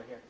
right here.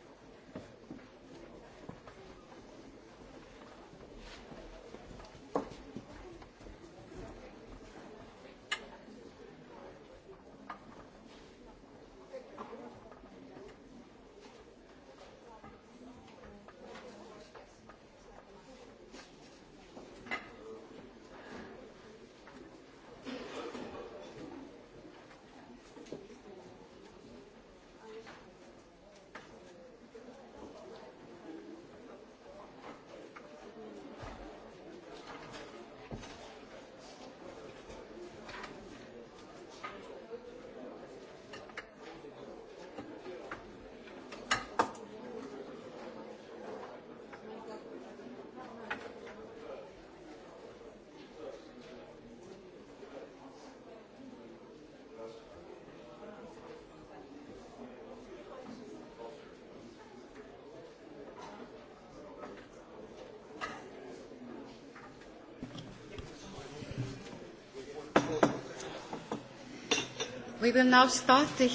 We will now start the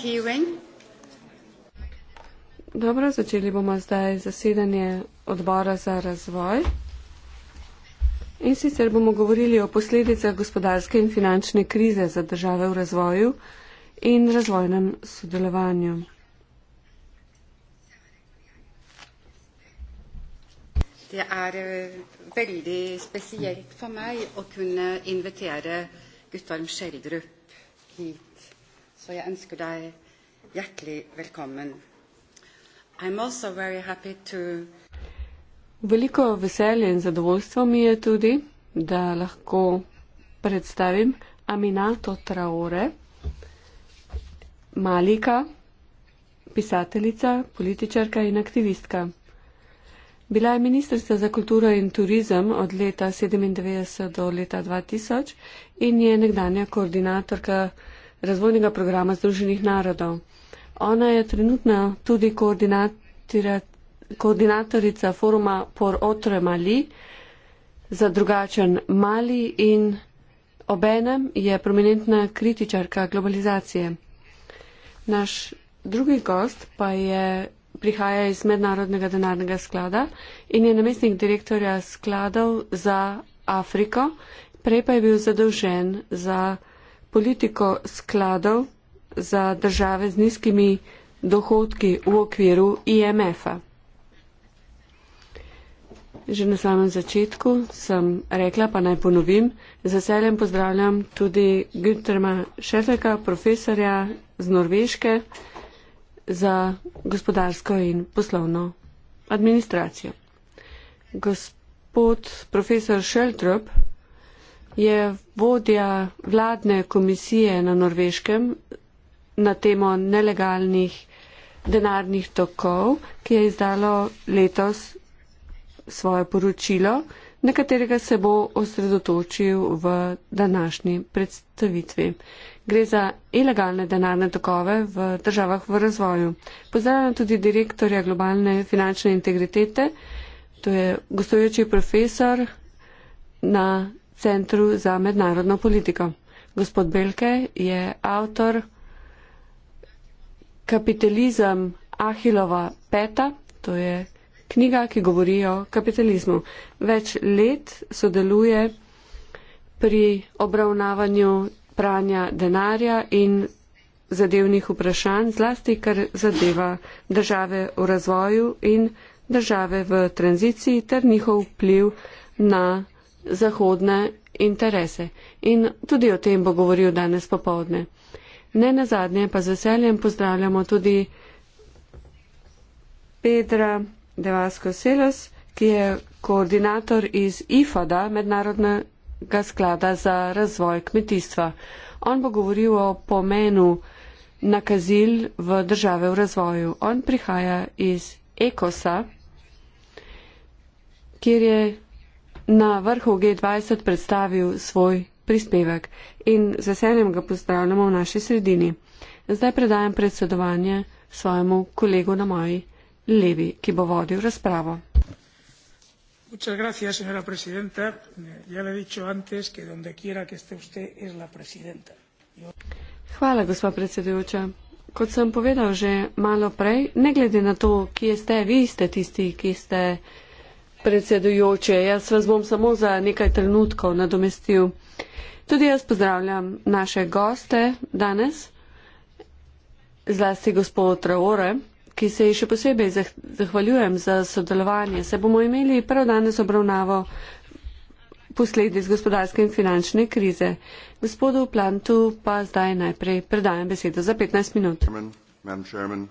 Dobro, začeli bomo zdaj zasedanje odbora za razvoj. In sicer bomo govorili o posledicah gospodarske in finančne krize za države v razvoju in razvojnem sodelovanju. Det er uh, veldig spesielt for meg å kunne invitere Guttorm Skjeldrup hit. Så jeg ønsker deg hjertelig velkommen. I'm also very happy to... Veliko veselje in zadovoljstvo mi je tudi, da lahko predstavim Aminato Traore, malika, pisateljica, političarka in aktivistka. Bila je ministrica za kulturo in turizem od leta 1997 do leta 2000 in je nekdanja koordinatorka razvojnega programa Združenih narodov. Ona je trenutno tudi koordinatorica foruma Por Otre Mali za drugačen Mali in obenem je prominentna kritičarka globalizacije. Naš drugi gost pa je prihaja iz Mednarodnega denarnega sklada in je namestnik direktorja skladov za Afriko, prej pa je bil zadolžen za politiko skladov za države z nizkimi dohodki v okviru IMF-a. Že na samem začetku sem rekla, pa naj ponovim, z veseljem pozdravljam tudi Günterma Šefeka, profesorja z Norveške za gospodarsko in poslovno administracijo. Gospod profesor Šeltrop, je vodja vladne komisije na Norveškem na temo nelegalnih denarnih tokov, ki je izdalo letos svoje poročilo, na katerega se bo osredotočil v današnji predstavitvi. Gre za ilegalne denarne tokove v državah v razvoju. Pozdravljam tudi direktorja globalne finančne integritete, to je gostujoči profesor na Centru za mednarodno politiko. Gospod Belke je avtor Kapitalizem Ahilova peta, to je knjiga, ki govori o kapitalizmu. Več let sodeluje pri obravnavanju pranja denarja in zadevnih vprašanj, zlasti kar zadeva države v razvoju in države v tranziciji ter njihov vpliv na zahodne interese. In tudi o tem bo govoril danes popovdne. Ne na zadnje pa z veseljem pozdravljamo tudi Pedra Devasko Selos, ki je koordinator iz IFAD-a, Mednarodnega sklada za razvoj kmetijstva. On bo govoril o pomenu nakazil v države v razvoju. On prihaja iz ECOS-a, kjer je na vrhu G20 predstavil svoj prispevek in z veseljem ga pozdravljamo v naši sredini. Zdaj predajam predsedovanje svojemu kolegu na moji levi, ki bo vodil razpravo. Muchas gracias, señora presidenta. Ya le he dicho antes que donde quiera que esté usted es la presidenta. Yo... Hvala, gospod predsedujoča. Kot sem povedal že malo prej, ne glede na to, kje ste, vi ste tisti, ki ste predsedujoče, jaz vas bom samo za nekaj trenutkov nadomestil. Tudi jaz pozdravljam naše goste danes, zlasti gospod Traore, ki se ji še posebej zahvaljujem za sodelovanje. Se bomo imeli prav danes obravnavo posledic gospodarske in finančne krize. Gospodu Plantu pa zdaj najprej predajam besedo za 15 minut. Chairman,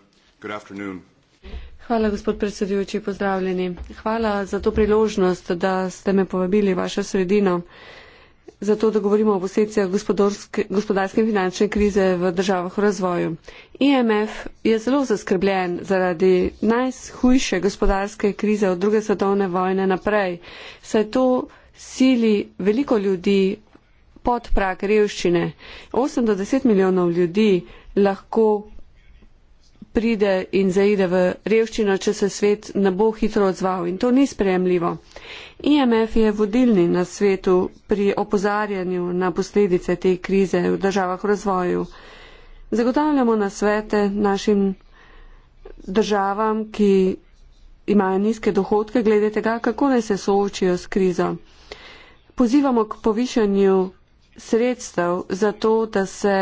Hvala, gospod predsedujoči, pozdravljeni. Hvala za to priložnost, da ste me povabili v vašo sredino, zato da govorimo o posledicah gospodarske in finančne krize v državah v razvoju. IMF je zelo zaskrbljen zaradi najhujše gospodarske krize od druge svetovne vojne naprej, saj to sili veliko ljudi pod prak revščine. 8 do 10 milijonov ljudi lahko pride in zaide v revščino, če se svet ne bo hitro odzval. In to ni sprejemljivo. IMF je vodilni na svetu pri opozarjanju na posledice te krize v državah v razvoju. Zagotavljamo nasvete našim državam, ki imajo nizke dohodke, glede tega, kako naj se soočijo s krizo. Pozivamo k povišanju sredstev za to, da se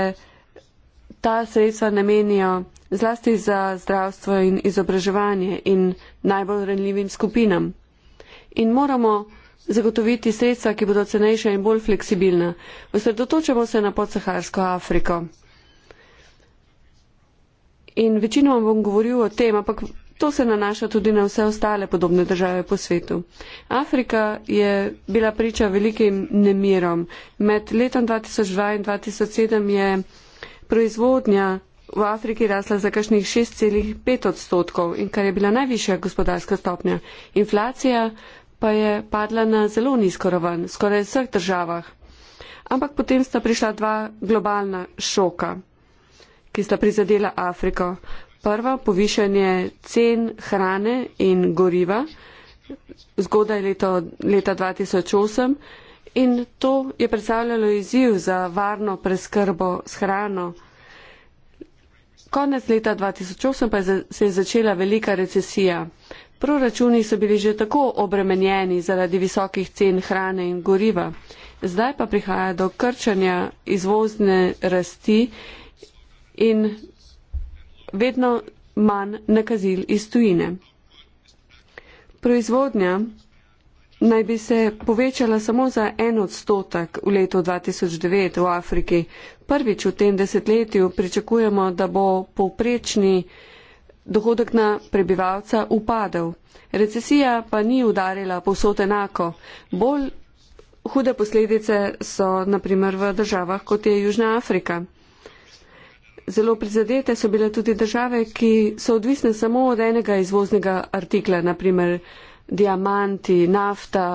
ta sredstva namenijo zlasti za zdravstvo in izobraževanje in najbolj ranljivim skupinam. In moramo zagotoviti sredstva, ki bodo cenejša in bolj fleksibilna. Osredotočamo se na podsaharsko Afriko. In večino vam bom govoril o tem, ampak to se nanaša tudi na vse ostale podobne države po svetu. Afrika je bila priča velikim nemirom. Med letom 2002 in 2007 je proizvodnja v Afriki rasla za kašnih 6,5 odstotkov in kar je bila najvišja gospodarska stopnja. Inflacija pa je padla na zelo nizko raven, skoraj v vseh državah. Ampak potem sta prišla dva globalna šoka, ki sta prizadela Afriko. Prva, povišanje cen hrane in goriva, zgodaj leto, leta 2008. In to je predstavljalo izziv za varno preskrbo s hrano. Konec leta 2008 pa se je začela velika recesija. Proračuni so bili že tako obremenjeni zaradi visokih cen hrane in goriva. Zdaj pa prihaja do krčanja izvozne rasti in vedno manj nakazil iz tujine. Proizvodnja naj bi se povečala samo za en odstotek v letu 2009 v Afriki, prvič v tem desetletju pričakujemo, da bo povprečni dohodek na prebivalca upadel. Recesija pa ni udarila povsod enako. Bolj hude posledice so naprimer v državah, kot je Južna Afrika. Zelo prizadete so bile tudi države, ki so odvisne samo od enega izvoznega artikla, naprimer diamanti, nafta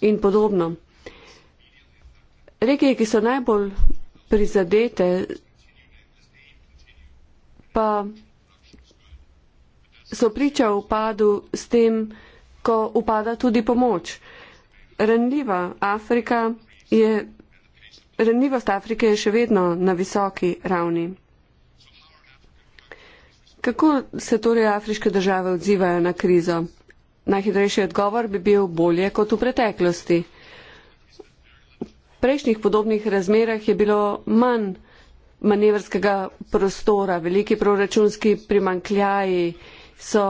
in podobno. Regije, ki so najbolj prizadete, pa so priča v padu s tem, ko upada tudi pomoč. Ranljiva Afrika je, ranljivost Afrike je še vedno na visoki ravni. Kako se torej afriške države odzivajo na krizo? Najhitrejši odgovor bi bil bolje kot v preteklosti prejšnjih podobnih razmerah je bilo manj manevrskega prostora, veliki proračunski primankljaji so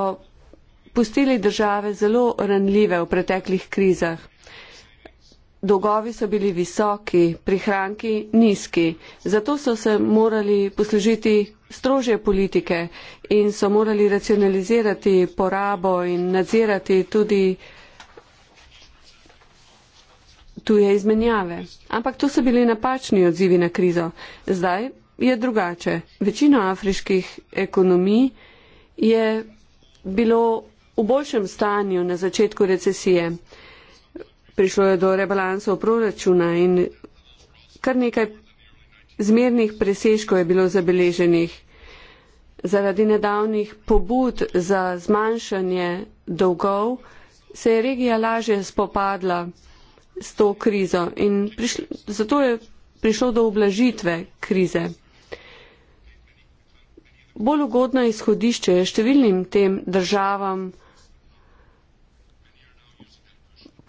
pustili države zelo ranljive v preteklih krizah. Dolgovi so bili visoki, prihranki nizki, zato so se morali poslužiti strožje politike in so morali racionalizirati porabo in nadzirati tudi tuje izmenjave. Ampak to so bili napačni odzivi na krizo. Zdaj je drugače. Večino afriških ekonomij je bilo v boljšem stanju na začetku recesije. Prišlo je do rebalansov proračuna in kar nekaj zmernih preseškov je bilo zabeleženih zaradi nedavnih pobud za zmanjšanje dolgov se je regija lažje spopadla s to krizo in prišlo, zato je prišlo do oblažitve krize. Bolj ugodno izhodišče je številnim tem državam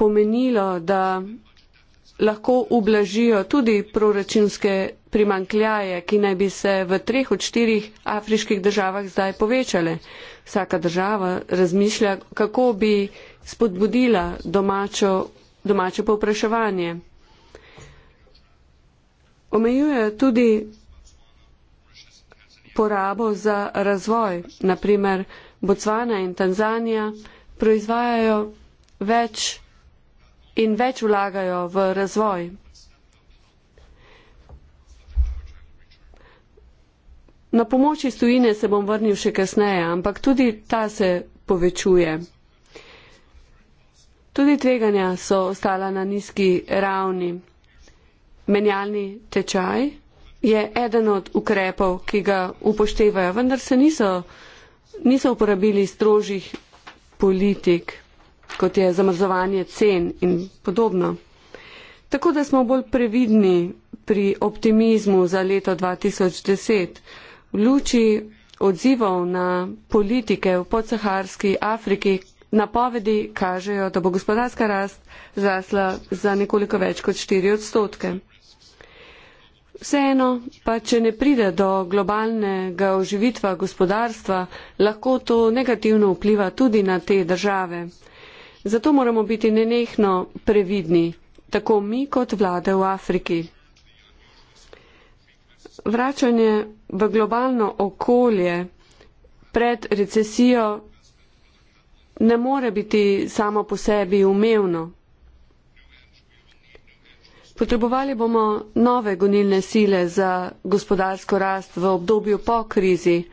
pomenilo, da lahko ublažijo tudi proračunske primankljaje, ki naj bi se v treh od štirih afriških državah zdaj povečale. Vsaka država razmišlja, kako bi spodbudila domačo domače povpraševanje. Omejuje tudi porabo za razvoj. Naprimer, Botswana in Tanzanija proizvajajo več in več vlagajo v razvoj. Na pomoči stojine se bom vrnil še kasneje, ampak tudi ta se povečuje. Tudi tveganja so ostala na nizki ravni. Menjalni tečaj je eden od ukrepov, ki ga upoštevajo, vendar se niso, niso uporabili strožjih politik, kot je zamrzovanje cen in podobno. Tako da smo bolj previdni pri optimizmu za leto 2010 v luči odzivov na politike v podsaharski Afriki, Napovedi kažejo, da bo gospodarska rast zrasla za nekoliko več kot 4 odstotke. Vseeno, pa če ne pride do globalnega oživitva gospodarstva, lahko to negativno vpliva tudi na te države. Zato moramo biti nenehno previdni, tako mi kot vlade v Afriki. Vračanje v globalno okolje pred recesijo ne more biti samo po sebi umevno. Potrebovali bomo nove gonilne sile za gospodarsko rast v obdobju po krizi.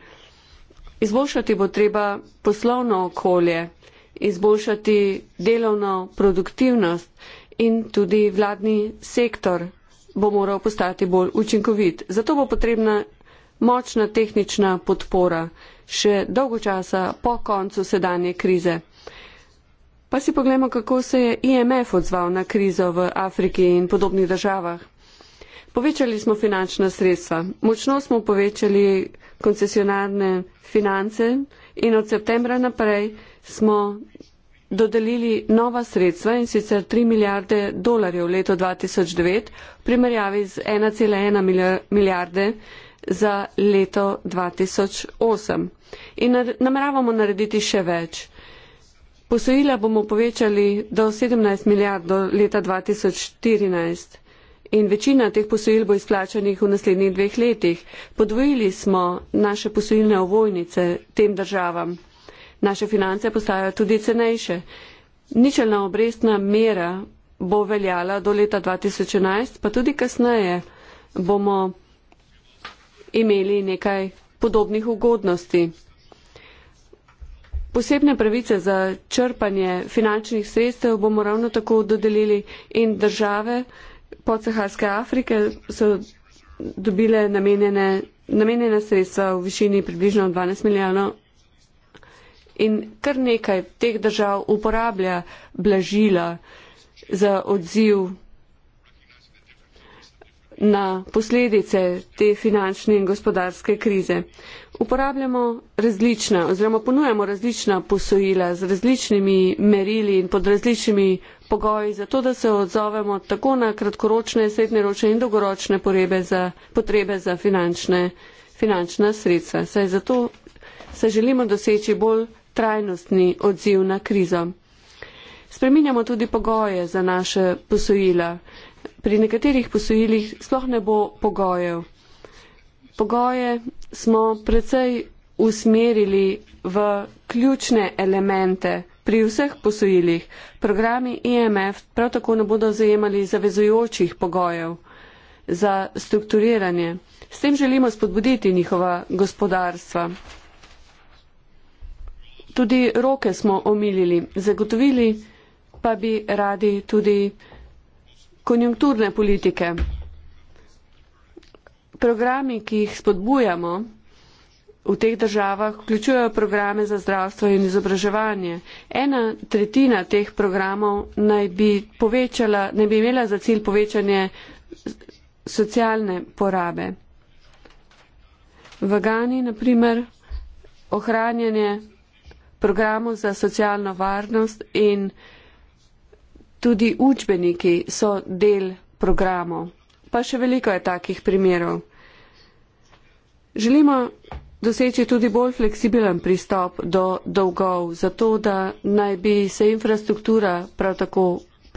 Izboljšati bo treba poslovno okolje, izboljšati delovno produktivnost in tudi vladni sektor bo moral postati bolj učinkovit. Zato bo potrebna močna tehnična podpora še dolgo časa po koncu sedanje krize. Pa si pogledamo, kako se je IMF odzval na krizo v Afriki in podobnih državah. Povečali smo finančna sredstva, močno smo povečali koncesionarne finance in od septembra naprej smo dodelili nova sredstva in sicer 3 milijarde dolarjev leto 2009 v primerjavi z 1,1 milijarde za leto 2008. In nameravamo narediti še več. Posojila bomo povečali do 17 milijard do leta 2014 in večina teh posojil bo izplačanih v naslednjih dveh letih. Podvojili smo naše posojilne ovojnice tem državam. Naše finance postajajo tudi cenejše. Ničelna obrestna mera bo veljala do leta 2011, pa tudi kasneje bomo imeli nekaj podobnih ugodnosti. Posebne pravice za črpanje finančnih sredstev bomo ravno tako dodelili in države podsaharske Afrike so dobile namenjene, namenjene sredstva v višini približno 12 milijonov. In kar nekaj teh držav uporablja blažila za odziv na posledice te finančne in gospodarske krize. Uporabljamo različna oziroma ponujamo različna posojila z različnimi merili in pod različnimi pogoji, zato da se odzovemo tako na kratkoročne, srednjeročne in dolgoročne za, potrebe za finančne, finančna sredstva. Saj zato se želimo doseči bolj trajnostni odziv na krizo. Spreminjamo tudi pogoje za naše posojila pri nekaterih posojilih sploh ne bo pogojev. Pogoje smo precej usmerili v ključne elemente pri vseh posojilih. Programi IMF e prav tako ne bodo zajemali zavezujočih pogojev za strukturiranje. S tem želimo spodbuditi njihova gospodarstva. Tudi roke smo omilili, zagotovili pa bi radi tudi konjunkturne politike. Programi, ki jih spodbujamo v teh državah, vključujejo programe za zdravstvo in izobraževanje. Ena tretjina teh programov naj bi, naj bi imela za cilj povečanje socialne porabe. V Gani, naprimer, ohranjanje programov za socialno varnost in Tudi učbeniki so del programov. Pa še veliko je takih primerov. Želimo doseči tudi bolj fleksibilen pristop do dolgov, zato da naj bi se infrastruktura prav tako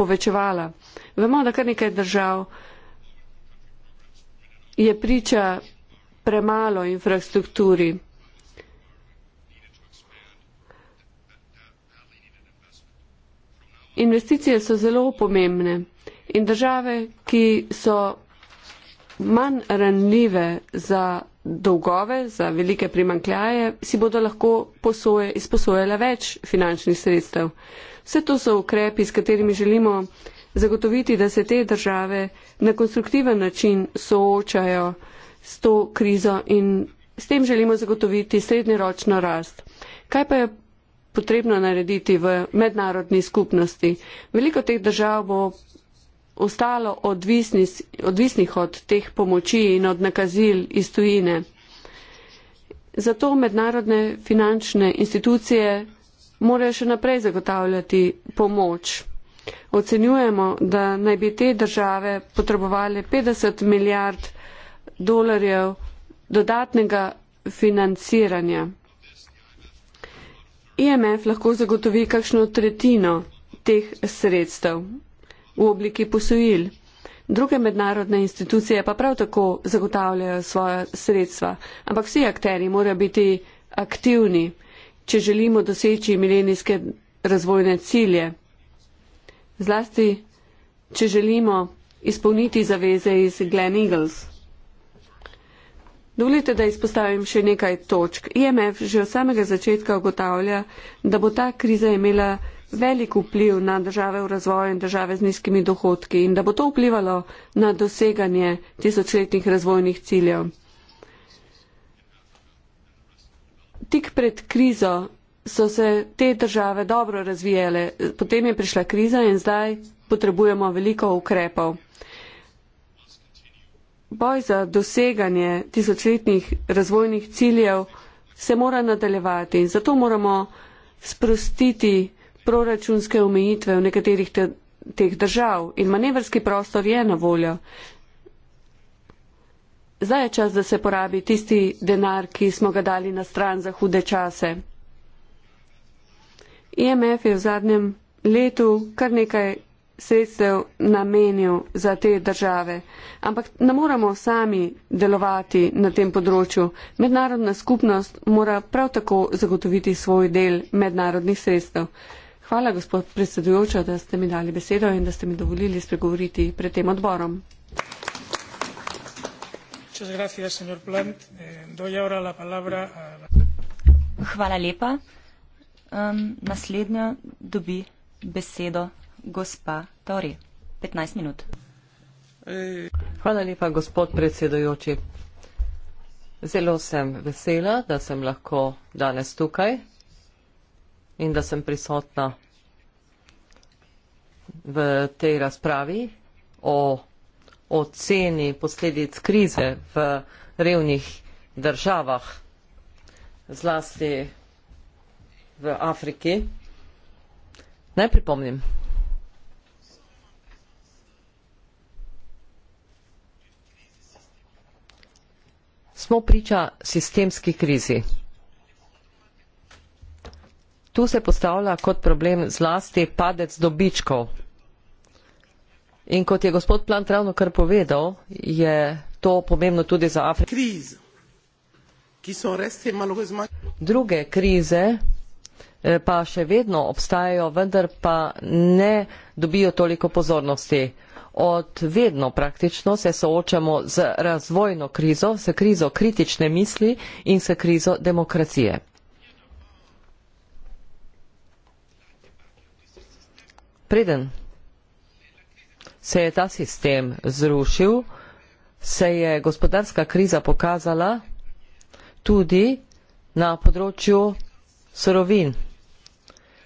povečevala. Vemo, da kar nekaj držav je priča premalo infrastrukturi. Investicije so zelo pomembne in države, ki so manj ranljive za dolgove, za velike primankljaje, si bodo lahko posoje, izposojale več finančnih sredstev. Vse to so ukrepi, s katerimi želimo zagotoviti, da se te države na konstruktiven način soočajo s to krizo in s tem želimo zagotoviti srednjeročno rast. Kaj pa je potrebno narediti v mednarodni skupnosti. Veliko teh držav bo ostalo odvisnih, odvisnih od teh pomoči in od nakazil iz tujine. Zato mednarodne finančne institucije morajo še naprej zagotavljati pomoč. Ocenjujemo, da naj bi te države potrebovali 50 milijard dolarjev dodatnega financiranja. IMF e lahko zagotovi kakšno tretjino teh sredstev v obliki posojil. Druge mednarodne institucije pa prav tako zagotavljajo svoja sredstva. Ampak vsi akteri morajo biti aktivni, če želimo doseči milenijske razvojne cilje. Zlasti, če želimo izpolniti zaveze iz Glen Eagles. Dovolite, da izpostavim še nekaj točk. IMF e že od samega začetka ugotavlja, da bo ta kriza imela velik vpliv na države v razvoju in države z nizkimi dohodki in da bo to vplivalo na doseganje tisočletnih razvojnih ciljev. Tik pred krizo so se te države dobro razvijale, potem je prišla kriza in zdaj potrebujemo veliko ukrepov boj za doseganje tisočletnih razvojnih ciljev se mora nadaljevati in zato moramo sprostiti proračunske omejitve v nekaterih te, teh držav in manevrski prostor je na voljo. Zdaj je čas, da se porabi tisti denar, ki smo ga dali na stran za hude čase. IMF je v zadnjem letu kar nekaj sredstev namenil za te države. Ampak ne moramo sami delovati na tem področju. Mednarodna skupnost mora prav tako zagotoviti svoj del mednarodnih sredstev. Hvala, gospod predsedujoča, da ste mi dali besedo in da ste mi dovolili spregovoriti pred tem odborom. Eh, Hvala lepa. Um, naslednja dobi besedo gospa Tori. 15 minut. Hvala lepa, gospod predsedojoči. Zelo sem vesela, da sem lahko danes tukaj in da sem prisotna v tej razpravi o oceni posledic krize v revnih državah, zlasti v Afriki. Naj pripomnim, smo priča sistemski krizi. Tu se postavlja kot problem zlasti padec dobičkov. In kot je gospod Plant ravno kar povedal, je to pomembno tudi za Afriko. Druge krize eh, pa še vedno obstajajo, vendar pa ne dobijo toliko pozornosti od vedno praktično se soočamo z razvojno krizo, s krizo kritične misli in s krizo demokracije. Preden se je ta sistem zrušil, se je gospodarska kriza pokazala tudi na področju surovin.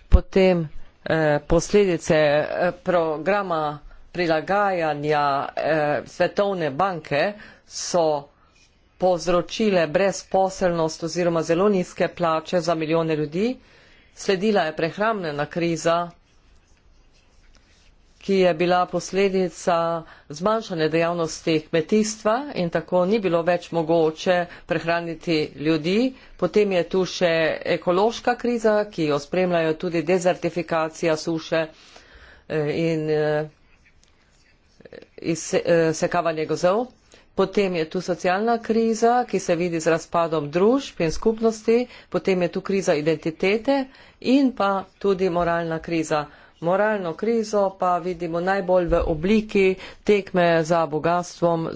Potem eh, posledice eh, programa prilagajanja eh, svetovne banke so povzročile brezposelnost oziroma zelo nizke plače za milijone ljudi. Sledila je prehramljena kriza, ki je bila posledica zmanjšane dejavnosti kmetijstva in tako ni bilo več mogoče prehraniti ljudi. Potem je tu še ekološka kriza, ki jo spremljajo tudi dezertifikacija suše eh, in eh, izsekavanje eh, gozov. Potem je tu socialna kriza, ki se vidi z razpadom družb in skupnosti, potem je tu kriza identitete in pa tudi moralna kriza. Moralno krizo pa vidimo najbolj v obliki tekme za bogatstvom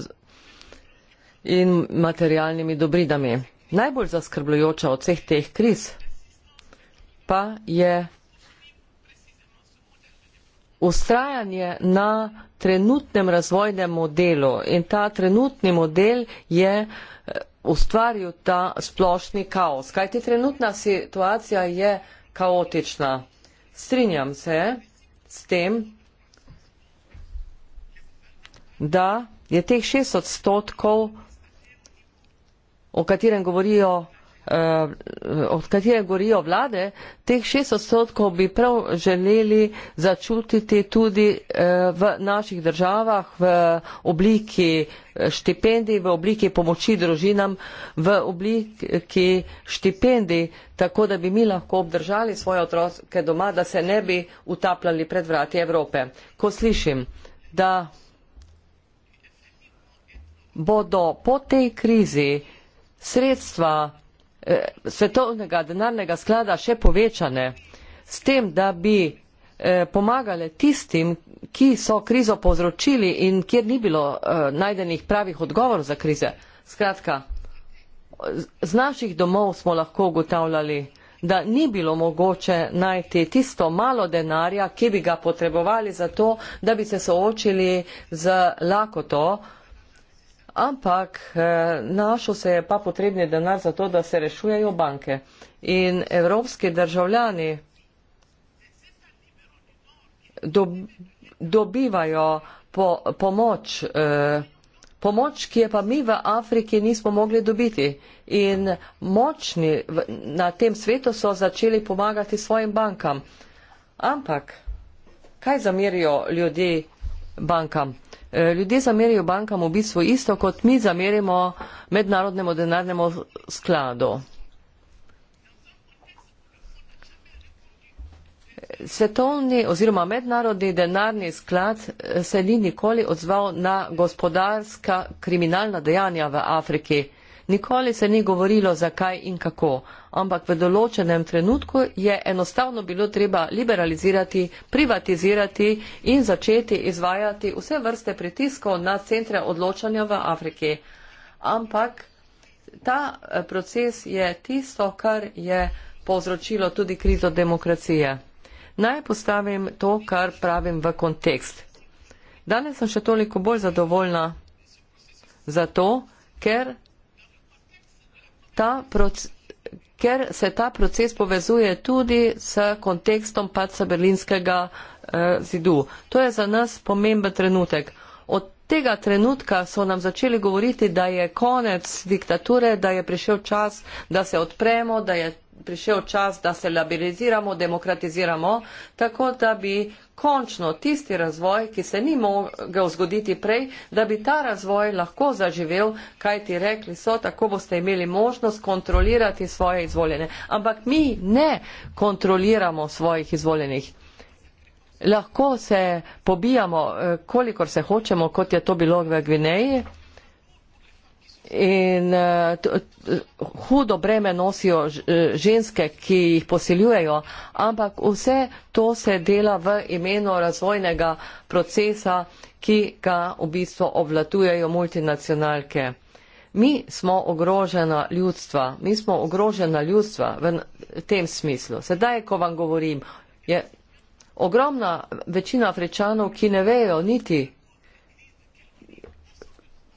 in materialnimi dobridami. Najbolj zaskrbljujoča od vseh teh kriz pa je ustrajanje na trenutnem razvojnem modelu in ta trenutni model je eh, ustvaril ta splošni kaos. Kajti trenutna situacija je kaotična. Strinjam se s tem, da je teh šest odstotkov, o katerem govorijo Eh, od katere gorijo vlade, teh šest odstotkov bi prav želeli začutiti tudi eh, v naših državah v obliki eh, štipendij, v obliki pomoči družinam, v obliki štipendij, tako da bi mi lahko obdržali svoje otroke doma, da se ne bi utapljali pred vrati Evrope. Ko slišim, da bodo po tej krizi sredstva Eh, svetovnega denarnega sklada še povečane s tem, da bi eh, pomagale tistim, ki so krizo povzročili in kjer ni bilo eh, najdenih pravih odgovorov za krize. Skratka, z naših domov smo lahko ugotavljali, da ni bilo mogoče najti tisto malo denarja, ki bi ga potrebovali za to, da bi se soočili z lakoto, ampak eh, našel se je pa potrebni denar za to, da se rešujejo banke. In evropski državljani do, dobivajo po, pomoč, eh, pomoč, ki je pa mi v Afriki nismo mogli dobiti. In močni v, na tem svetu so začeli pomagati svojim bankam. Ampak kaj zamirijo ljudi bankam? Eh, ljudje zamerijo bankam v bistvu isto, kot mi zamerimo mednarodnemu denarnemu skladu. Svetovni oziroma mednarodni denarni sklad eh, se ni nikoli odzval na gospodarska kriminalna dejanja v Afriki. Nikoli se ni govorilo, zakaj in kako, ampak v določenem trenutku je enostavno bilo treba liberalizirati, privatizirati in začeti izvajati vse vrste pritiskov na centre odločanja v Afriki. Ampak ta eh, proces je tisto, kar je povzročilo tudi krizo demokracije. Naj postavim to, kar pravim v kontekst. Danes sem še toliko bolj zadovoljna zato, ker ker se ta proces povezuje tudi s kontekstom padca berlinskega eh, zidu. To je za nas pomemben trenutek. Od tega trenutka so nam začeli govoriti, da je konec diktature, da je prišel čas, da se odpremo, da je prišel čas, da se labiliziramo, demokratiziramo, tako da bi končno tisti razvoj, ki se ni mogel zgoditi prej, da bi ta razvoj lahko zaživel, kaj ti rekli so, tako boste imeli možnost kontrolirati svoje izvoljene. Ampak mi ne kontroliramo svojih izvoljenih. Lahko se pobijamo, eh, kolikor se hočemo, kot je to bilo v Gvineji. In uh, hudo breme nosijo eh, ženske, ki jih posiljujejo, ampak vse to se dela v imenu razvojnega procesa, ki ga v bistvu obvladujejo multinacionalke. Mi smo ogrožena ljudstva, mi smo ogrožena ljudstva v tem smislu. Sedaj, ko vam govorim, je ogromna večina afričanov, ki ne vejo niti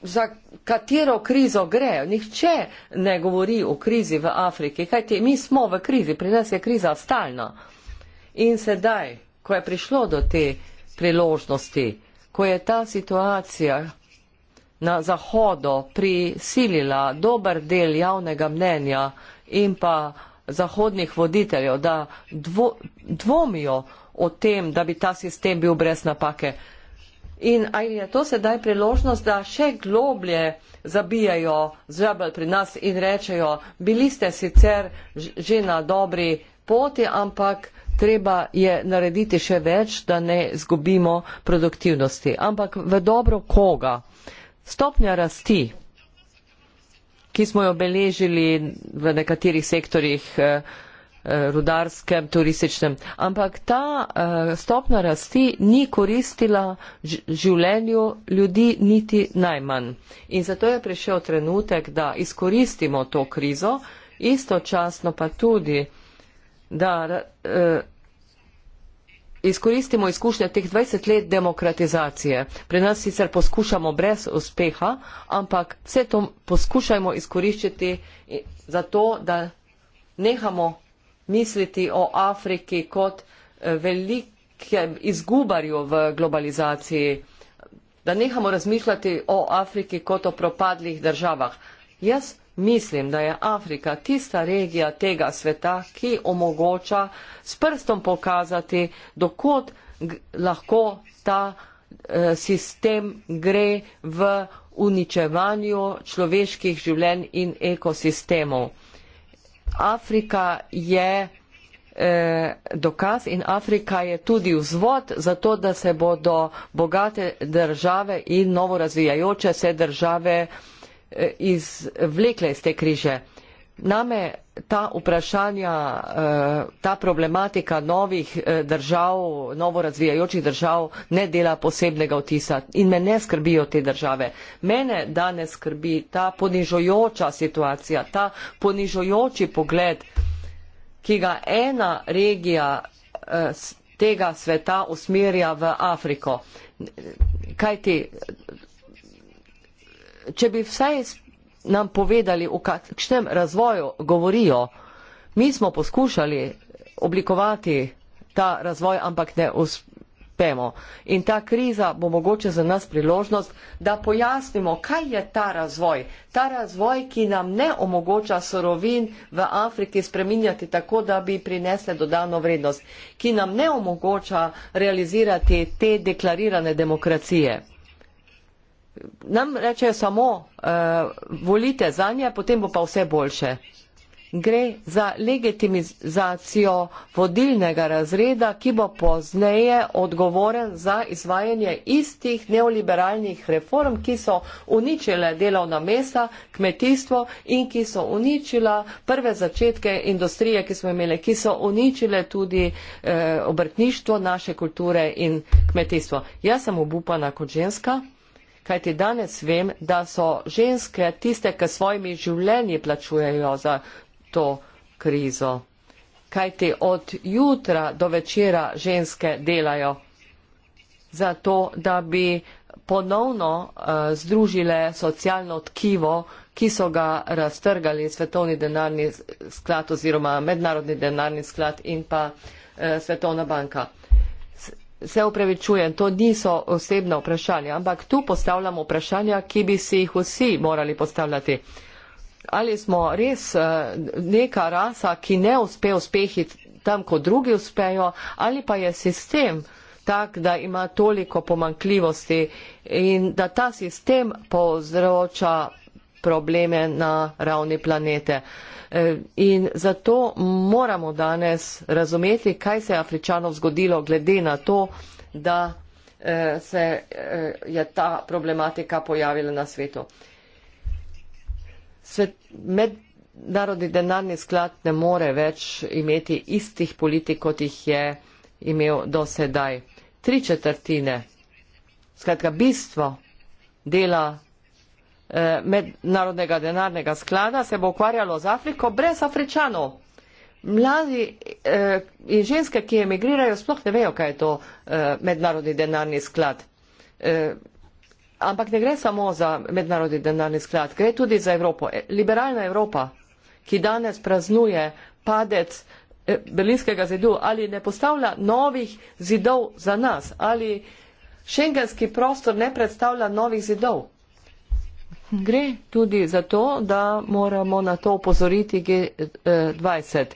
za katero krizo gre. Nihče ne govori o krizi v Afriki, kajti mi smo v krizi, pri nas je kriza stalna. In sedaj, ko je prišlo do te priložnosti, ko je ta situacija na Zahodu prisilila dober del javnega mnenja in pa zahodnih voditeljev, da dvo, dvomijo o tem, da bi ta sistem bil brez napake, In ali je to sedaj priložnost, da še globlje zabijajo zrebel pri nas in rečejo, bili ste sicer že na dobri poti, ampak treba je narediti še več, da ne zgubimo produktivnosti. Ampak v dobro koga? Stopnja rasti, ki smo jo beležili v nekaterih sektorjih eh, Eh, rudarskem, turističnem. Ampak ta eh, stopna rasti ni koristila življenju ljudi niti najmanj. In zato je prišel trenutek, da izkoristimo to krizo, istočasno pa tudi, da eh, izkoristimo izkušnje teh 20 let demokratizacije. Pri nas sicer poskušamo brez uspeha, ampak vse to poskušajmo izkoriščiti zato, da nehamo misliti o Afriki kot eh, velikem izgubarju v globalizaciji, da nehamo razmišljati o Afriki kot o propadlih državah. Jaz mislim, da je Afrika tista regija tega sveta, ki omogoča s prstom pokazati, dokot lahko ta eh, sistem gre v uničevanju človeških življenj in ekosistemov. Afrika je eh, dokaz in Afrika je tudi vzvod za to, da se bodo bogate države in novo razvijajoče se države eh, izvlekle iz te križe. Name ta vprašanja, eh, ta problematika novih eh, držav, novo razvijajočih držav ne dela posebnega vtisa in me ne skrbijo te države. Mene danes skrbi ta ponižujoča situacija, ta ponižujoči pogled, ki ga ena regija eh, tega sveta usmerja v Afriko. Kajti, če bi vsaj nam povedali, o kakšnem razvoju govorijo. Mi smo poskušali oblikovati ta razvoj, ampak ne uspemo. In ta kriza bo mogoče za nas priložnost, da pojasnimo, kaj je ta razvoj. Ta razvoj, ki nam ne omogoča sorovin v Afriki spreminjati tako, da bi prinesle dodano vrednost, ki nam ne omogoča realizirati te deklarirane demokracije nam rečejo samo uh, volite za nje, potem bo pa vse boljše. Gre za legitimizacijo vodilnega razreda, ki bo pozneje odgovoren za izvajanje istih neoliberalnih reform, ki so uničile delovna mesta, kmetijstvo in ki so uničila prve začetke industrije, ki smo imeli, ki so uničile tudi eh, obrtništvo naše kulture in kmetijstvo. Jaz sem obupana kot ženska kajti danes vem, da so ženske tiste, ki svojimi življenji plačujejo za to krizo. Kajti od jutra do večera ženske delajo za to, da bi ponovno uh, združile socialno tkivo, ki so ga raztrgali Svetovni denarni sklad oziroma Mednarodni denarni sklad in pa uh, Svetovna banka. Se upravičujem, to niso osebna vprašanja, ampak tu postavljamo vprašanja, ki bi si jih vsi morali postavljati. Ali smo res eh, neka rasa, ki ne uspe uspehi tam, ko drugi uspejo, ali pa je sistem tak, da ima toliko pomankljivosti in da ta sistem povzroča probleme na ravni planete. E, in zato moramo danes razumeti, kaj se je Afričanov zgodilo glede na to, da e, se e, je ta problematika pojavila na svetu. Svet Mednarodni denarni sklad ne more več imeti istih politik, kot jih je imel do sedaj. Tri četrtine, skratka bistvo dela Eh, mednarodnega denarnega sklada se bo ukvarjalo z Afriko brez Afričanov. Mladi eh, in ženske, ki emigrirajo, sploh ne vejo, kaj je to eh, mednarodni denarni sklad. Eh, ampak ne gre samo za mednarodni denarni sklad, gre tudi za Evropo. Eh, liberalna Evropa, ki danes praznuje padec eh, Berlinskega zidu, ali ne postavlja novih zidov za nas, ali šengenski prostor ne predstavlja novih zidov gre tudi za to, da moramo na to upozoriti G20. Eh,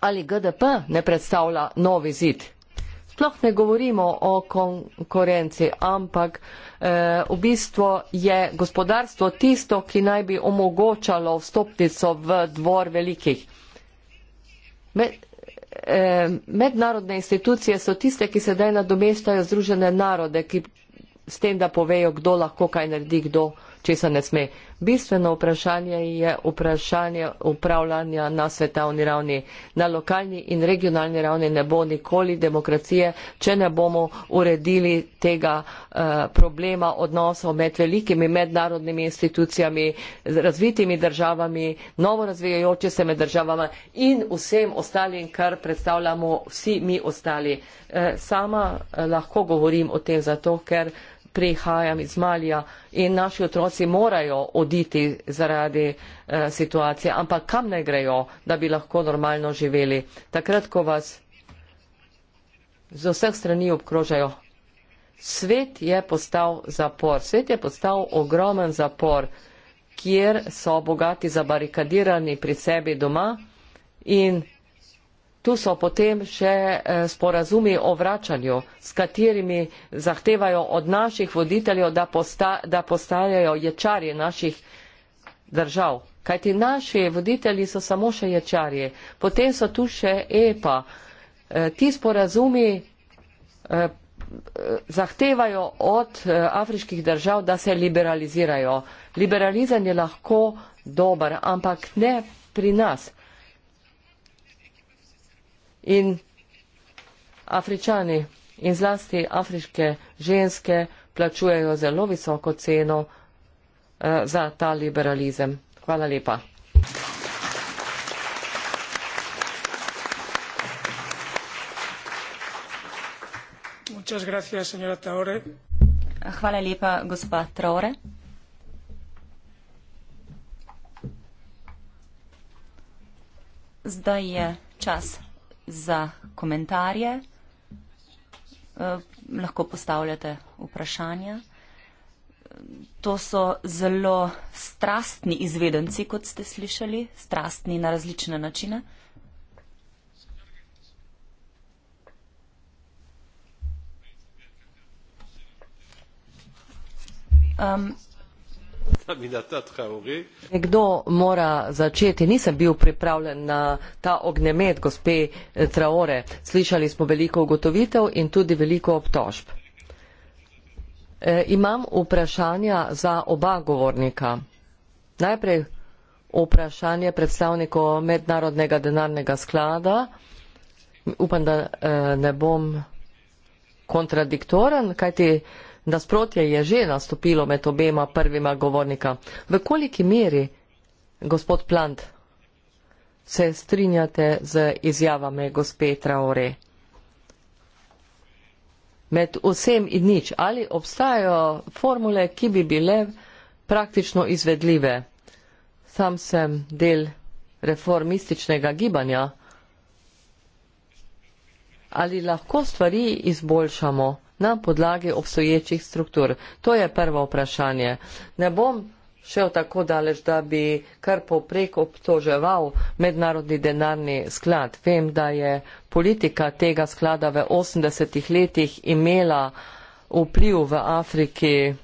Ali GDP ne predstavlja novi zid? Sploh ne govorimo o konkurenci, ampak eh, v bistvu je gospodarstvo tisto, ki naj bi omogočalo vstopnico v dvor velikih. Med, eh, mednarodne institucije so tiste, ki sedaj nadomestajo Združene narode, ki s tem, da povejo, kdo lahko kaj naredi, kdo česa ne sme. Bistveno vprašanje je vprašanje upravljanja na svetovni ravni. Na lokalni in regionalni ravni ne bo nikoli demokracije, če ne bomo uredili tega uh, problema odnosov med velikimi mednarodnimi institucijami, razvitimi državami, novo razvijajoče se med državama in vsem ostalim, kar predstavljamo vsi mi ostali. Uh, sama uh, lahko govorim o tem zato, ker prihajam iz Malija in naši otroci morajo oditi zaradi eh, situacije, ampak kam ne grejo, da bi lahko normalno živeli. Takrat, ko vas z vseh strani obkrožajo, svet je postal zapor, svet je postal ogromen zapor, kjer so bogati zabarikadirani pri sebi doma in Tu so potem še eh, sporazumi o vračanju, s katerimi zahtevajo od naših voditeljev, da, posta, da postajajo ječari naših držav. Kajti naši voditelji so samo še ječarje. Potem so tu še EPA. Eh, ti sporazumi eh, zahtevajo od afriških držav, da se liberalizirajo. Liberalizem je lahko dober, ampak ne pri nas. In Afričani in zlasti afriške ženske plačujejo zelo visoko ceno eh, za ta liberalizem. Hvala lepa. Gracias, Hvala lepa, gospa Traore. Zdaj je čas za komentarje. Eh, lahko postavljate vprašanja. To so zelo strastni izvedenci, kot ste slišali, strastni na različne načine. Um, Aminata Traore. Nekdo mora začeti. Nisem bil pripravljen na ta ognjemet gospe eh, Traore. Slišali smo veliko ugotovitev in tudi veliko obtožb. E, imam vprašanja za oba govornika. Najprej vprašanje predstavniku Mednarodnega denarnega sklada. Upam, da e, ne bom kontradiktoren, kajti nasprotje je že nastopilo med obema prvima govornika. V koliki meri, gospod Plant, se strinjate z izjavami gospe Traore? Med vsem in nič, ali obstajajo formule, ki bi bile praktično izvedljive? Sam sem del reformističnega gibanja. Ali lahko stvari izboljšamo? na podlagi obstoječih struktur. To je prvo vprašanje. Ne bom šel tako daleč, da bi kar poprek obtoževal mednarodni denarni sklad. Vem, da je politika tega sklada v 80-ih letih imela vpliv v Afriki.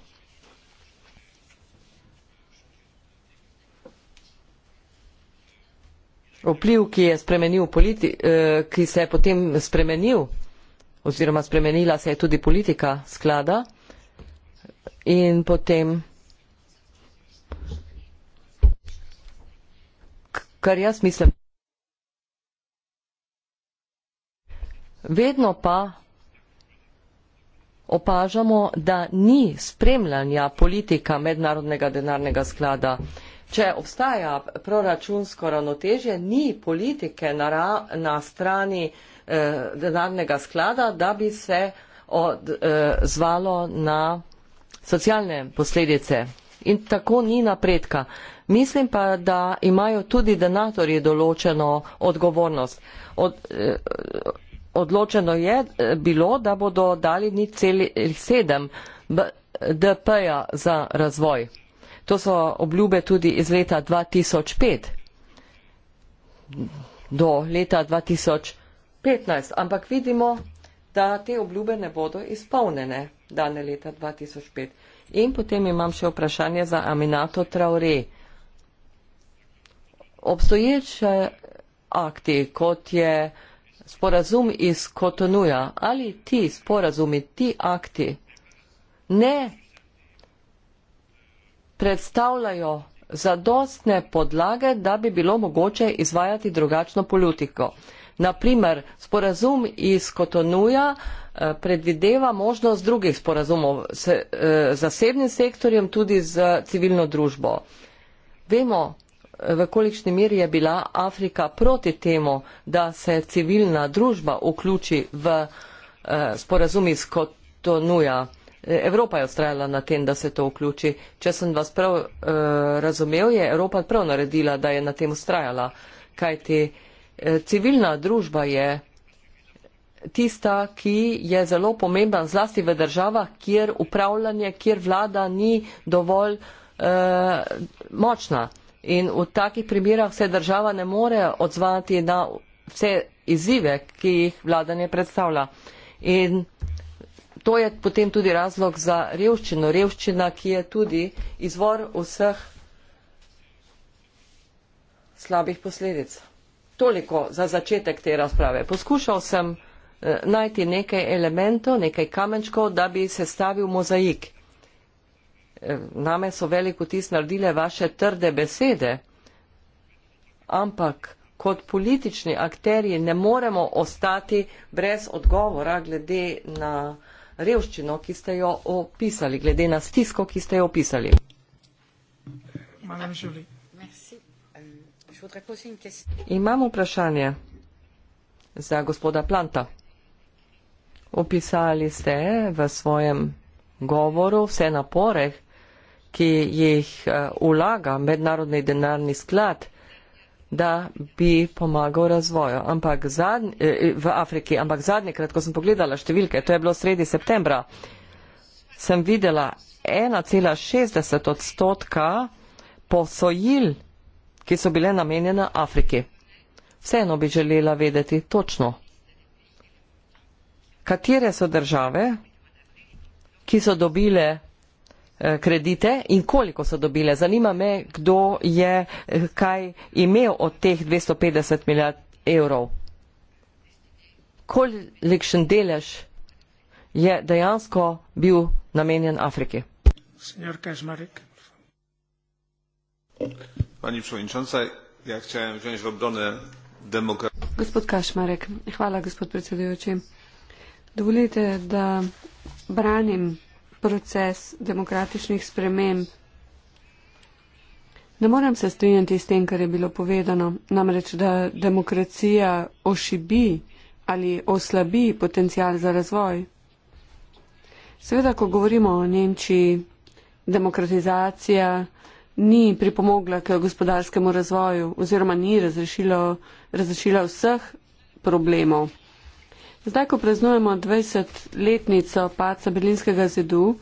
Vpliv, ki, je spremenil politi, eh, ki se je potem spremenil oziroma spremenila se je tudi politika sklada in potem kar jaz mislim. Vedno pa opažamo, da ni spremljanja politika mednarodnega denarnega sklada. Če obstaja proračunsko ravnotežje, ni politike na, ra, na strani Eh, denarnega sklada, da bi se odzvalo eh, na socialne posledice. In tako ni napredka. Mislim pa, da imajo tudi donatorji določeno odgovornost. Od, eh, odločeno je bilo, da bodo dali 0,7 DP-ja za razvoj. To so obljube tudi iz leta 2005 do leta 2005. 15, ampak vidimo, da te obljube ne bodo izpolnjene dane leta 2005. In potem imam še vprašanje za Aminato Traore. Obstoječe akti, kot je sporazum iz Kotonuja, ali ti sporazumi, ti akti ne predstavljajo zadostne podlage, da bi bilo mogoče izvajati drugačno politiko na primer sporazum iz kotonuja eh, predvideva možnost drugih sporazumov z eh, zasebnim sektorjem tudi z civilno družbo. Vemo, eh, v kolikšni meri je bila Afrika proti temu, da se civilna družba vključi v sporazum iz kotonuja. Evropa je ustrajala na tem, da se to vključi. Če sem vas prav uh, razumel, je Evropa prav naredila, da je na tem ustrajala. Kaj ti uh, Eh, civilna družba je tista, ki je zelo pomemben, zlasti v državah, kjer upravljanje, kjer vlada ni dovolj eh, močna. In v takih primerah se država ne more odzvati na vse izzive, ki jih vladanje predstavlja. In to je potem tudi razlog za revščino. Revščina, ki je tudi izvor vseh slabih posledic toliko za začetek te razprave. Poskušal sem eh, najti nekaj elementov, nekaj kamenčkov, da bi sestavil mozaik. Eh, name so veliko tist naredile vaše trde besede, ampak kot politični akteri ne moremo ostati brez odgovora glede na revščino, ki ste jo opisali, glede na stisko, ki ste jo opisali. Malo želim. Imam vprašanje za gospoda Planta. Opisali ste v svojem govoru vse napore, ki jih ulaga eh, mednarodni denarni sklad da bi pomagal razvoju ampak zadnji, eh, eh, v Afriki. Ampak zadnji krat, ko sem pogledala številke, to je bilo sredi septembra, sem videla 1,60 odstotka posojil ki so bile namenjene Afriki. Vseeno bi želela vedeti točno, katere so države, ki so dobile eh, kredite in koliko so dobile. Zanima me, kdo je eh, kaj imel od teh 250 milijard evrov. Kolikšen delež je dejansko bil namenjen Afriki? Senjor Kažmarek. Pani przewodnicząca, ja chciałem wziąć w obronę demokracji. Gospod Kaszmarek, hvala gospod predsedujoči. Dovolite, da branim proces demokratičnih sprememb. Ne moram se strinjati s tem, kar je bilo povedano, namreč, da demokracija ošibi ali oslabi potencial za razvoj. Seveda, ko govorimo o Nemčiji, demokratizacija, ni pripomogla k gospodarskemu razvoju oziroma ni razrešila vseh problemov. Zdaj, ko praznujemo 20-letnico paca berlinskega zidu,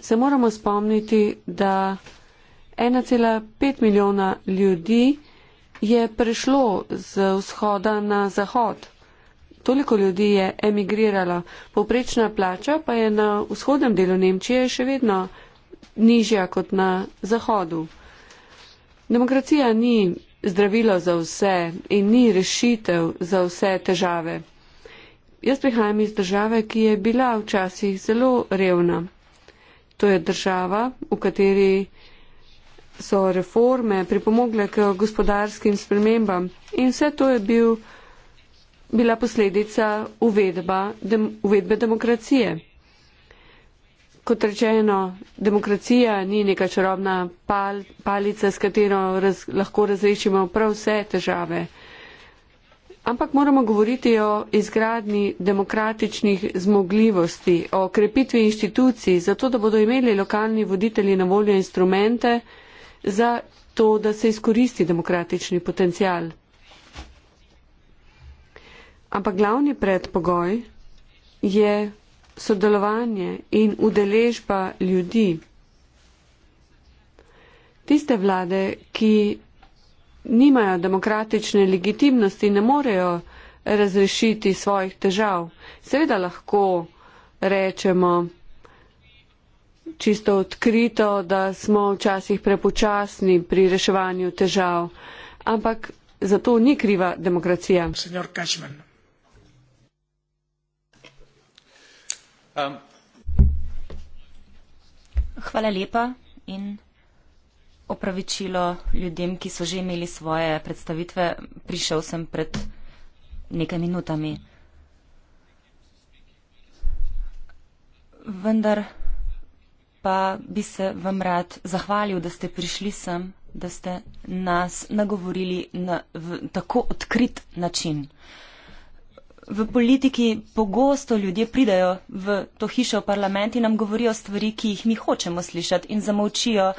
se moramo spomniti, da 1,5 milijona ljudi je prešlo z vzhoda na zahod. Toliko ljudi je emigriralo. Povprečna plača pa je na vzhodnem delu Nemčije še vedno nižja kot na Zahodu. Demokracija ni zdravilo za vse in ni rešitev za vse težave. Jaz prihajam iz države, ki je bila včasih zelo revna. To je država, v kateri so reforme pripomogle k gospodarskim spremembam in vse to je bil, bila posledica uvedba, dem, uvedbe demokracije kot rečeno, demokracija ni neka čarobna pal, palica, s katero raz, lahko razrešimo prav vse težave. Ampak moramo govoriti o izgradni demokratičnih zmogljivosti, o krepitvi inštitucij, zato da bodo imeli lokalni voditelji na voljo instrumente za to, da se izkoristi demokratični potencial. Ampak glavni predpogoj je sodelovanje in udeležba ljudi. Tiste vlade, ki nimajo demokratične legitimnosti, ne morejo razrešiti svojih težav. Seveda lahko rečemo čisto odkrito, da smo včasih prepočasni pri reševanju težav, ampak za to ni kriva demokracija. Senor Kašman, Um, Hvala lepa in opravičilo ljudem, ki so že imeli svoje predstavitve. Prišel sem pred nekaj minutami. Vendar pa bi se vam rad zahvalil, da ste prišli sem, da ste nas nagovorili na, v tako odkrit način. Uh, v politiki pogosto ljudje pridajo v to hišo v parlament in nam govorijo stvari, ki jih mi hočemo slišati in zamovčijo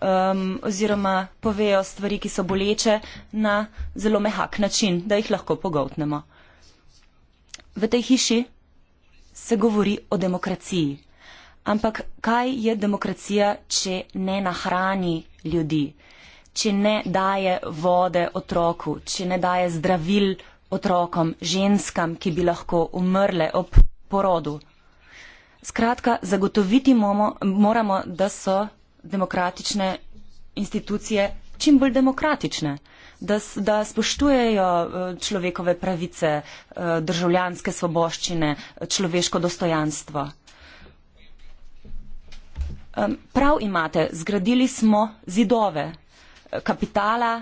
um, oziroma povejo stvari, ki so boleče na zelo mehak način, da jih lahko pogoltnemo. V tej hiši se govori o demokraciji. Ampak kaj je demokracija, če ne nahrani ljudi, če ne daje vode otroku, če ne daje zdravil otroku? otrokom, ženskam, ki bi lahko umrle ob porodu. Skratka, zagotoviti momo, moramo, da so demokratične institucije čim bolj demokratične, da, da spoštujejo eh, človekove pravice, eh, državljanske svoboščine, človeško dostojanstvo. Prav imate, zgradili smo zidove eh, kapitala,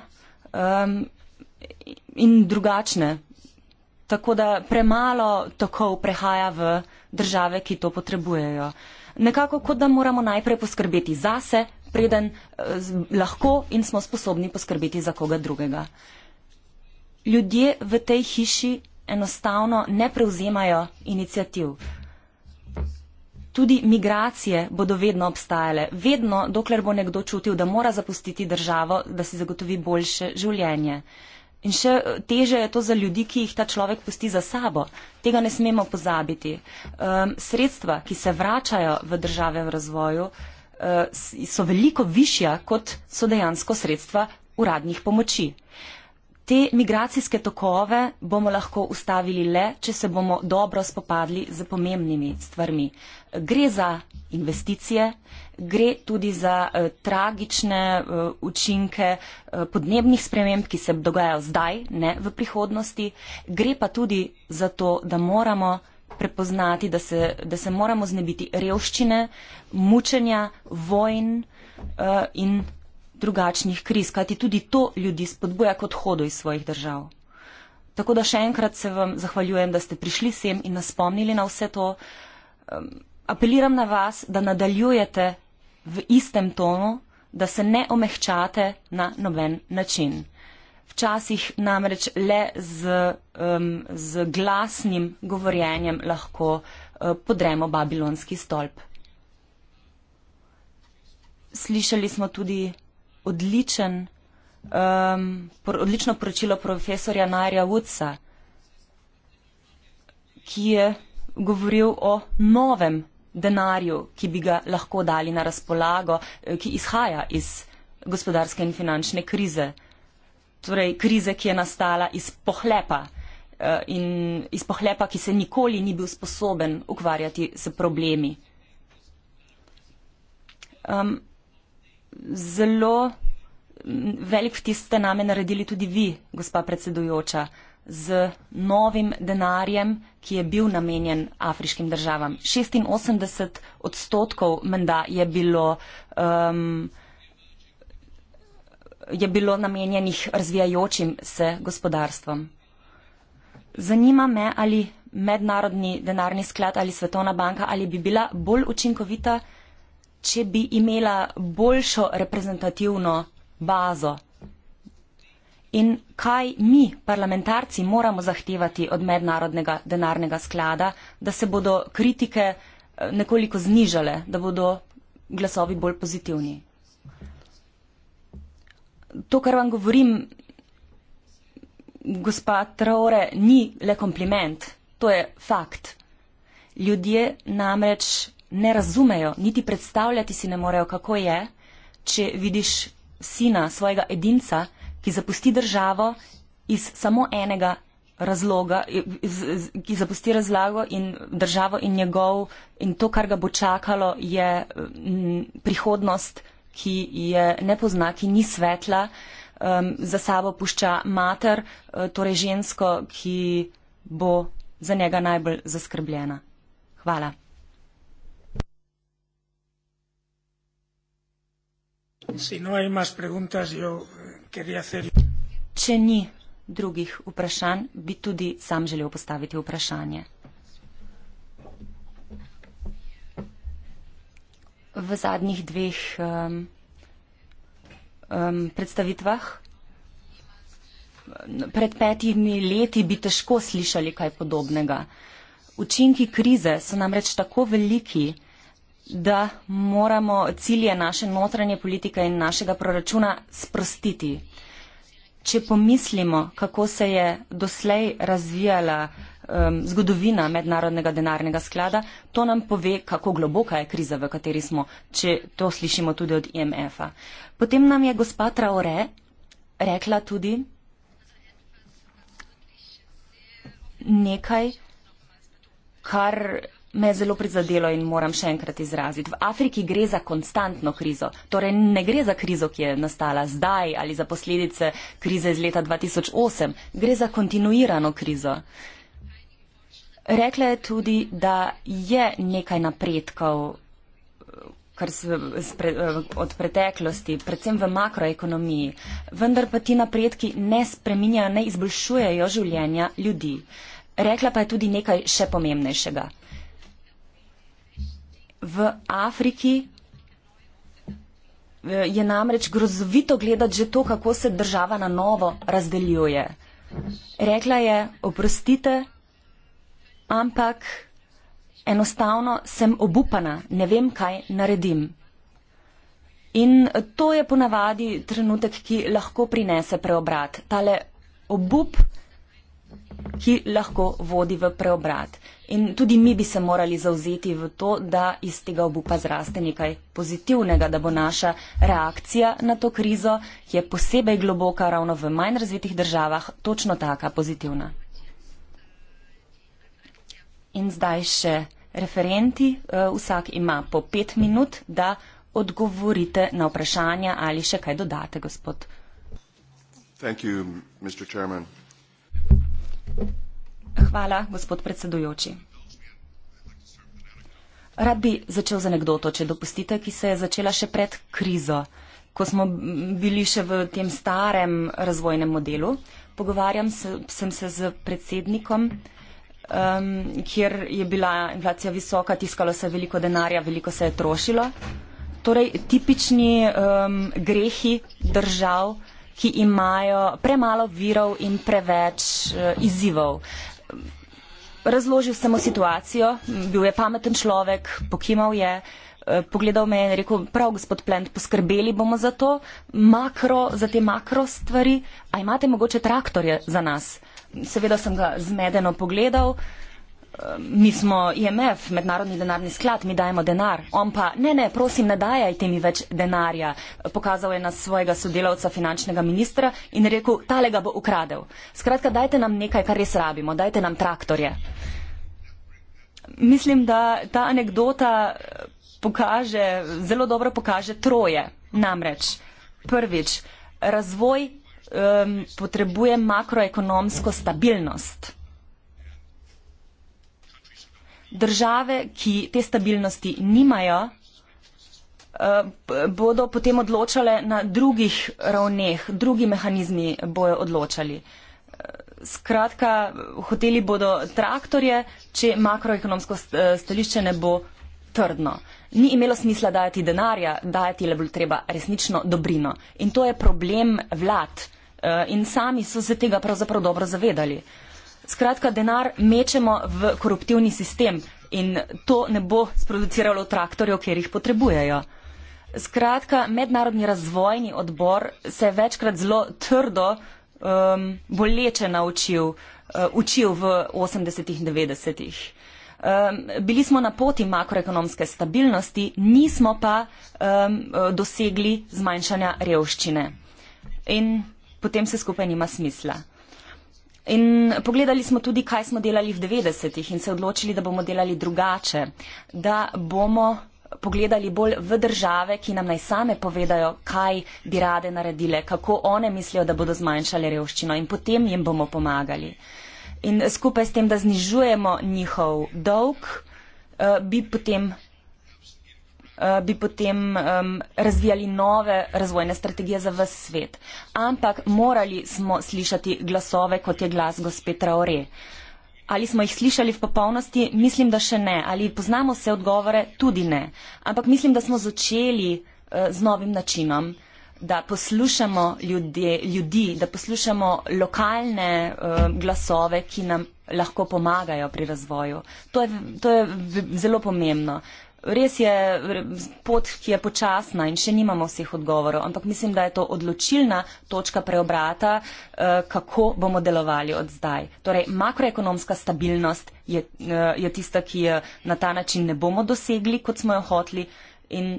in drugačne. Tako da premalo tokov prehaja v države, ki to potrebujejo. Nekako kot da moramo najprej poskrbeti zase, preden eh, lahko in smo sposobni poskrbeti za koga drugega. Ljudje v tej hiši enostavno ne prevzemajo inicijativ. Tudi migracije bodo vedno obstajale, vedno dokler bo nekdo čutil, da mora zapustiti državo, da si zagotovi boljše življenje. In še teže je to za ljudi, ki jih ta človek pusti za sabo. Tega ne smemo pozabiti. Um, sredstva, ki se vračajo v države v razvoju, uh, so veliko višja, kot so dejansko sredstva uradnih pomoči. Te migracijske tokove bomo lahko ustavili le, če se bomo dobro spopadli z pomembnimi stvarmi. Gre za investicije, gre tudi za uh, tragične uh, učinke uh, podnebnih sprememb, ki se dogajajo zdaj, ne v prihodnosti. Gre pa tudi za to, da moramo prepoznati, da se, da se moramo znebiti revščine, mučenja, vojn uh, in drugačnih kriz, kajti tudi to ljudi spodbuja k odhodu iz svojih držav. Tako da še enkrat se vam zahvaljujem, da ste prišli sem in nas spomnili na vse to. Um, apeliram na vas, da nadaljujete v istem tonu, da se ne omehčate na noben način. Včasih namreč le z, um, z glasnim govorjenjem lahko uh, podremo babilonski stolp. Slišali smo tudi odličen, um, por, odlično poročilo profesorja Narja Woodsa, ki je govoril o novem denarju, ki bi ga lahko dali na razpolago, eh, ki izhaja iz gospodarske in finančne krize. Torej, krize, ki je nastala iz pohlepa eh, in iz pohlepa, ki se nikoli ni bil sposoben ukvarjati s problemi. Um, zelo velik vtis ste name naredili tudi vi, gospa predsedujoča z novim denarjem, ki je bil namenjen afriškim državam. 86 odstotkov menda je bilo, um, je bilo namenjenih razvijajočim se gospodarstvom. Zanima me, ali mednarodni denarni sklad ali Svetovna banka ali bi bila bolj učinkovita, če bi imela boljšo reprezentativno bazo. In kaj mi, parlamentarci, moramo zahtevati od mednarodnega denarnega sklada, da se bodo kritike eh, nekoliko znižale, da bodo glasovi bolj pozitivni? To, kar vam govorim, gospa Traore, ni le kompliment, to je fakt. Ljudje namreč ne razumejo, niti predstavljati si ne morejo, kako je, če vidiš sina svojega edinca, ki zapusti državo iz samo enega razloga, iz, iz, ki zapusti razlago in državo in njegov in to, kar ga bo čakalo, je m, mm, prihodnost, ki je nepozna, ki ni svetla, um, za sabo pušča mater, uh, torej žensko, ki bo za njega najbolj zaskrbljena. Hvala. Si no hay más preguntas, yo eh, quería hacer. Če ni drugih vprašanj, bi tudi sam želel postaviti vprašanje. V zadnjih dveh um, um, predstavitvah, pred petimi leti, bi težko slišali kaj podobnega. Učinki krize so namreč tako veliki, da moramo cilje naše notranje politike in našega proračuna sprostiti. Če pomislimo, kako se je doslej razvijala um, zgodovina mednarodnega denarnega sklada, to nam pove, kako globoka je kriza, v kateri smo, če to slišimo tudi od IMF-a. Potem nam je gospa Traore rekla tudi nekaj, kar Me je zelo prizadelo in moram še enkrat izraziti. V Afriki gre za konstantno krizo. Torej ne gre za krizo, ki je nastala zdaj ali za posledice krize iz leta 2008. Gre za kontinuirano krizo. Rekla je tudi, da je nekaj napredkov kar se od preteklosti, predvsem v makroekonomiji, vendar pa ti napredki ne spreminjajo, ne izboljšujejo življenja ljudi. Rekla pa je tudi nekaj še pomembnejšega v Afriki eh, je namreč grozovito gledati že to, kako se država na novo razdeljuje. Rekla je, oprostite, ampak enostavno sem obupana, ne vem, kaj naredim. In to je ponavadi trenutek, ki lahko prinese preobrat. Tale obup ki lahko vodi v preobrat. In tudi mi bi se morali zauzeti v to, da iz tega obupa zraste nekaj pozitivnega, da bo naša reakcija na to krizo, ki je posebej globoka ravno v manj razvitih državah, točno taka pozitivna. In zdaj še referenti, eh, vsak ima po pet minut, da odgovorite na vprašanja ali še kaj dodate, gospod. Hvala, gospod predsednik. Hvala, gospod predsedujoči. Rad bi začel z anekdoto, če dopustite, ki se je začela še pred krizo, ko smo bili še v tem starem razvojnem modelu. Pogovarjam se, sem se z predsednikom, um, kjer je bila inflacija visoka, tiskalo se veliko denarja, veliko se je trošilo. Torej, tipični um, grehi držav, ki imajo premalo virov in preveč eh, izzivov. Razložil sem mu situacijo, bil je pameten človek, pokimal je, eh, pogledal me je in rekel, prav gospod Plent, poskrbeli bomo za to, makro, za te makro stvari, a imate mogoče traktorje za nas? Seveda sem ga zmedeno pogledal mi smo IMF, Mednarodni denarni sklad, mi dajemo denar. On pa, ne, ne, prosim, ne dajajte mi več denarja. Pokazal je na svojega sodelavca finančnega ministra in rekel, tale ga bo ukradel. Skratka, dajte nam nekaj, kar res rabimo, dajte nam traktorje. Mislim, da ta anekdota eh, pokaže, zelo dobro pokaže troje. Namreč, prvič, razvoj um, potrebuje makroekonomsko stabilnost države, ki te stabilnosti nimajo, eh, bodo potem odločale na drugih ravneh, drugi mehanizmi bojo odločali. Eh, skratka, hoteli bodo traktorje, če makroekonomsko eh, stališče ne bo trdno. Ni imelo smisla dajati denarja, dajati le bo treba resnično dobrino. In to je problem vlad. In sami so se tega pravzaprav dobro zavedali. Skratka, denar mečemo v koruptivni sistem in to ne bo sproduciralo traktorjev, kjer jih potrebujejo. Skratka, mednarodni razvojni odbor se je večkrat zelo trdo um, boleče naučil, uh, učil v 80-ih in 90-ih. Um, bili smo na poti makroekonomske stabilnosti, nismo pa um, dosegli zmanjšanja revščine. In potem se skupaj nima smisla. In pogledali smo tudi, kaj smo delali v 90-ih in se odločili, da bomo delali drugače, da bomo pogledali bolj v države, ki nam naj same povedajo, kaj bi rade naredile, kako one mislijo, da bodo zmanjšali revščino in potem jim bomo pomagali. In skupaj s tem, da znižujemo njihov dolg, eh, bi potem Eh, bi potem um, razvijali nove razvojne strategije za vse svet. Ampak morali smo slišati glasove, kot je glas gospe Traore. Ali smo jih slišali v popolnosti? Mislim, da še ne. Ali poznamo vse odgovore? Tudi ne. Ampak mislim, da smo začeli eh, z novim načinom, da poslušamo ljudje, ljudi, da poslušamo lokalne glasove, ki nam lahko pomagajo pri razvoju. To je, to je zelo pomembno. Res je pot, ki je počasna in še nimamo vseh odgovorov, ampak mislim, da je to odločilna točka preobrata, eh, kako bomo delovali od zdaj. Torej, makroekonomska stabilnost je, eh, je tista, ki jo na ta način ne bomo dosegli, kot smo jo hoteli. In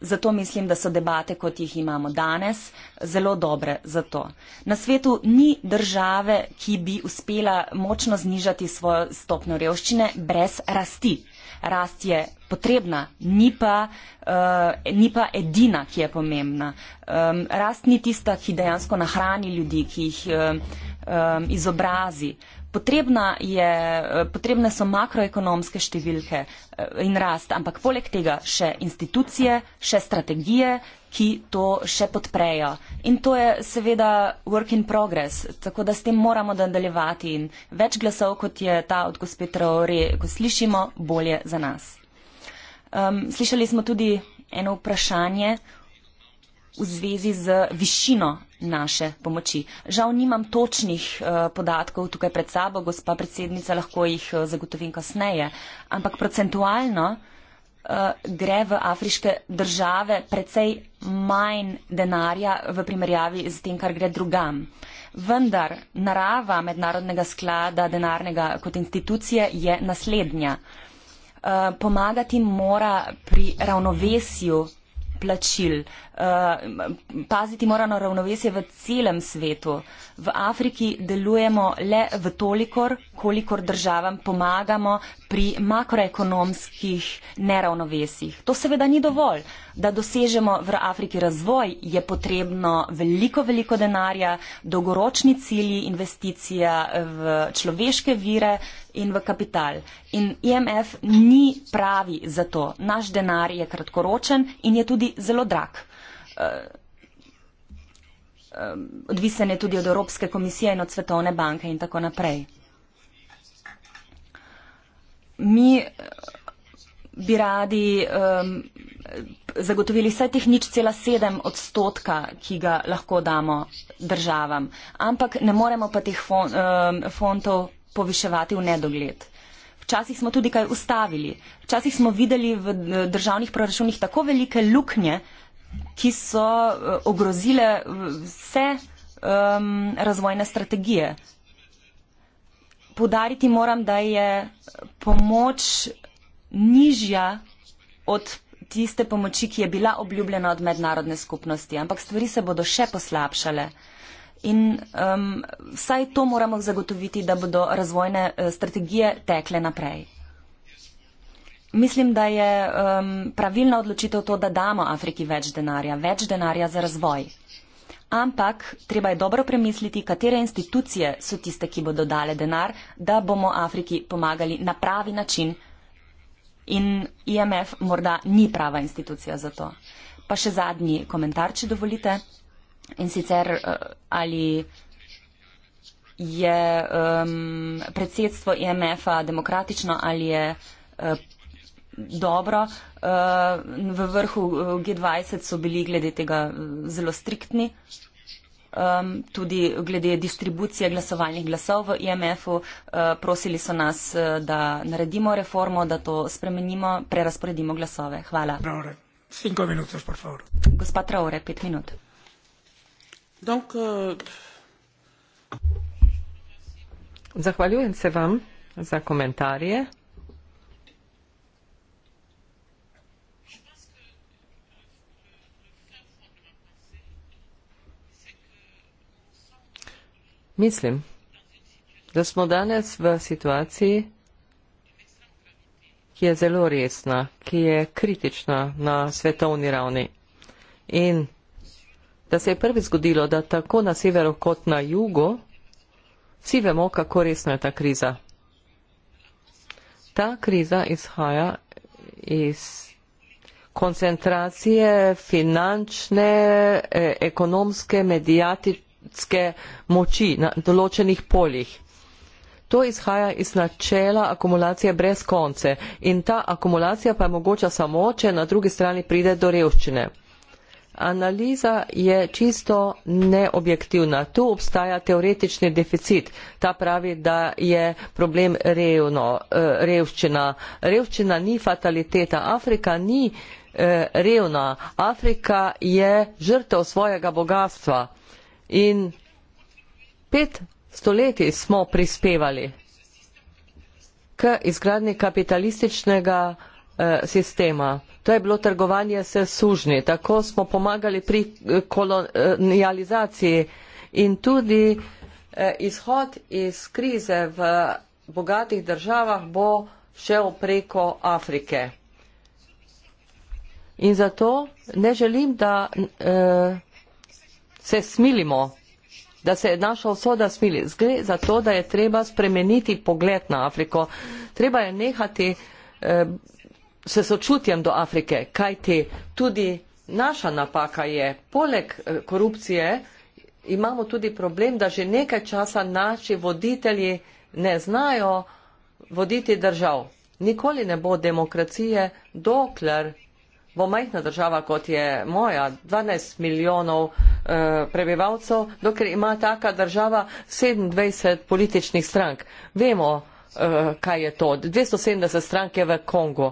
zato mislim, da so debate, kot jih imamo danes, zelo dobre za to. Na svetu ni države, ki bi uspela močno znižati svojo stopno revščine brez rasti rast je potrebna, ni pa, uh, ni pa edina, ki je pomembna. Um, rast ni tista, ki dejansko nahrani ljudi, ki jih um, izobrazi. Je, eh, potrebne so makroekonomske številke in rast, ampak poleg tega še institucije, še strategije, ki to še podprejo. In to je seveda work in progress, tako da s tem moramo nadaljevati in več glasov, kot je ta od gospe Traore, ko slišimo, bolje za nas. Um, slišali smo tudi eno vprašanje v zvezi z višino naše pomoči. Žal nimam točnih uh, podatkov tukaj pred sabo, gospa predsednica, lahko jih uh, zagotovim kasneje, ampak procentualno uh, Eh, gre v afriške države precej manj denarja v primerjavi z tem, kar gre drugam. Vendar narava mednarodnega sklada denarnega kot institucije je naslednja. Eh, pomagati mora pri ravnovesju plačil, Eh, paziti moramo ravnovesje v celem svetu. V Afriki delujemo le v tolikor, kolikor državam pomagamo pri makroekonomskih neravnovesjih. To seveda ni dovolj. Da dosežemo v Afriki razvoj, je potrebno veliko, veliko denarja, dolgoročni cilji, investicija v človeške vire in v kapital. In IMF ni pravi za to. Naš denar je kratkoročen in je tudi zelo drag. Eh, odvisen je tudi od Evropske komisije in od Svetovne banke in tako naprej. Mi eh, bi radi um, zagotovili vsaj teh nič cela sedem odstotka, ki ga lahko damo državam, ampak ne moremo pa teh fon, um, fontov poviševati v nedogled. Včasih smo tudi kaj ustavili, včasih smo videli v državnih proračunih tako velike luknje, ki so eh, ogrozile vse um, razvojne strategije. Podariti moram, da je pomoč nižja od tiste pomoči, ki je bila obljubljena od mednarodne skupnosti, ampak stvari se bodo še poslabšale. In um, vsaj to moramo zagotoviti, da bodo razvojne eh, strategije tekle naprej. Mislim, da je um, pravilna odločitev to, da damo Afriki več denarja, več denarja za razvoj. Ampak treba je dobro premisliti, katere institucije so tiste, ki bodo dale denar, da bomo Afriki pomagali na pravi način. In IMF morda ni prava institucija za to. Pa še zadnji komentar, če dovolite. In sicer uh, ali je um, predsedstvo IMF-a demokratično ali je. Uh, dobro. Eh, v vrhu eh, G20 so bili glede tega eh, zelo striktni. Um, tudi glede distribucije glasovalnih glasov v IMF-u, uh, prosili so nas, uh, da naredimo reformo, da to spremenimo, prerasporedimo glasove. Hvala. Minutos, Gospa Traore, pet minut. Donc, uh... Zahvaljujem se vam za komentarje. Mislim, da smo danes v situaciji, ki je zelo resna, ki je kritična na svetovni ravni. In da se je prvi zgodilo, da tako na severu kot na jugu, vsi vemo, kako resna je ta kriza. Ta kriza izhaja iz koncentracije finančne, eh, ekonomske, medijatične, geopolitske moči na določenih poljih. To izhaja iz načela akumulacije brez konce in ta akumulacija pa je mogoča samo, če na drugi strani pride do revščine. Analiza je čisto neobjektivna. Tu obstaja teoretični deficit. Ta pravi, da je problem revno, eh, revščina. Revščina ni fataliteta. Afrika ni eh, revna. Afrika je žrtev svojega bogatstva. In pet stoletij smo prispevali k izgradni kapitalističnega eh, sistema. To je bilo trgovanje se sužnji, tako smo pomagali pri eh, kolonializaciji in tudi eh, izhod iz krize v bogatih državah bo šel preko Afrike. In zato ne želim, da. Eh, se smilimo, da se je naša usoda smili. Gre za to, da je treba spremeniti pogled na Afriko. Treba je nehati eh, se sočutjem do Afrike, kajti tudi naša napaka je, poleg eh, korupcije, imamo tudi problem, da že nekaj časa naši voditelji ne znajo voditi držav. Nikoli ne bo demokracije, dokler bo majhna država kot je moja, 12 milijonov eh, prebivalcev, dokler ima taka država 27 političnih strank. Vemo, eh, kaj je to. 270 strank je v Kongu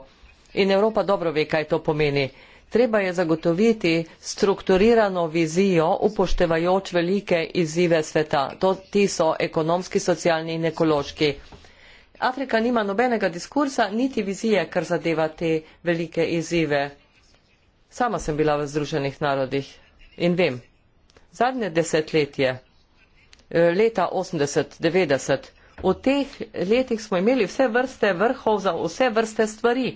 in Evropa dobro ve, kaj to pomeni. Treba je zagotoviti strukturirano vizijo, upoštevajoč velike izzive sveta. To ti so ekonomski, socialni in ekološki. Afrika nima nobenega diskursa, niti vizije, kar zadeva te velike izzive. Sama sem bila v Združenih narodih in vem, zadnje desetletje, eh, leta 80-90, v teh letih smo imeli vse vrste vrhov za vse vrste stvari,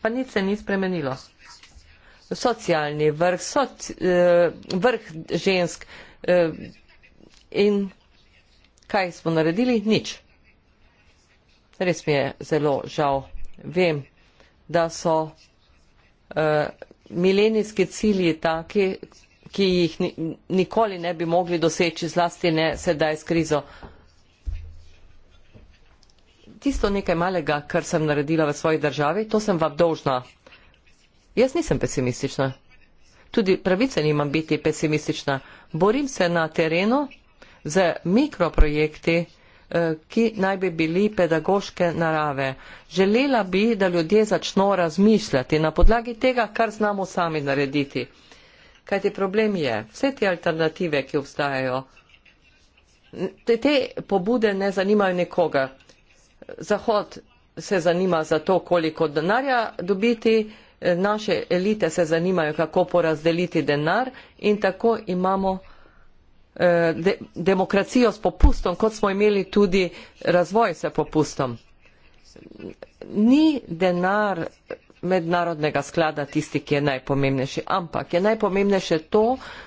pa nič se ni spremenilo. Socialni vrh, soc, eh, vrh žensk eh, in kaj smo naredili? Nič. Res mi je zelo žal. Vem, da so milenijski cilji taki, ki jih nikoli ne bi mogli doseči, zlasti ne sedaj s krizo. Tisto nekaj malega, kar sem naredila v svoji državi, to sem vam dolžna. Jaz nisem pesimistična. Tudi pravice nimam biti pesimistična. Borim se na terenu z mikroprojekti, Eh, ki naj bi bili pedagoške narave. Želela bi, da ljudje začno razmišljati na podlagi tega, kar znamo sami narediti. Kaj ti problem je? Vse te alternative, ki obstajajo, te, te pobude ne zanimajo nikoga. Zahod se zanima za to, koliko denarja dobiti, eh, naše elite se zanimajo, kako porazdeliti denar in tako imamo Eh, de, demokracijo s popustom, kot smo imeli tudi razvoj s popustom. Ni denar mednarodnega sklada tisti, ki je najpomembnejši, ampak je najpomembnejše to,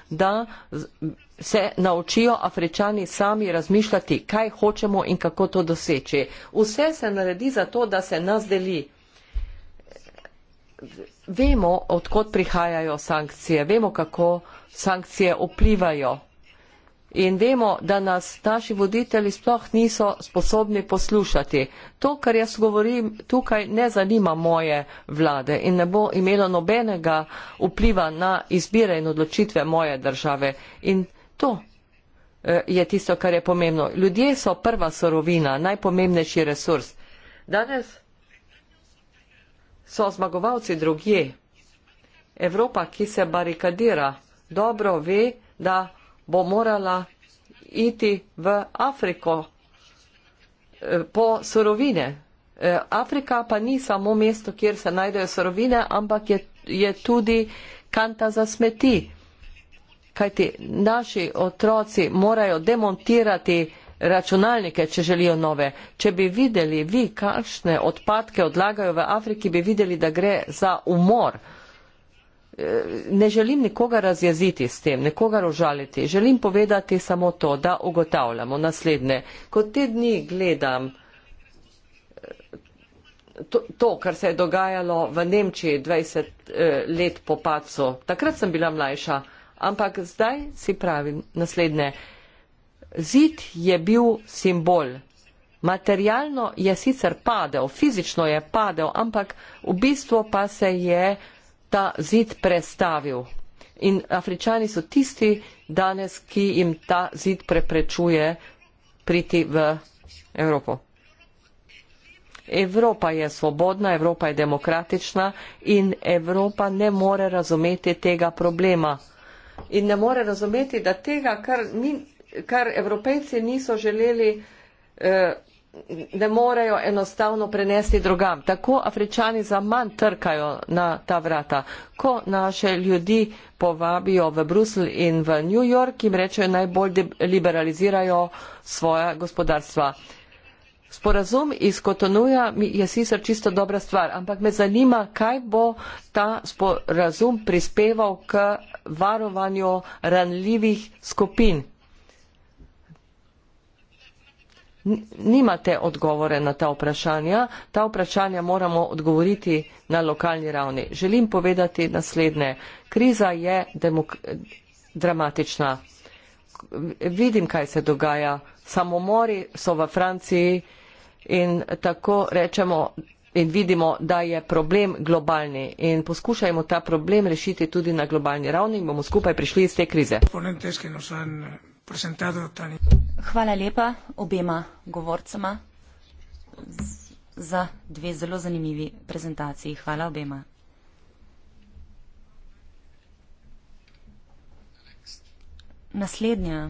da se naučijo afričani sami razmišljati, kaj hočemo in kako to doseči. Vse se naredi za to, da se nas deli. Vemo, odkot prihajajo sankcije, vemo, kako sankcije vplivajo in vemo, da nas naši voditelji sploh niso sposobni poslušati. To, kar jaz govorim, tukaj ne zanima moje vlade in ne bo imelo nobenega vpliva na izbire in odločitve moje države. In to eh, je tisto, kar je pomembno. Ljudje so prva sorovina, najpomembnejši resurs. Danes so zmagovalci drugje. Evropa, ki se barikadira, dobro ve, da bo morala iti v Afriko eh, po sorovine. Eh, Afrika pa ni samo mesto, kjer se najdejo sorovine, ampak je, je tudi kanta za smeti. Kajti naši otroci morajo demontirati računalnike, če želijo nove. Če bi videli vi, kakšne odpadke odlagajo v Afriki, bi videli, da gre za umor ne želim nikoga razjeziti s tem, nikoga rožaliti, želim povedati samo to, da ugotavljamo naslednje. Ko te dni gledam eh, to, to kar se je dogajalo v Nemčiji 20 eh, let po pacu, takrat sem bila mlajša, ampak zdaj si pravim naslednje. Zid je bil simbol. Materialno je sicer padel, fizično je padel, ampak v bistvu pa se je ta zid prestavil. In Afričani so tisti danes, ki jim ta zid preprečuje priti v Evropo. Evropa je svobodna, Evropa je demokratična in Evropa ne more razumeti tega problema. In ne more razumeti, da tega, kar, ni, kar evropejci niso želeli. Eh, ne morejo enostavno prenesti drugam. Tako afričani za manj trkajo na ta vrata. Ko naše ljudi povabijo v Bruselj in v New York, jim rečejo najbolj liberalizirajo svoja gospodarstva. Sporazum iz Kotonuja je sicer čisto dobra stvar, ampak me zanima, kaj bo ta sporazum prispeval k varovanju ranljivih skupin nimate odgovore na ta vprašanja. Ta vprašanja moramo odgovoriti na lokalni ravni. Želim povedati naslednje. Kriza je dramatična. Vidim, kaj se dogaja. Samomori so v Franciji in tako rečemo in vidimo, da je problem globalni in poskušajmo ta problem rešiti tudi na globalni ravni in bomo skupaj prišli iz te krize presentado Tani. Hvala lepa obema govorcama za dve zelo zanimivi prezentaciji. Hvala obema. Naslednja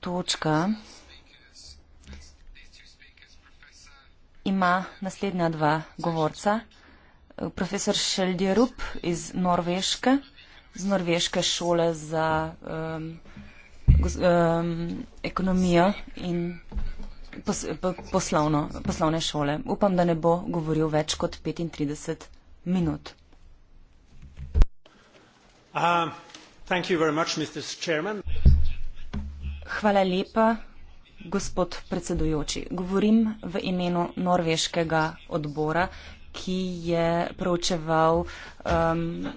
točka ima naslednja dva govorca. Profesor Šeldjerup iz Norveške z norveške šole za um, um, ekonomijo in pos, poslovno, poslovne šole. Upam, da ne bo govoril več kot 35 minut. Um, much, Hvala lepa, gospod predsedujoči. Govorim v imenu norveškega odbora, ki je proučeval um,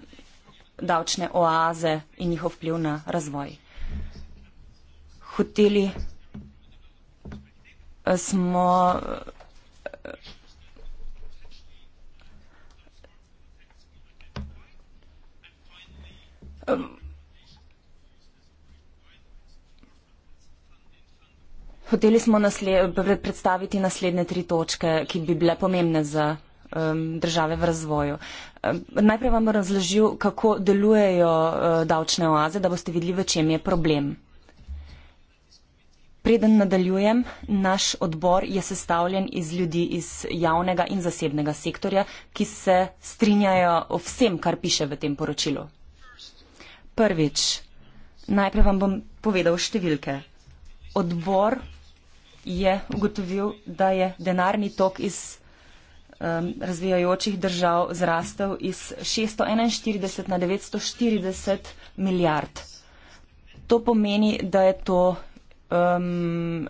davčne oaze in njihov vpliv na razvoj. Hoteli eh, smo. Eh, eh, hoteli smo nasle predstaviti naslednje tri točke, ki bi bile pomembne za um, države v razvoju. Uh, Eh, najprej vam razložil, kako delujejo eh, davčne oaze, da boste videli, v čem je problem. Preden nadaljujem, naš odbor je sestavljen iz ljudi iz javnega in zasebnega sektorja, ki se strinjajo o vsem, kar piše v tem poročilu. Prvič, najprej vam bom povedal številke. Odbor je ugotovil, da je denarni tok iz um, razvijajočih držav zrastel iz 641 na 940 milijard. To pomeni, da je to, um,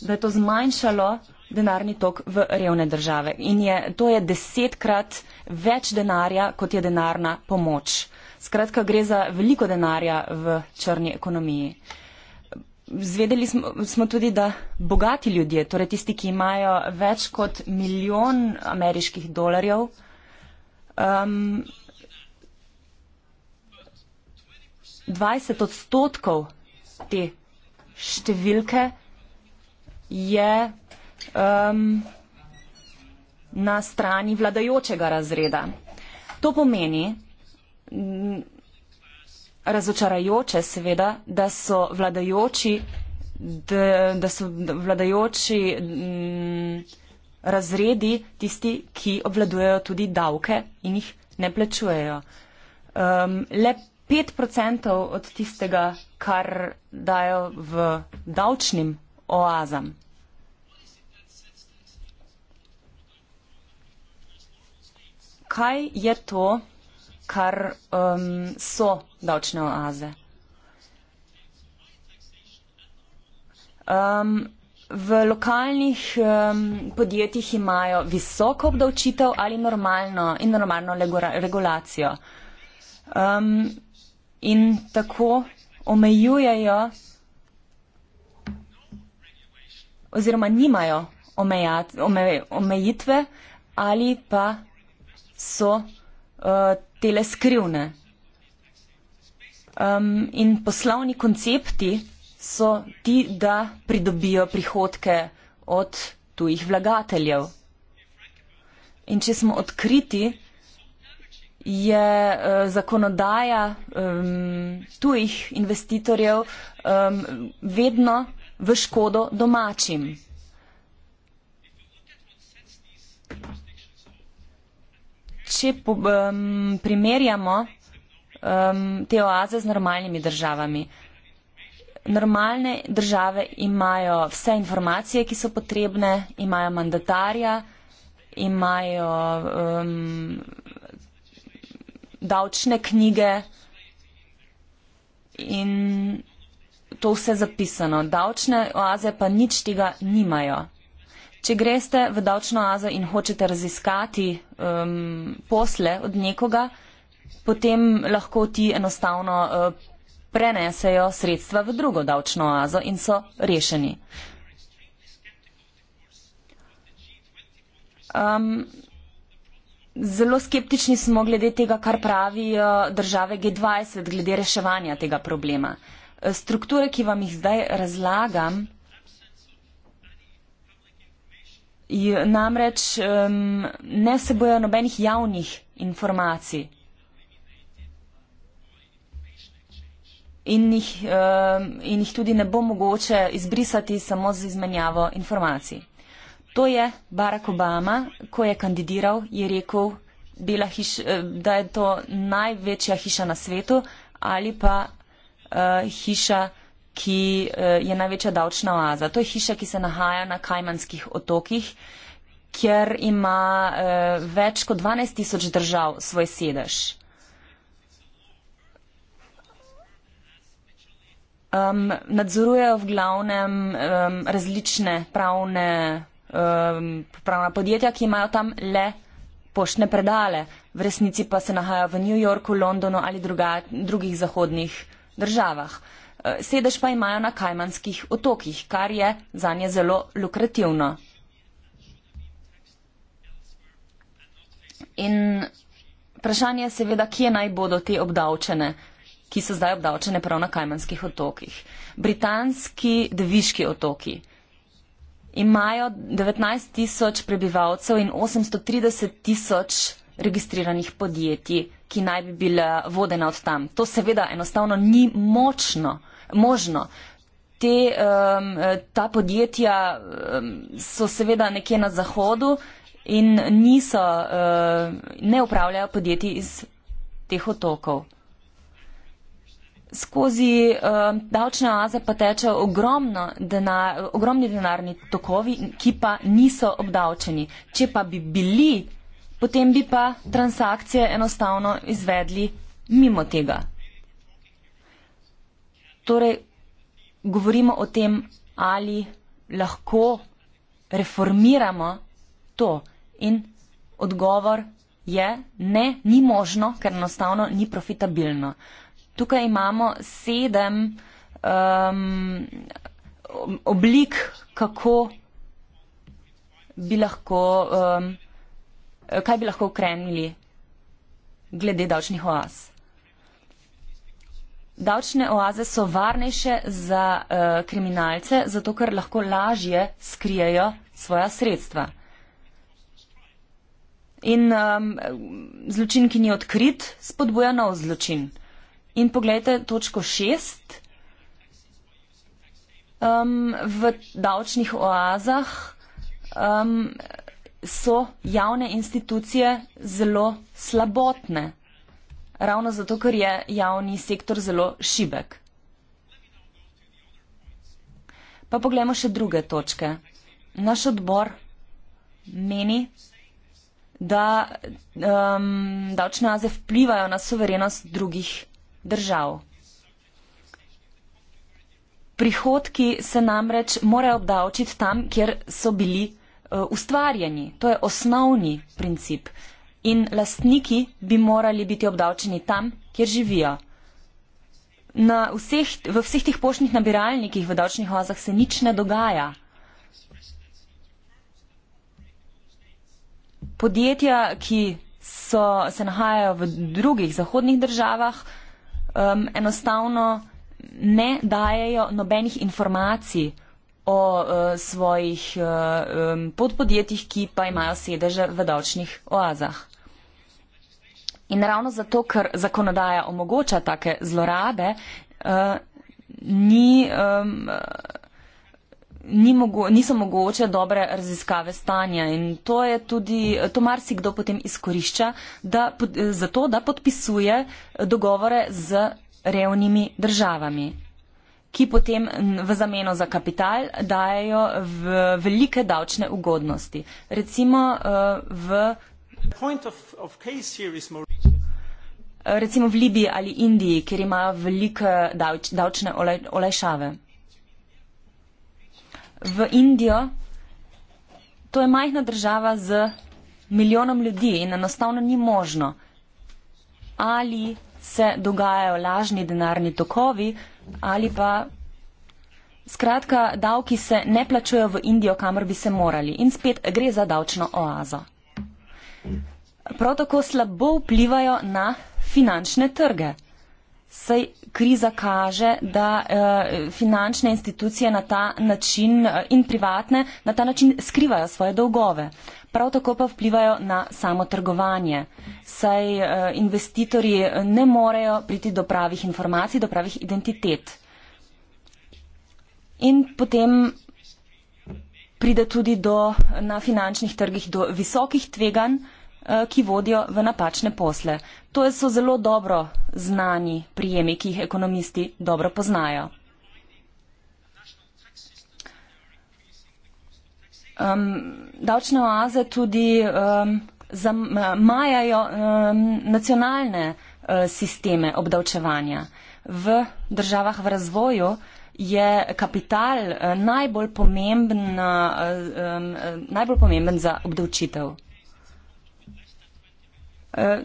da je to zmanjšalo denarni tok v revne države. In je, to je desetkrat več denarja, kot je denarna pomoč. Skratka, gre za veliko denarja v črni ekonomiji. Zvedeli smo, smo tudi, da bogati ljudje, torej tisti, ki imajo več kot milijon ameriških dolarjev, um, 20 odstotkov te številke je um, na strani vladajočega razreda. To pomeni, razočarajoče seveda, da so vladajoči, da, da so vladajoči m, mm, razredi tisti, ki obvladujejo tudi davke in jih ne plačujejo. Um, le 5% od tistega, kar dajo v davčnim oazam. Kaj je to? kar um, so davčne oaze. Um, v lokalnih um, podjetjih imajo visoko obdavčitev ali normalno in normalno regulacijo. Um, in tako omejujejo oziroma nimajo omejat, ome, omejitve ali pa so Eh, tele skrivne. Um, in poslovni koncepti so ti, da pridobijo prihodke od tujih vlagateljev. In če smo odkriti, je uh, zakonodaja um, tujih investitorjev um, vedno v škodo domačim če po, um, primerjamo um, te oaze z normalnimi državami. Normalne države imajo vse informacije, ki so potrebne, imajo mandatarja, imajo um, davčne knjige in to vse zapisano. Davčne oaze pa nič tega nimajo. Če greste v davčno oazo in hočete raziskati um, posle od nekoga, potem lahko ti enostavno uh, prenesejo sredstva v drugo davčno oazo in so rešeni. Um, zelo skeptični smo glede tega, kar pravijo države G20, glede reševanja tega problema. Strukture, ki vam jih zdaj razlagam, namreč um, ne se bojo nobenih javnih informacij in jih, um, in jih tudi ne bo mogoče izbrisati samo z izmenjavo informacij. To je Barack Obama, ko je kandidiral, je rekel, bila hiš, eh, da je to največja hiša na svetu ali pa uh, hiša ki eh, je največja davčna oaza. To je hiša, ki se nahaja na Kajmanskih otokih, kjer ima eh, več kot 12 tisoč držav svoj sedež. Um, nadzorujejo v glavnem um, različne pravne, um, pravna podjetja, ki imajo tam le poštne predale. V resnici pa se nahajajo v New Yorku, Londonu ali druga, drugih zahodnih državah. Uh, Eh, sedež pa imajo na Kajmanskih otokih, kar je za nje zelo lukrativno. In vprašanje je seveda, kje naj bodo te obdavčene, ki so zdaj obdavčene prav na Kajmanskih otokih. Britanski deviški otoki imajo 19 tisoč prebivalcev in 830 tisoč registriranih podjetij, ki naj bi bila vodena od tam. To seveda enostavno ni močno možno. Te, um, ta podjetja um, so seveda nekje na zahodu in niso, uh, ne upravljajo podjetij iz teh otokov. Skozi um, davčne oaze pa teče ogromno denar, ogromni denarni tokovi, ki pa niso obdavčeni. Če pa bi bili, potem bi pa transakcije enostavno izvedli mimo tega. Torej, govorimo o tem, ali lahko reformiramo to. In odgovor je, ne, ni možno, ker enostavno ni profitabilno. Tukaj imamo sedem um, oblik, kako bi lahko, um, kaj bi lahko ukrenili glede davčnih oas. Davčne oaze so varnejše za uh, kriminalce, zato ker lahko lažje skrijejo svoja sredstva. In um, zločin, ki ni odkrit, spodbuja nov zločin. In pogledajte točko šest. Um, v davčnih oazah um, so javne institucije zelo slabotne ravno zato, ker je javni sektor zelo šibek. Pa pogledamo še druge točke. Naš odbor meni, da um, davčne aze vplivajo na soverenost drugih držav. Prihodki se namreč morajo obdavčiti tam, kjer so bili uh, ustvarjeni. To je osnovni princip. Uh, in lastniki bi morali biti obdavčeni tam, kjer živijo. Vseh, v vseh tih poštnih nabiralnikih v davčnih oazah se nič ne dogaja. Podjetja, ki so, se nahajajo v drugih zahodnih državah, um, enostavno ne dajejo nobenih informacij o uh, svojih uh, um, podpodjetjih, ki pa imajo sedeže v davčnih oazah. In ravno zato, ker zakonodaja omogoča take zlorabe, uh, ni, um, ni mogo niso mogoče dobre raziskave stanja. In to je tudi, to marsikdo potem izkorišča, da, pod, zato, da podpisuje dogovore z revnimi državami ki potem v zameno za kapital dajo v velike davčne ugodnosti. Recimo e, v, of, of recimo v Libiji ali Indiji, kjer imajo velike davč, davčne olaj, olajšave. V Indijo, to je majhna država z milijonom ljudi in enostavno ni možno, ali se dogajajo lažni denarni tokovi, ali pa skratka davki se ne plačujejo v Indijo, kamor bi se morali in spet gre za davčno oazo. Prav tako slabo vplivajo na finančne trge. Sej kriza kaže, da eh, finančne institucije na ta način eh, in privatne na ta način skrivajo svoje dolgove. Prav tako pa vplivajo na samo trgovanje. Sej eh, investitorji ne morejo priti do pravih informacij, do pravih identitet. In potem pride tudi do, na finančnih trgih do visokih tveganj. Eh, ki vodijo v napačne posle. To so zelo dobro znani prijemi, ki jih ekonomisti dobro poznajo. Um, davčne oaze tudi um, zamajajo um, nacionalne uh, sisteme obdavčevanja. V državah v razvoju je kapital uh, najbolj, pomembna, uh, um, najbolj pomemben za obdavčitev.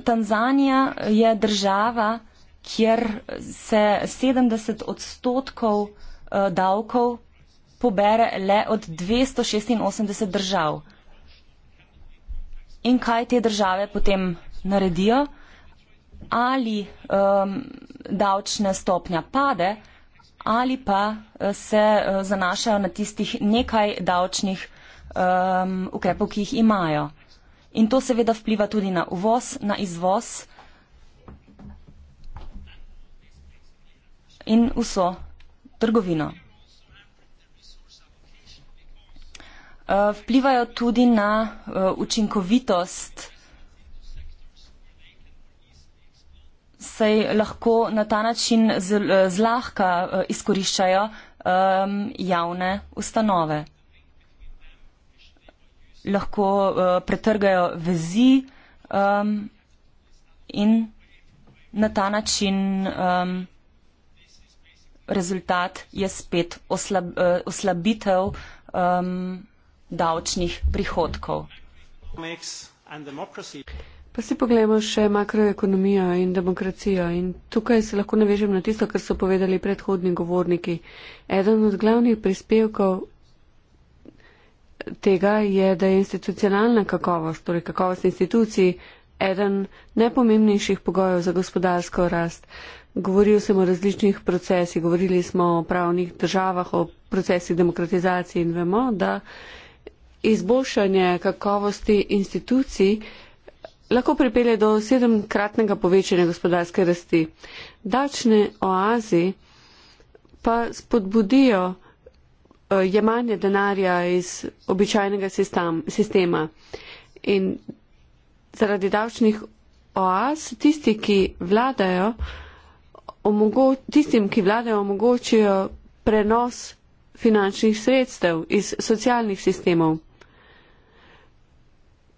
Tanzanija je država, kjer se 70 odstotkov eh, davkov pobere le od 286 držav. In kaj te države potem naredijo? Ali um, davčna stopnja pade, ali pa eh, se eh, zanašajo na tistih nekaj davčnih um, ukrepov, ki jih imajo in to seveda vpliva tudi na uvoz, na izvoz in vso trgovino. Eh, vplivajo tudi na eh, učinkovitost, saj lahko na ta način eh, zlahka izkoriščajo javne ustanove lahko uh, pretrgajo vezi um, in na ta način um, rezultat je spet oslab, uh, oslabitev um, davčnih prihodkov. Pa si pogledamo še makroekonomijo in demokracijo in tukaj se lahko navežem na tisto, kar so povedali predhodni govorniki. Eden od glavnih prispevkov tega je, da je institucionalna kakovost, torej kakovost institucij, eden najpomembnejših pogojev za gospodarsko rast. Govoril sem o različnih procesih, govorili smo o pravnih državah, o procesih demokratizacije in vemo, da izboljšanje kakovosti institucij lahko pripelje do sedemkratnega povečanja gospodarske rasti. Dačne oazi pa spodbudijo Eh, jemanje denarja iz običajnega sistem, sistema. In zaradi davčnih oaz tisti, ki vladajo, omogo, tistim, ki vladajo, omogočijo prenos finančnih sredstev iz socialnih sistemov.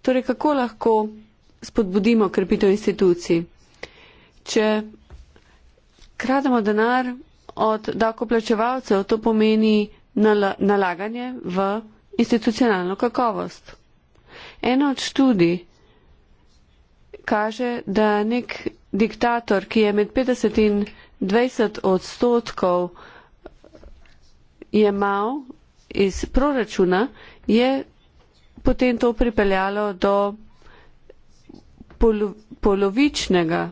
Torej, kako lahko spodbudimo krepitev institucij? Če krademo denar od davkoplačevalcev, to pomeni nala nalaganje v institucionalno kakovost. Eno od študij kaže, da nek diktator, ki je med 50 in 20 odstotkov jemal iz proračuna, je potem to pripeljalo do polo polovičnega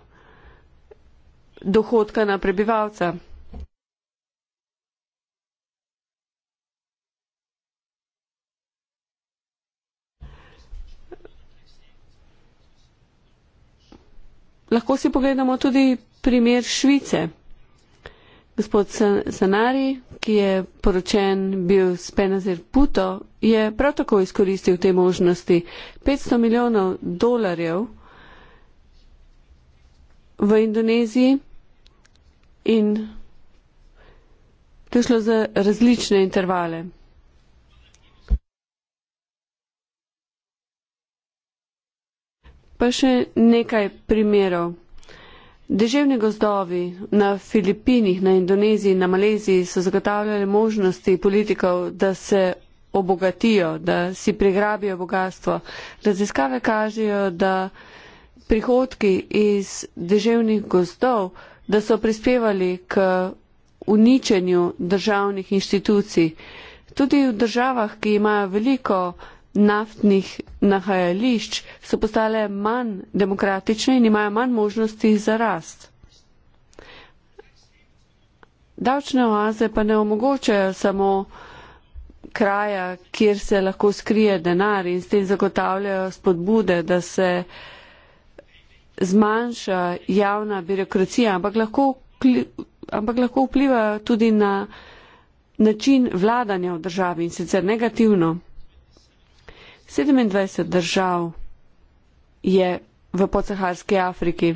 dohodka na prebivalca. lahko si pogledamo tudi primer Švice. Gospod Sanari, ki je poročen bil s Penazir Puto, je prav tako izkoristil te možnosti 500 milijonov dolarjev v Indoneziji in to šlo za različne intervale. pa še nekaj primerov. Deževni gozdovi na Filipinih, na Indoneziji, na Maleziji so zagotavljali možnosti politikov, da se obogatijo, da si pregrabijo bogatstvo. Raziskave kažejo, da prihodki iz deževnih gozdov, da so prispevali k uničenju državnih inštitucij. Tudi v državah, ki imajo veliko naftnih nahajališč so postale manj demokratične in imajo manj možnosti za rast. Davčne oaze pa ne omogočajo samo kraja, kjer se lahko skrije denar in s tem zagotavljajo spodbude, da se zmanjša javna birokracija, ampak lahko, ampak lahko vpliva tudi na način vladanja v državi in sicer negativno. 27 držav je v podsaharski Afriki.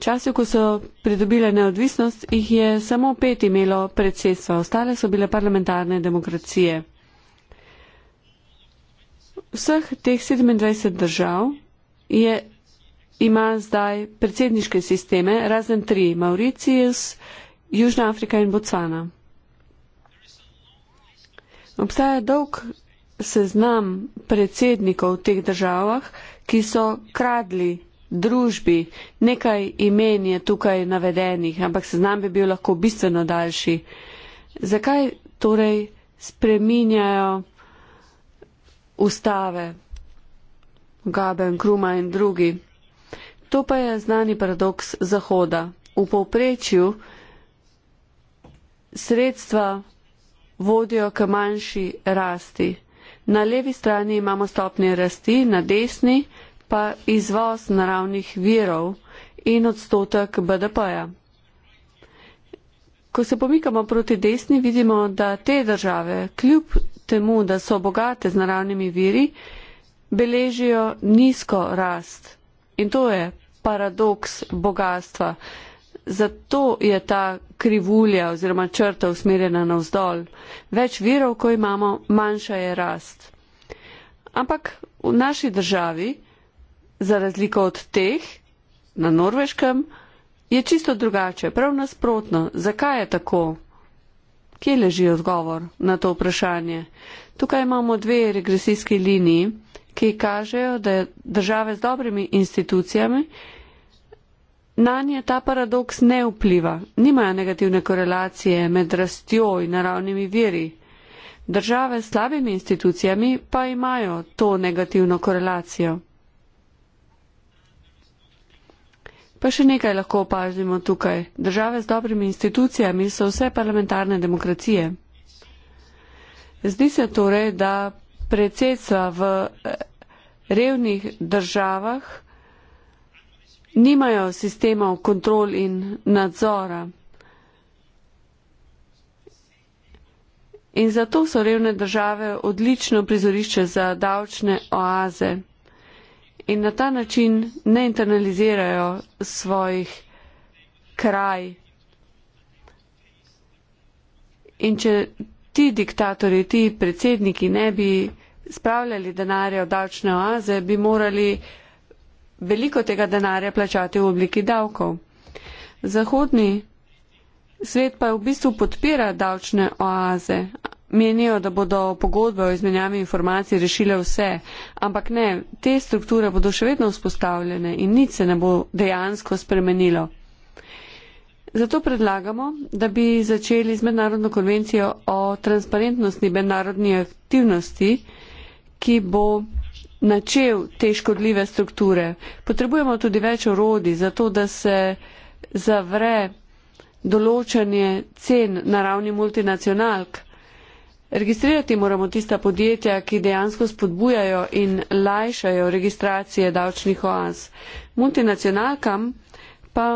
Čase, ko so pridobile neodvisnost, jih je samo pet imelo predsedstva, ostale so bile parlamentarne demokracije. Vseh teh 27 držav je, ima zdaj predsedniške sisteme, razen tri, Mauricijus, Južna Afrika in Botswana. Obstaja dolg seznam predsednikov v teh državah, ki so kradli družbi. Nekaj imen je tukaj navedenih, ampak seznam bi bil lahko bistveno daljši. Zakaj torej spreminjajo ustave Gaben, Kruma in drugi? To pa je znani paradoks Zahoda. V povprečju sredstva vodijo k manjši rasti. Na levi strani imamo stopnje rasti, na desni pa izvoz naravnih virov in odstotek BDP-ja. Ko se pomikamo proti desni, vidimo, da te države, kljub temu, da so bogate z naravnimi viri, beležijo nizko rast. In to je paradoks bogatstva. Zato je ta krivulja oziroma črta usmerjena navzdol. Več virov, ko imamo, manjša je rast. Ampak v naši državi, za razliko od teh, na norveškem, je čisto drugače, prav nasprotno. Zakaj je tako? Kje leži odgovor na to vprašanje? Tukaj imamo dve regresijski liniji, ki kažejo, da države z dobrimi institucijami Na nje ta paradoks ne vpliva, nimajo negativne korelacije med rastjo in naravnimi viri. Države s slabimi institucijami pa imajo to negativno korelacijo. Pa še nekaj lahko opazimo tukaj. Države s dobrimi institucijami so vse parlamentarne demokracije. Zdi se torej, da predsedstva v eh, revnih državah nimajo sistemov kontrol in nadzora. In zato so revne države odlično prizorišče za davčne oaze in na ta način ne internalizirajo svojih kraj. In če ti diktatori, ti predsedniki ne bi spravljali denarja v davčne oaze, bi morali veliko tega denarja plačati v obliki davkov. Zahodni svet pa v bistvu podpira davčne oaze. Menijo, da bodo pogodbe o izmenjavi informacij rešile vse, ampak ne, te strukture bodo še vedno vzpostavljene in nič se ne bo dejansko spremenilo. Zato predlagamo, da bi začeli z mednarodno konvencijo o transparentnosti mednarodnih aktivnosti, ki bo načel te škodljive strukture. Potrebujemo tudi več orodi za to, da se zavre določanje cen na ravni multinacionalk. Registrirati moramo tista podjetja, ki dejansko spodbujajo in lajšajo registracije davčnih oaz. Multinacionalkam pa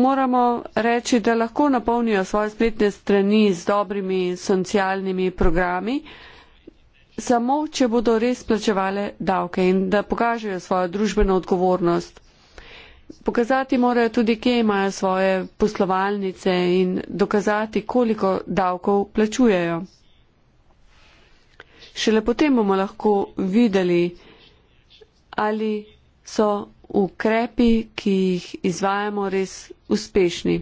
moramo reči, da lahko napolnijo svoje spletne strani z dobrimi socialnimi programi, samo, če bodo res plačevale davke in da pokažejo svojo družbeno odgovornost. Pokazati morajo tudi, kje imajo svoje poslovalnice in dokazati, koliko davkov plačujejo. Šele potem bomo lahko videli, ali so ukrepi, ki jih izvajamo, res uspešni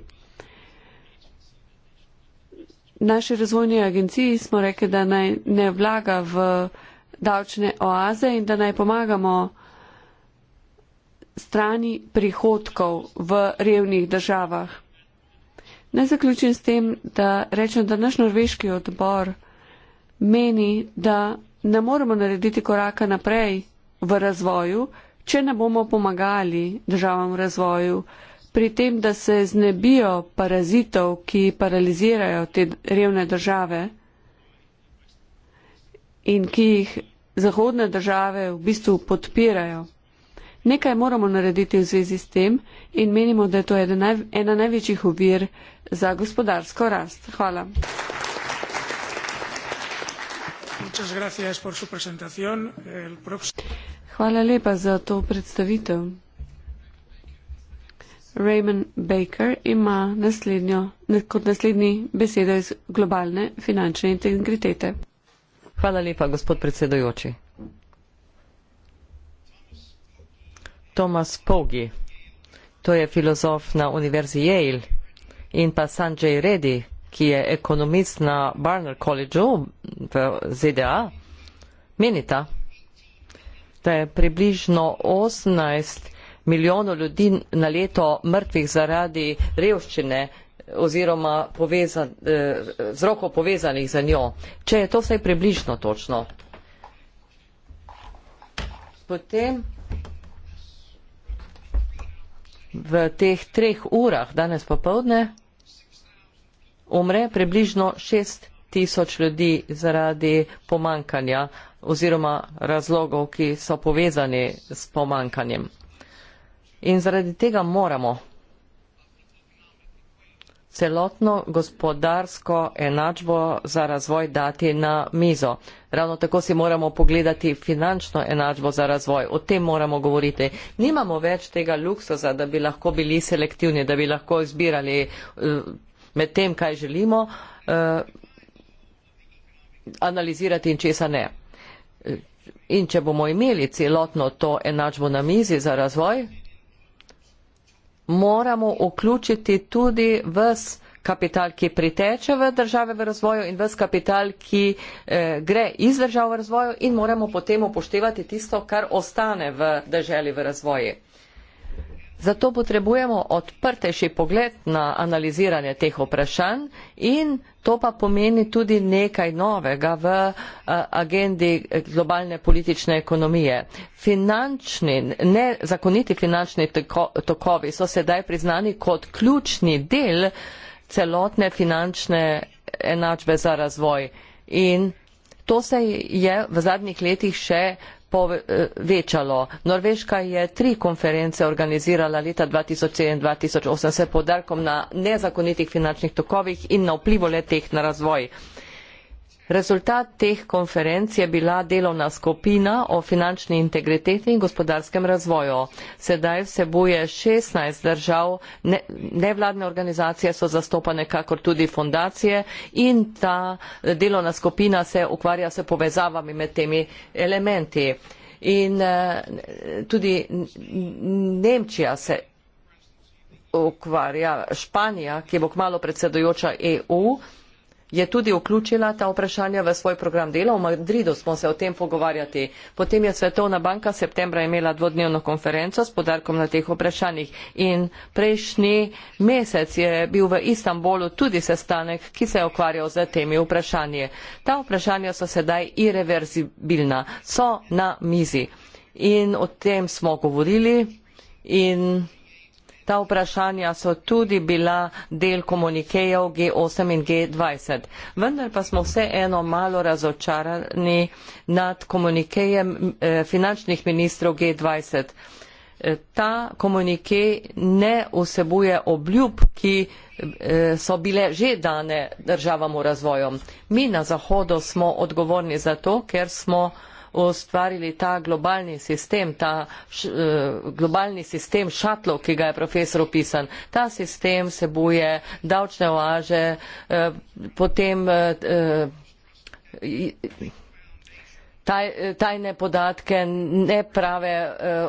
naši razvojni agenciji smo rekli, da naj ne vlaga v davčne oaze in da naj pomagamo strani prihodkov v revnih državah. Naj zaključim s tem, da rečem, da naš norveški odbor meni, da ne moremo narediti koraka naprej v razvoju, če ne bomo pomagali državam v razvoju pri tem, da se znebijo parazitov, ki paralizirajo te revne države in ki jih zahodne države v bistvu podpirajo. Nekaj moramo narediti v zvezi s tem in menimo, da je to ena, naj, ena največjih uvir za gospodarsko rast. Hvala. Hvala lepa za to predstavitev. Raymond Baker ima kot naslednji besedo iz globalne finančne integritete. Hvala lepa, gospod predsedojoči. Tomas Pogi, to je filozof na Univerzi Yale in pa Sanjay Reddy, ki je ekonomist na Barner Collegeu v ZDA, menita, da je približno 18 milijonov ljudi na leto mrtvih zaradi revščine oziroma povezan, eh, vzrokov povezanih za njo. Če je to vsaj približno točno. Potem v teh treh urah danes popovdne umre približno šest tisoč ljudi zaradi pomankanja oziroma razlogov, ki so povezani s pomankanjem. In zaradi tega moramo celotno gospodarsko enačbo za razvoj dati na mizo. Ravno tako si moramo pogledati finančno enačbo za razvoj. O tem moramo govoriti. Nimamo več tega luksuza, da bi lahko bili selektivni, da bi lahko izbirali eh, med tem, kaj želimo, eh, analizirati in česa ne. Eh, in če bomo imeli celotno to enačbo na mizi za razvoj, moramo vključiti tudi vse kapital, ki priteče v države v razvoju in vse kapital, ki eh, gre iz držav v razvoju in moramo potem upoštevati tisto, kar ostane v državi v razvoju. Zato potrebujemo odprtejši pogled na analiziranje teh vprašanj in to pa pomeni tudi nekaj novega v eh, agendi globalne politične ekonomije. Finančni, nezakoniti finančni tokovi so sedaj priznani kot ključni del celotne finančne enačbe za razvoj in to se je v zadnjih letih še povečalo. Norveška je tri konference organizirala leta 2007 2008 s podarkom na nezakonitih finančnih tokovih in na vplivu leteh na razvoj. Rezultat teh konferenc je bila delovna skupina o finančni integriteti in gospodarskem razvoju. Sedaj vsebuje 16 držav, nevladne ne organizacije so zastopane, kakor tudi fondacije in ta delovna skupina se ukvarja s povezavami med temi elementi. In eh, tudi Nemčija se ukvarja, Španija, ki bo kmalo predsedujoča EU, je tudi vključila ta vprašanja v svoj program dela. V Madridu smo se o tem pogovarjati. Potem je Svetovna banka septembra imela dvodnevno konferenco s podarkom na teh vprašanjih. In prejšnji mesec je bil v Istanbulu tudi sestanek, ki se je okvarjal z temi vprašanji. Ta vprašanja so sedaj irreverzibilna, so na mizi. In o tem smo govorili. In ta vprašanja so tudi bila del komunikejev G8 in G20. Vendar pa smo vseeno malo razočarani nad komunikejem eh, finančnih ministrov G20. Eh, ta komunike ne vsebuje obljub, ki eh, so bile že dane državam v razvoju. Mi na Zahodu smo odgovorni za to, ker smo ustvarili ta globalni sistem, ta š, eh, globalni sistem šatlov, ki ga je profesor opisan. Ta sistem sebuje davčne oaže, eh, potem eh, taj, tajne podatke, neprave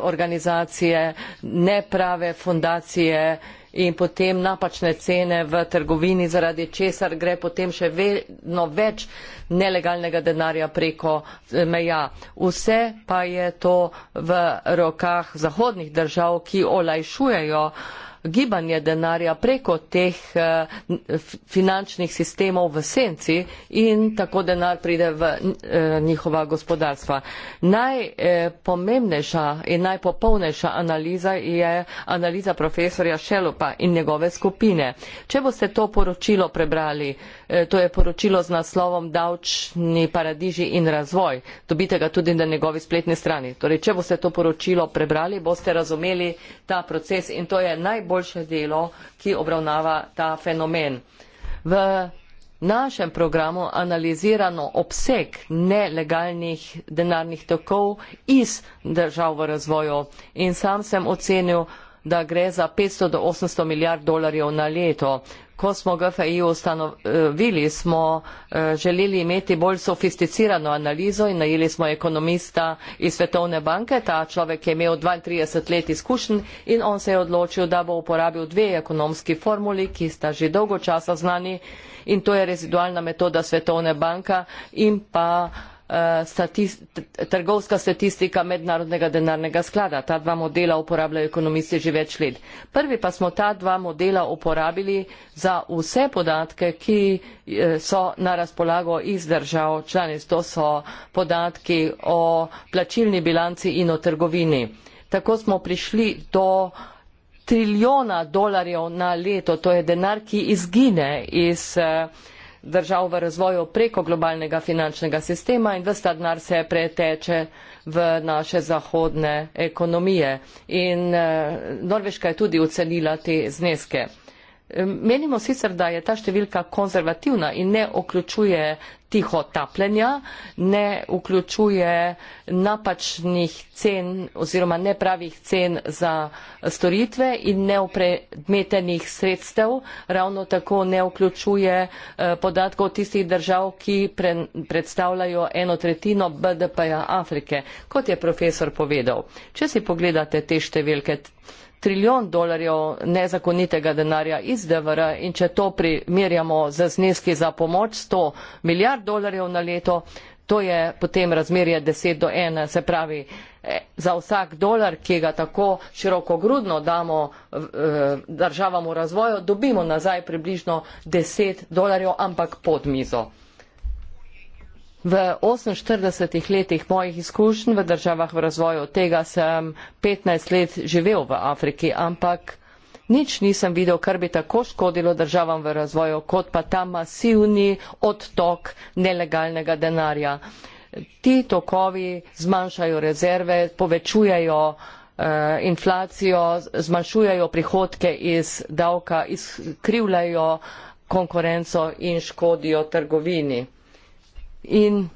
organizacije, neprave fundacije in potem napačne cene v trgovini, zaradi česar gre potem še vedno več nelegalnega denarja preko eh, meja. Vse pa je to v rokah zahodnih držav, ki olajšujejo uh, gibanje denarja preko teh eh, finančnih sistemov v senci in tako denar pride v eh, njihova gospodarstva. Najpomembnejša eh, in najpopolnejša analiza je analiza profesorja Šelupa in njegove skupine. Če boste to poročilo prebrali, E, to je poročilo z naslovom davčni paradiži in razvoj dobite ga tudi na njegovi spletni strani torej če boste to poročilo prebrali boste razumeli ta proces in to je najboljše delo ki obravnava ta fenomen v našem programu analizirano obseg nelegalnih denarnih tokov iz držav v razvoju in sam sem ocenil da gre za 500 do 800 milijard dolarjev na leto ko smo GFI ustanovili, smo eh, želeli imeti bolj sofisticirano analizo in najeli smo ekonomista iz Svetovne banke. Ta človek je imel 32 let izkušenj in on se je odločil, da bo uporabil dve ekonomski formuli, ki sta že dolgo časa znani in to je rezidualna metoda Svetovne banke in pa Eh, trgovska statistika mednarodnega denarnega sklada. Ta dva modela uporabljajo ekonomisti že več let. Prvi pa smo ta dva modela uporabili za vse podatke, ki eh, so na razpolago iz držav članic. To so podatki o plačilni bilanci in o trgovini. Tako smo prišli do trilijona dolarjev na leto. To je denar, ki izgine iz eh, držav v razvoju preko globalnega finančnega sistema in vsta denar se preteče v naše zahodne ekonomije. In eh, Norveška je tudi ocenila te zneske. Menimo sicer, da je ta številka konzervativna in ne vključuje tiho tapljenja, ne vključuje napačnih cen oziroma nepravih cen za storitve in neopredmetenih sredstev, ravno tako ne vključuje eh, podatkov tistih držav, ki pre, predstavljajo eno tretjino BDP-ja Afrike. Kot je profesor povedal, če si pogledate te številke, trilijon dolarjev nezakonitega denarja iz DVR in če to primerjamo z zneski za pomoč 100 milijard dolarjev na leto, to je potem razmerje 10 do 1, se pravi e, za vsak dolar, ki ga tako široko grudno damo e, državam v razvoju, dobimo nazaj približno 10 dolarjev, ampak pod mizo. V 48 letih mojih izkušenj v državah v razvoju tega sem 15 let živel v Afriki, ampak nič nisem videl, kar bi tako škodilo državam v razvoju, kot pa ta masivni odtok nelegalnega denarja. Ti tokovi zmanjšajo rezerve, povečujejo eh, inflacijo, zmanjšujejo prihodke iz davka, izkrivljajo konkurenco in škodijo trgovini. In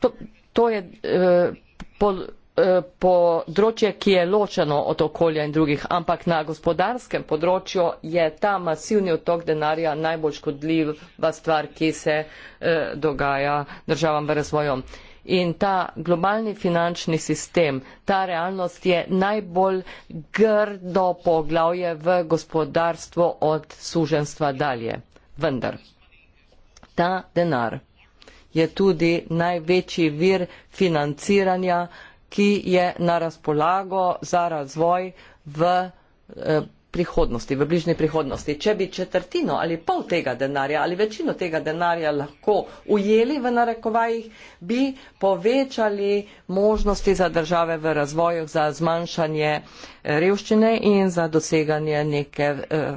to, to je eh, eh, področje, ki je ločeno od okolja in drugih, ampak na gospodarskem področju je ta masivni otok denarja najbolj škodljiva stvar, ki se eh, dogaja državam v razvoju. In ta globalni finančni sistem, ta realnost je najbolj grdo poglavje v gospodarstvo od suženstva dalje. Vendar ta denar je tudi največji vir financiranja, ki je na razpolago za razvoj v eh, prihodnosti, v bližnji prihodnosti. Če bi četrtino ali pol tega denarja ali večino tega denarja lahko ujeli v narekovajih, bi povečali možnosti za države v razvoju za zmanjšanje revščine in za doseganje neke eh,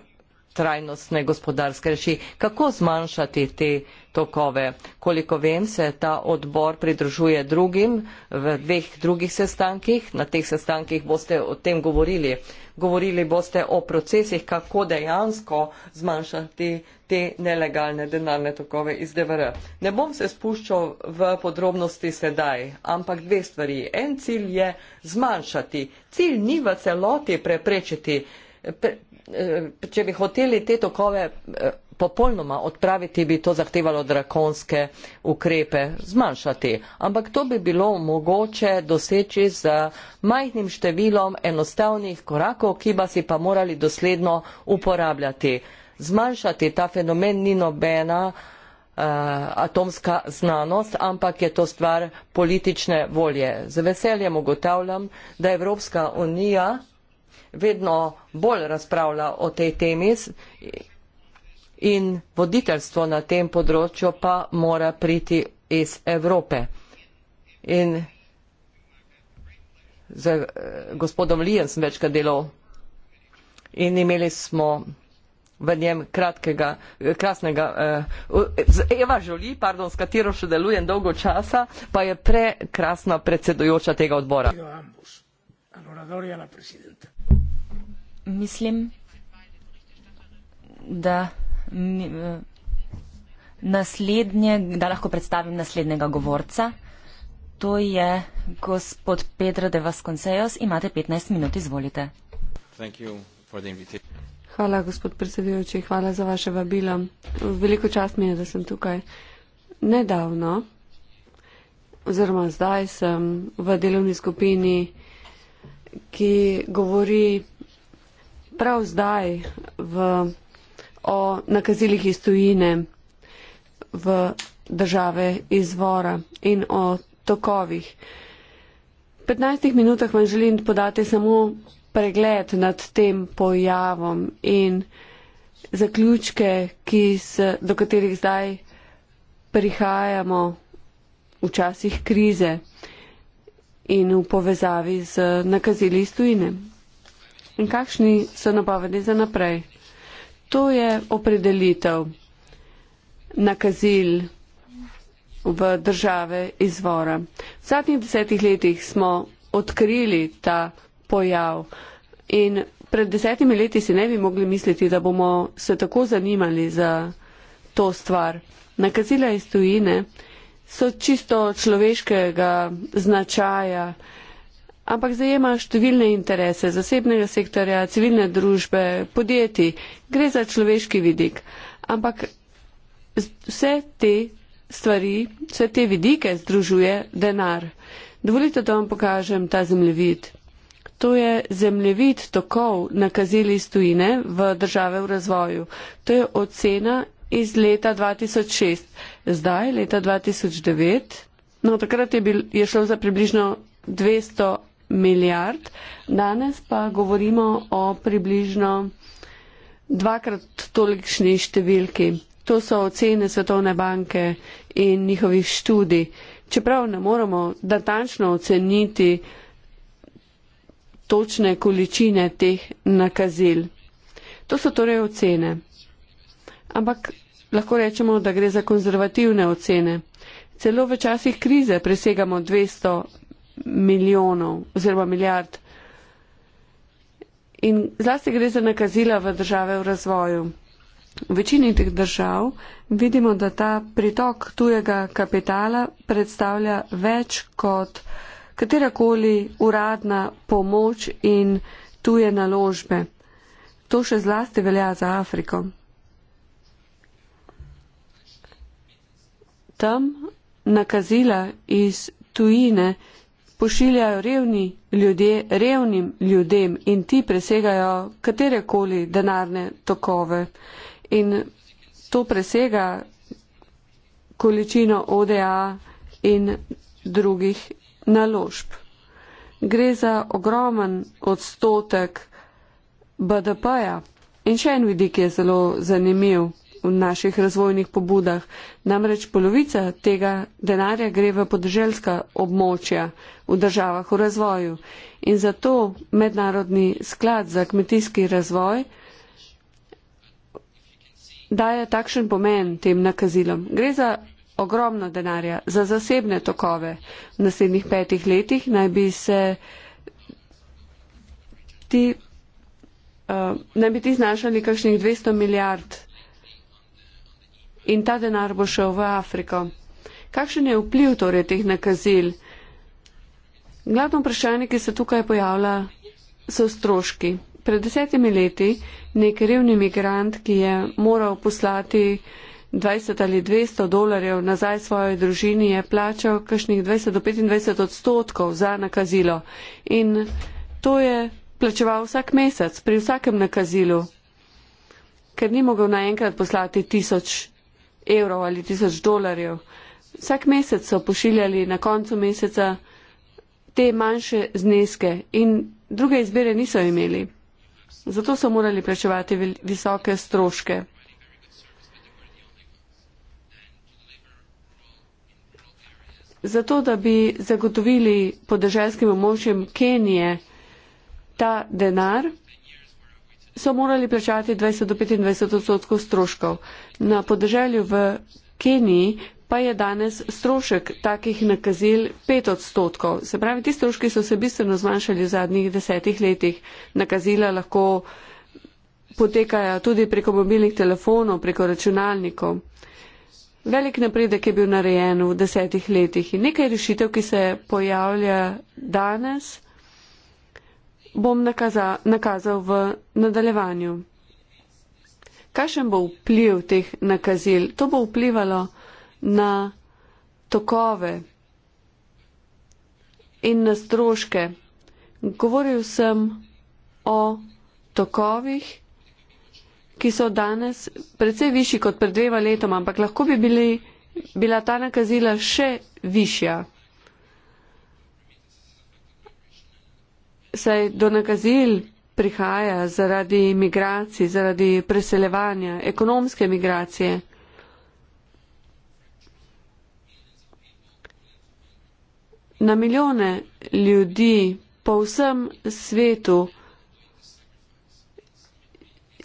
trajnostne gospodarske reši. Kako zmanjšati te tokove? Koliko vem, se ta odbor pridružuje drugim v dveh drugih sestankih. Na teh sestankih boste o tem govorili. Govorili boste o procesih, kako dejansko zmanjšati te nelegalne denarne tokove iz DVR. Ne bom se spuščal v podrobnosti sedaj, ampak dve stvari. En cilj je zmanjšati. Cilj ni v celoti preprečiti. Pre, Eh, če bi hoteli te tokove eh, popolnoma odpraviti, bi to zahtevalo drakonske ukrepe zmanjšati. Ampak to bi bilo mogoče doseči z majhnim številom enostavnih korakov, ki bi si pa morali dosledno uporabljati. Zmanjšati ta fenomen ni nobena eh, atomska znanost, ampak je to stvar politične volje. Z veseljem ugotavljam, da Evropska unija vedno bolj razpravlja o tej temi in voditeljstvo na tem področju pa mora priti iz Evrope. In z eh, gospodom Lijem sem večkrat delal in imeli smo v njem kratkega, eh, krasnega, eh, z Eva Žoli, pardon, s katero še delujem dolgo časa, pa je prekrasna predsedujoča tega odbora mislim, da eh, naslednje, da lahko predstavim naslednjega govorca. To je gospod Pedro de Vasconcelos. Imate 15 minut, izvolite. Hvala, gospod predsedujoči, hvala za vaše vabilo. Veliko čast mi je, da sem tukaj. Nedavno, oziroma zdaj sem v delovni skupini, ki govori prav zdaj v, o nakazilih iz tujine v države izvora in o tokovih. V 15 minutah vam želim podati samo pregled nad tem pojavom in zaključke, se, do katerih zdaj prihajamo v časih krize in v povezavi z nakazili iz tujine in kakšni so napovedi za naprej. To je opredelitev nakazil v države izvora. V zadnjih desetih letih smo odkrili ta pojav in pred desetimi leti si ne bi mogli misliti, da bomo se tako zanimali za to stvar. Nakazila iz tujine so čisto človeškega značaja ampak zajema številne interese zasebnega sektorja, civilne družbe, podjetij. Gre za človeški vidik. Ampak vse te stvari, vse te vidike združuje denar. Dovolite, da vam pokažem ta zemljevid. To je zemljevid tokov nakazili iz tujine v države v razvoju. To je ocena iz leta 2006. Zdaj, leta 2009, no takrat je, bil, je šlo za približno 200 milijard, danes pa govorimo o približno dvakrat tolikšni številki. To so ocene Svetovne banke in njihovih študij. Čeprav ne moramo datančno oceniti točne količine teh nakazil. To so torej ocene. Ampak lahko rečemo, da gre za konzervativne ocene. Celo v časih krize presegamo 200 milijonov oziroma milijard. In zlasti gre za nakazila v države v razvoju. V večini teh držav vidimo, da ta pritok tujega kapitala predstavlja več kot katerakoli uradna pomoč in tuje naložbe. To še zlasti velja za Afriko. Tam nakazila iz tujine pošiljajo revni ljudje revnim ljudem in ti presegajo katerekoli denarne tokove. In to presega količino ODA in drugih naložb. Gre za ogromen odstotek BDP-ja. In še en vidik je zelo zanimiv v naših razvojnih pobudah. Namreč polovica tega denarja gre v podeželska območja v državah v razvoju in zato mednarodni sklad za kmetijski razvoj daje takšen pomen tem nakazilom. Gre za ogromno denarja, za zasebne tokove. V naslednjih petih letih naj bi se ti, uh, naj bi ti znašali kakšnih 200 milijard in ta denar bo šel v Afriko. Kakšen je vpliv torej teh nakazil? Glavno vprašanje, ki se tukaj pojavlja, so stroški. Pred desetimi leti nek revni migrant, ki je moral poslati 20 ali 200 dolarjev nazaj svoji družini, je plačal kakšnih 20 do 25 odstotkov za nakazilo. In to je plačeval vsak mesec pri vsakem nakazilu, ker ni mogel naenkrat poslati tisoč evrov ali tisoč dolarjev. Vsak mesec so pošiljali na koncu meseca te manjše zneske in druge izbire niso imeli. Zato so morali plačevati visoke stroške. Zato, da bi zagotovili podeželskim območjem Kenije ta denar, so morali plačati 20 do 25 odstotkov stroškov. Na podeželju v Keniji pa je danes strošek takih nakazil 5 odstotkov. Se pravi, ti stroški so se bistveno zmanjšali v zadnjih desetih letih. Nakazila lahko potekajo tudi preko mobilnih telefonov, preko računalnikov. Velik napredek je bil narejen v desetih letih in nekaj rešitev, ki se pojavlja danes bom nakaza, nakazal v nadaljevanju. Kakšen bo vpliv teh nakazil? To bo vplivalo na tokove in na stroške. Govoril sem o tokovih, ki so danes precej višji kot pred dvema letoma, ampak lahko bi bili, bila ta nakazila še višja. saj do nakazil prihaja zaradi migracij, zaradi preseljevanja, ekonomske migracije. Na milijone ljudi po vsem svetu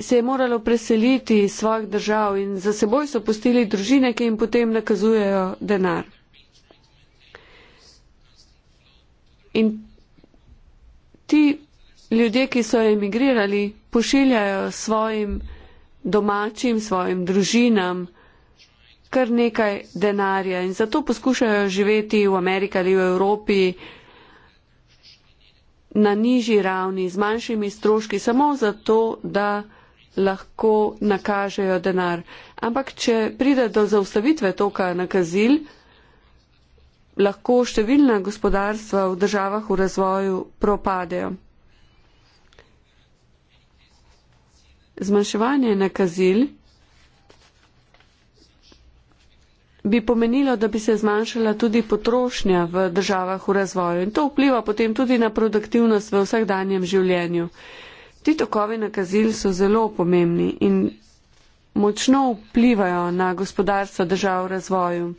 se je moralo preseliti iz svojih držav in za seboj so pustili družine, ki jim potem nakazujejo denar. In ti ljudje, ki so emigrirali, pošiljajo svojim domačim, svojim družinam kar nekaj denarja in zato poskušajo živeti v Ameriki ali v Evropi na nižji ravni, z manjšimi stroški, samo zato, da lahko nakažejo denar. Ampak, če pride do zaustavitve toka nakazil, lahko številna gospodarstva v državah v razvoju propadejo. Zmanjševanje nakazil bi pomenilo, da bi se zmanjšala tudi potrošnja v državah v razvoju in to vpliva potem tudi na produktivnost v vsakdanjem življenju. Ti tokovi nakazil so zelo pomembni in močno vplivajo na gospodarstvo držav v razvoju.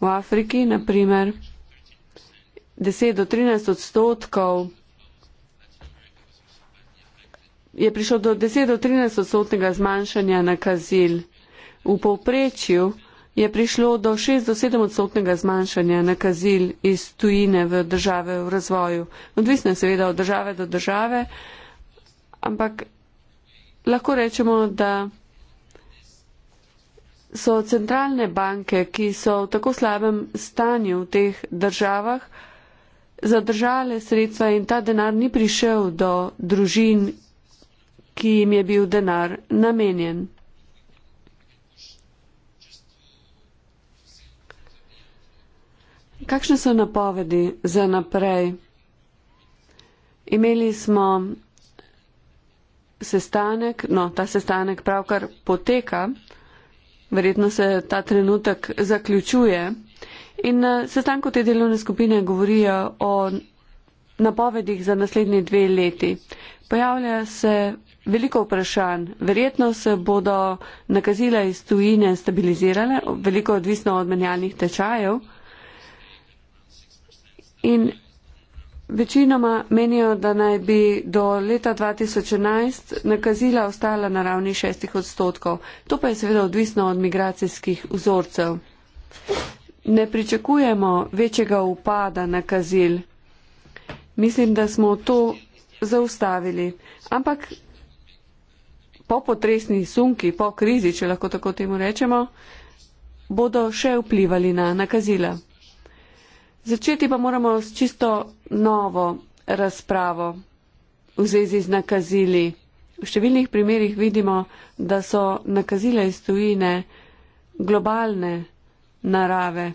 V Afriki, naprimer, 10 do 13 odstotkov je prišlo do 10 do 13 odstotnega zmanjšanja nakazil. V povprečju je prišlo do 6 do 7 odstotnega zmanjšanja nakazil iz tujine v države v razvoju. Odvisno je seveda od države do države, ampak lahko rečemo, da so centralne banke, ki so v tako slabem stanju v teh državah, zadržale sredstva in ta denar ni prišel do družin, ki jim je bil denar namenjen. Kakšne so napovedi za naprej? Imeli smo sestanek, no, ta sestanek pravkar poteka verjetno se ta trenutek zaključuje. In na eh, sestanku te delovne skupine govorijo o napovedih za naslednji dve leti. Pojavlja se veliko vprašanj. Verjetno se bodo nakazila iz tujine stabilizirale, veliko odvisno od menjalnih tečajev. In Večinoma menijo, da naj bi do leta 2011 nakazila ostala na ravni 6 odstotkov. To pa je seveda odvisno od migracijskih vzorcev. Ne pričakujemo večjega upada nakazil. Mislim, da smo to zaustavili. Ampak po potresni sunki, po krizi, če lahko tako temu rečemo, bodo še vplivali na nakazila. Začeti pa moramo s čisto novo razpravo v zvezi z nakazili. V številnih primerjih vidimo, da so nakazile iz tujine globalne narave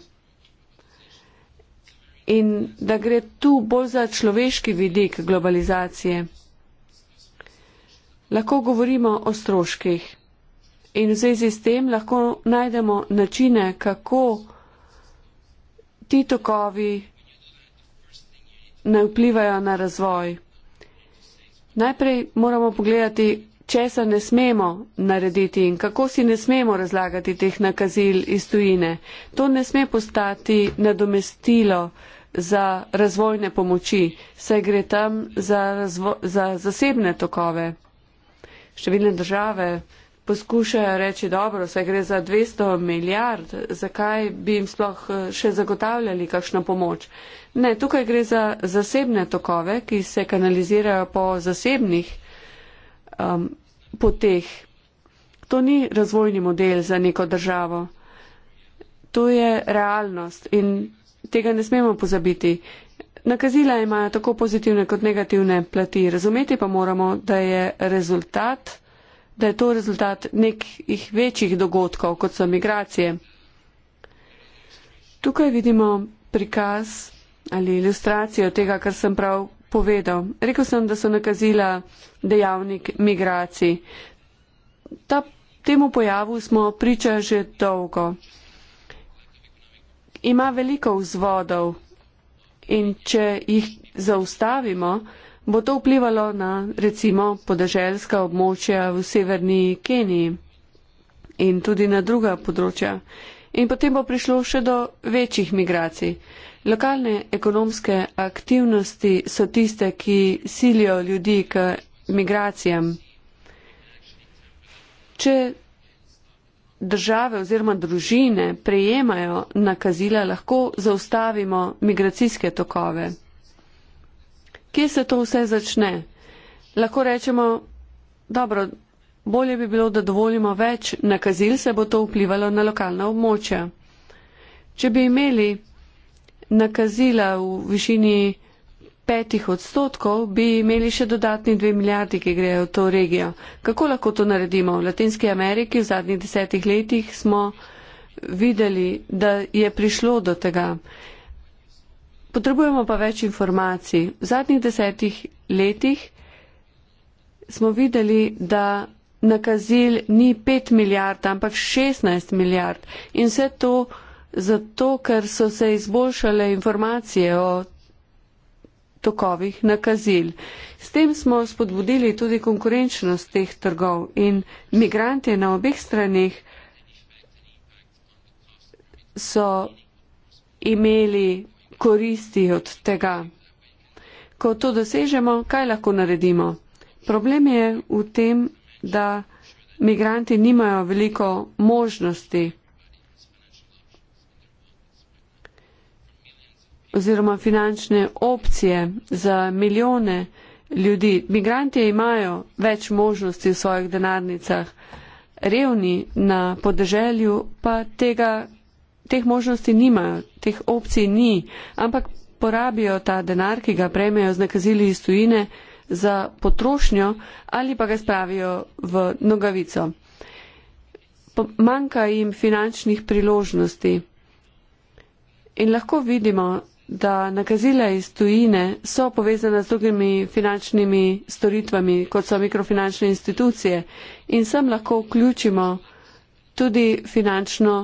in da gre tu bolj za človeški vidik globalizacije. Lahko govorimo o stroških in v zvezi s tem lahko najdemo načine, kako ti tokovi ne vplivajo na razvoj. Najprej moramo pogledati, česa ne smemo narediti in kako si ne smemo razlagati teh nakazil iz tujine. To ne sme postati nadomestilo za razvojne pomoči, saj gre tam za, razvo, za zasebne tokove. Številne države poskušajo reči, dobro, vse gre za 200 milijard, zakaj bi jim sploh eh, še zagotavljali kakšno pomoč. Ne, tukaj gre za zasebne tokove, ki se kanalizirajo po zasebnih um, poteh. To ni razvojni model za neko državo. To je realnost in tega ne smemo pozabiti. Nakazila imajo tako pozitivne kot negativne plati. Razumeti pa moramo, da je rezultat da je to rezultat nekih večjih dogodkov, kot so migracije. Tukaj vidimo prikaz ali ilustracijo tega, kar sem prav povedal. Rekl sem, da so nakazila dejavnik migracij. Ta, temu pojavu smo priča že dolgo. Ima veliko vzvodov in če jih zaustavimo, bo to vplivalo na recimo podeželska območja v severni Keniji in tudi na druga področja. In potem bo prišlo še do večjih migracij. Lokalne ekonomske aktivnosti so tiste, ki silijo ljudi k migracijam. Če države oziroma družine prejemajo nakazila, lahko zaustavimo migracijske tokove. Kje se to vse začne? Lahko rečemo, dobro, bolje bi bilo, da dovolimo več nakazil, se bo to vplivalo na lokalna območja. Če bi imeli nakazila v višini petih odstotkov, bi imeli še dodatni dve milijardi, ki grejo v to regijo. Kako lahko to naredimo? V Latinski Ameriki v zadnjih desetih letih smo videli, da je prišlo do tega. Potrebujemo pa več informacij. V zadnjih desetih letih smo videli, da nakazil ni 5 milijard, ampak 16 milijard. In vse to zato, ker so se izboljšale informacije o tokovih nakazil. S tem smo spodbudili tudi konkurenčnost teh trgov in migranti na obeh stranih so imeli koristi od tega. Ko to dosežemo, kaj lahko naredimo? Problem je v tem, da migranti nimajo veliko možnosti oziroma finančne opcije za milijone ljudi. Migranti imajo več možnosti v svojih denarnicah. Revni na podeželju pa tega teh možnosti nimajo, teh opcij ni, ampak porabijo ta denar, ki ga prejmejo z nakazili iz tujine za potrošnjo ali pa ga spravijo v nogavico. Manjka jim finančnih priložnosti. In lahko vidimo, da nakazila iz tujine so povezana z drugimi finančnimi storitvami, kot so mikrofinančne institucije. In sem lahko vključimo tudi finančno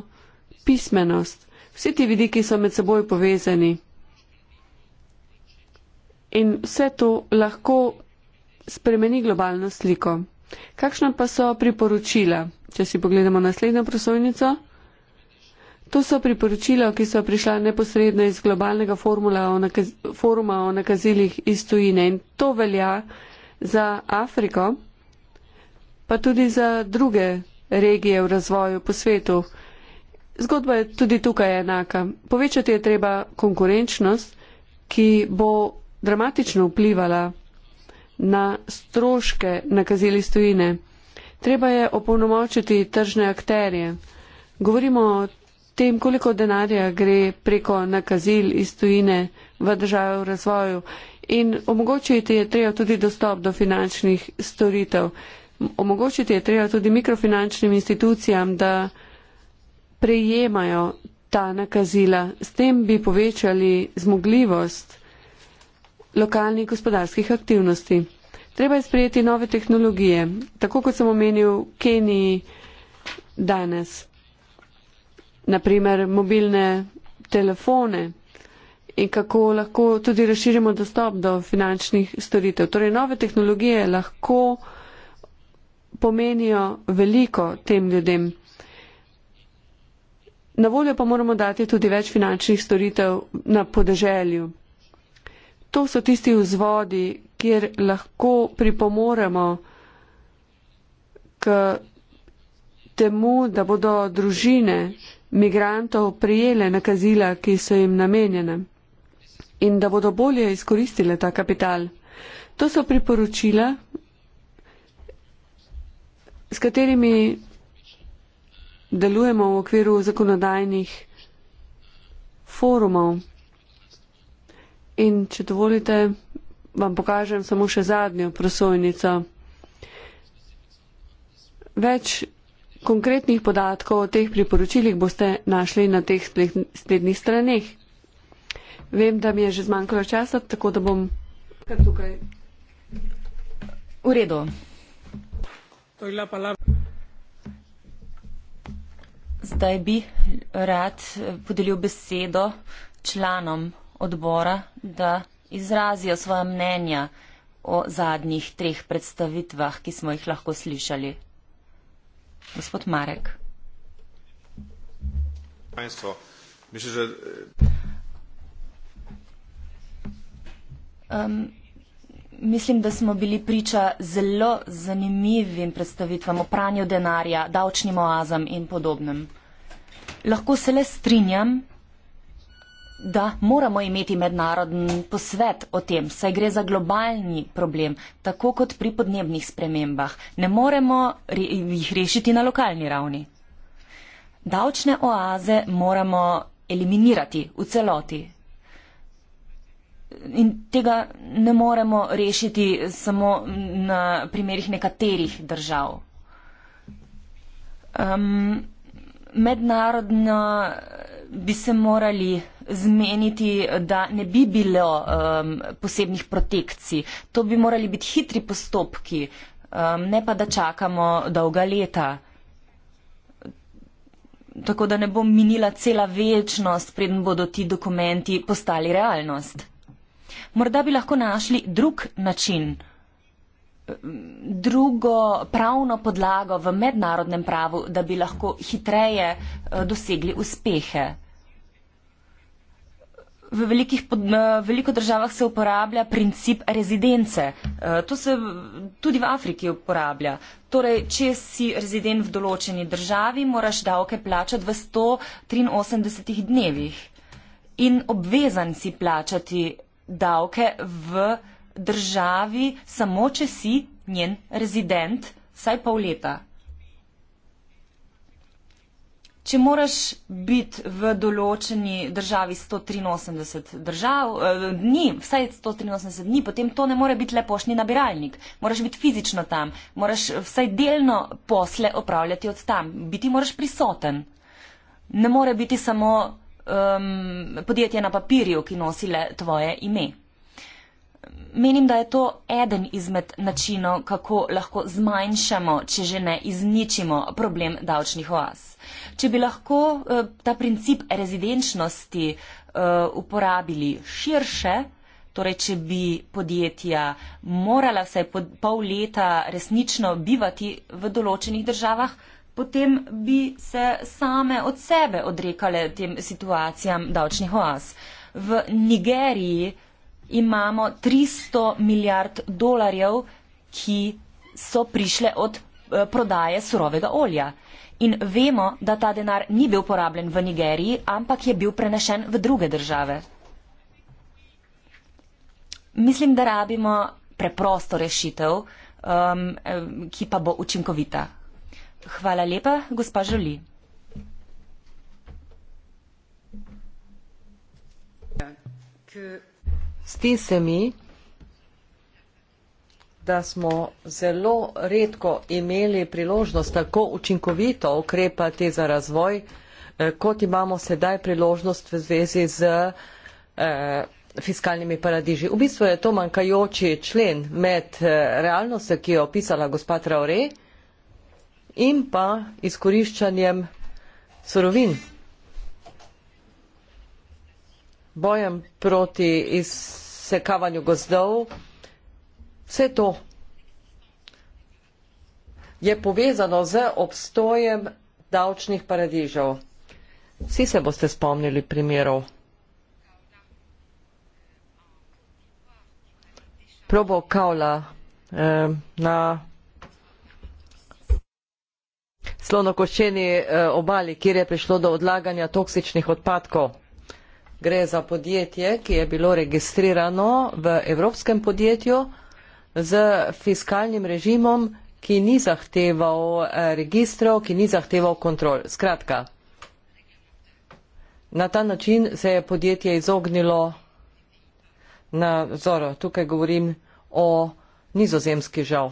pismenost. Vsi ti vidiki so med seboj povezani. In vse to lahko spremeni globalno sliko. Kakšna pa so priporočila? Če si pogledamo naslednjo prosojnico, to so priporočila, ki so prišla neposredno iz globalnega foruma o nakazilih iz tujine. In to velja za Afriko, pa tudi za druge regije v razvoju po svetu. Zgodba je tudi tukaj enaka. Povečati je treba konkurenčnost, ki bo dramatično vplivala na stroške nakazili stojine. Treba je opolnomočiti tržne akterje. Govorimo o tem, koliko denarja gre preko nakazil iz stojine v državo v razvoju in omogočiti je treba tudi dostop do finančnih storitev. Omogočiti je treba tudi mikrofinančnim institucijam, da prejemajo ta nakazila. S tem bi povečali zmogljivost lokalnih gospodarskih aktivnosti. Treba je sprejeti nove tehnologije, tako kot sem omenil v Keniji danes. Naprimer mobilne telefone in kako lahko tudi razširimo dostop do finančnih storitev. Torej, nove tehnologije lahko pomenijo veliko tem ljudem. Na voljo pa moramo dati tudi več finančnih storitev na podeželju. To so tisti vzvodi, kjer lahko pripomoremo k temu, da bodo družine migrantov prijele nakazila, ki so jim namenjene in da bodo bolje izkoristile ta kapital. To so priporočila, s katerimi delujemo v okviru zakonodajnih forumov. In če dovolite, vam pokažem samo še zadnjo prosojnico. Več konkretnih podatkov o teh priporočilih boste našli na teh slednjih straneh. Vem, da mi je že zmanjkalo časa, tako da bom kar tukaj. V redu. Zdaj bi rad eh, podelil besedo članom odbora, da izrazijo svoje mnenja o zadnjih treh predstavitvah, ki smo jih lahko slišali. Gospod Marek. Mislim, že... um, Mislim, da smo bili priča zelo zanimivim predstavitvam o pranju denarja, davčnim oazam in podobnem. Lahko se le strinjam, da moramo imeti mednarodni posvet o tem, saj gre za globalni problem, tako kot pri podnebnih spremembah. Ne moremo jih rešiti na lokalni ravni. Davčne oaze moramo eliminirati v celoti. In tega ne moremo rešiti samo na primerih nekaterih držav. Um, mednarodno eh, bi se morali zmeniti, da ne bi bilo um, posebnih protekcij. To bi morali biti hitri postopki, um, ne pa da čakamo dolga leta. Tako da ne bo minila cela večnost, preden bodo ti dokumenti postali realnost. Morda bi lahko našli drug način, drugo pravno podlago v mednarodnem pravu, da bi lahko hitreje eh, dosegli uspehe. V velikih, eh, veliko državah se uporablja princip rezidence. Eh, to se tudi v Afriki uporablja. Torej, če si rezident v določeni državi, moraš davke plačati v 183 dnevih. In obvezan si plačati davke v državi, samo če si njen rezident vsaj pol leta. Če moraš biti v določeni državi 183 držav, eh, dni, vsaj 183 dni, potem to ne more biti le pošni nabiralnik. Moraš biti fizično tam, moraš eh, vsaj delno posle opravljati od tam, biti moraš prisoten. Ne more biti samo um, podjetje na papirju, ki nosi le tvoje ime. Menim, da je to eden izmed načinov, kako lahko zmanjšamo, če že ne izničimo problem davčnih oas. Če bi lahko uh, ta princip rezidenčnosti uh, uporabili širše, torej če bi podjetja morala vsaj pol leta resnično bivati v določenih državah, potem bi se same od sebe odrekale tem situacijam davčnih oaz. V Nigeriji imamo 300 milijard dolarjev, ki so prišle od eh, prodaje surovega olja. In vemo, da ta denar ni bil porabljen v Nigeriji, ampak je bil prenešen v druge države. Mislim, da rabimo preprosto rešitev, um, eh, ki pa bo učinkovita. Hvala lepa, gospa Žoli. Zdi se mi, da smo zelo redko imeli priložnost tako učinkovito ukrepati za razvoj, eh, kot imamo sedaj priložnost v zvezi z eh, fiskalnimi paradiži. V bistvu je to manjkajoči člen med eh, realnostjo, ki jo opisala gospa Traore, in pa izkoriščanjem sorovin. Bojem proti izsekavanju gozdov, vse to je povezano z obstojem davčnih paradižev. Vsi se boste spomnili primerov. Probo Kaula eh, na slonokoščeni eh, obali, kjer je prišlo do odlaganja toksičnih odpadkov. Gre za podjetje, ki je bilo registrirano v evropskem podjetju z fiskalnim režimom, ki ni zahteval eh, registrov, ki ni zahteval kontrol. Skratka, na ta način se je podjetje izognilo na zoro. Tukaj govorim o nizozemski žal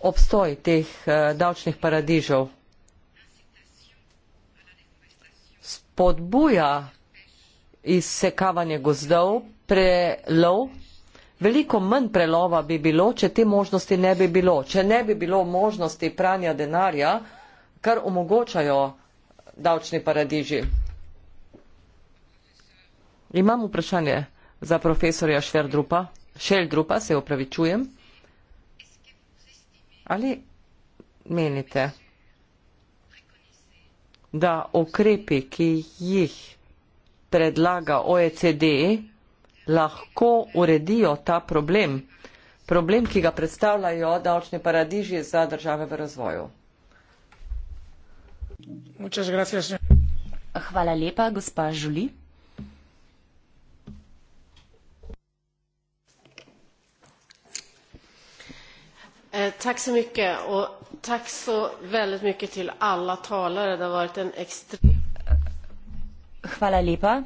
obstoj teh eh, davčnih paradižev spodbuja izsekavanje gozdov, prelov, veliko manj prelova bi bilo, če te možnosti ne bi bilo. Če ne bi bilo možnosti pranja denarja, kar omogočajo davčni paradiži. Imam vprašanje za profesorja Šverdrupa. Šeldrupa, se opravičujem. Ali menite, da okrepi, ki jih predlaga OECD, lahko uredijo ta problem, problem, ki ga predstavljajo davčni paradiži za države v razvoju? Hvala lepa, gospa Žuli. Eh, tack så mycket. Och tack så väldigt mycket till alla talare. Det har varit en extrem... Hvala lepa.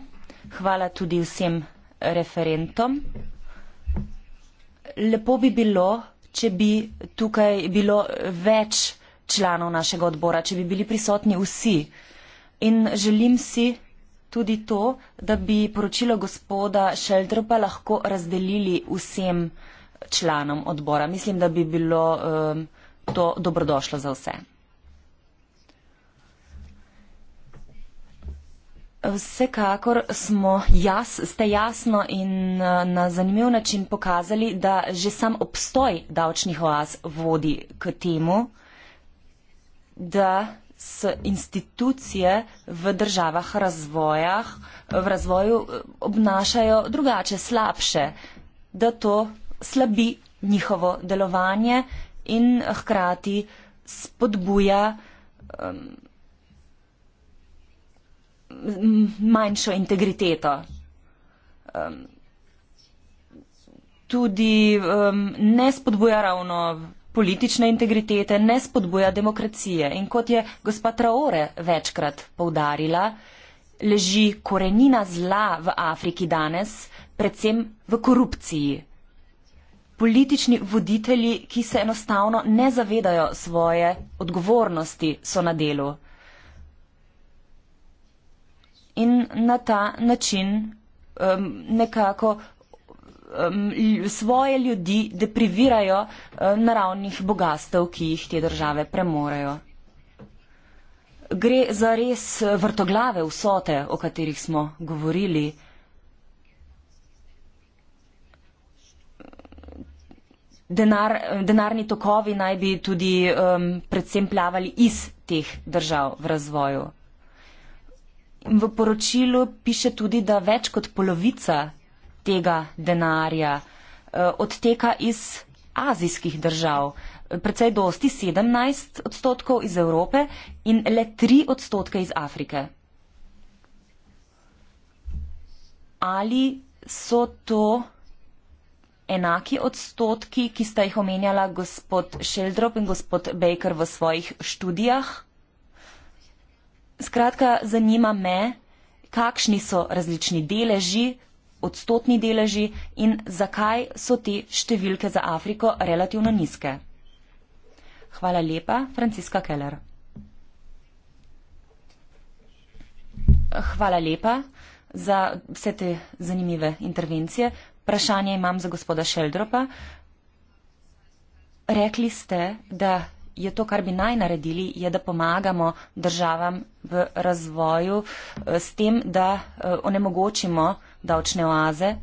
Hvala tudi vsem referentom. Lepo bi bilo, če bi tukaj bilo več članov našega odbora, če bi bili prisotni vsi. In želim si tudi to, da bi poročilo gospoda Šeldrpa lahko razdelili vsem uh, članom odbora. Mislim, da bi bilo um, to dobrodošlo za vse. Vsekakor smo jaz, ste jasno in uh, na zanimiv način pokazali, da že sam obstoj davčnih oaz vodi k temu, da so institucije v državah razvojah, v razvoju uh, obnašajo drugače, slabše, da to slabi njihovo delovanje in hkrati spodbuja um, manjšo integriteto. Um, tudi um, ne spodbuja ravno politične integritete, ne spodbuja demokracije. In kot je gospa Traore večkrat povdarila, leži korenina zla v Afriki danes, predvsem v korupciji politični voditelji, ki se enostavno ne zavedajo svoje odgovornosti, so na delu. In na ta način um, nekako um, svoje ljudi deprivirajo um, naravnih bogastev, ki jih te države premorejo. Gre za res vrtoglave vsote, o katerih smo govorili. denar, denarni tokovi naj bi tudi um, predvsem plavali iz teh držav v razvoju. V poročilu piše tudi, da več kot polovica tega denarja uh, odteka iz azijskih držav. Predvsej dosti 17 odstotkov iz Evrope in le 3 odstotke iz Afrike. Ali so to enaki odstotki, ki sta jih omenjala gospod Šeldrop in gospod Baker v svojih študijah? Skratka, zanima me, kakšni so različni deleži, odstotni deleži in zakaj so te številke za Afriko relativno nizke. Hvala lepa, Franciska Keller. Hvala lepa za vse te zanimive intervencije. Vprašanje imam za gospoda Šeldropa. Rekli ste, da je to, kar bi naj naredili, je, da pomagamo državam v razvoju eh, s tem, da eh, onemogočimo davčne oaze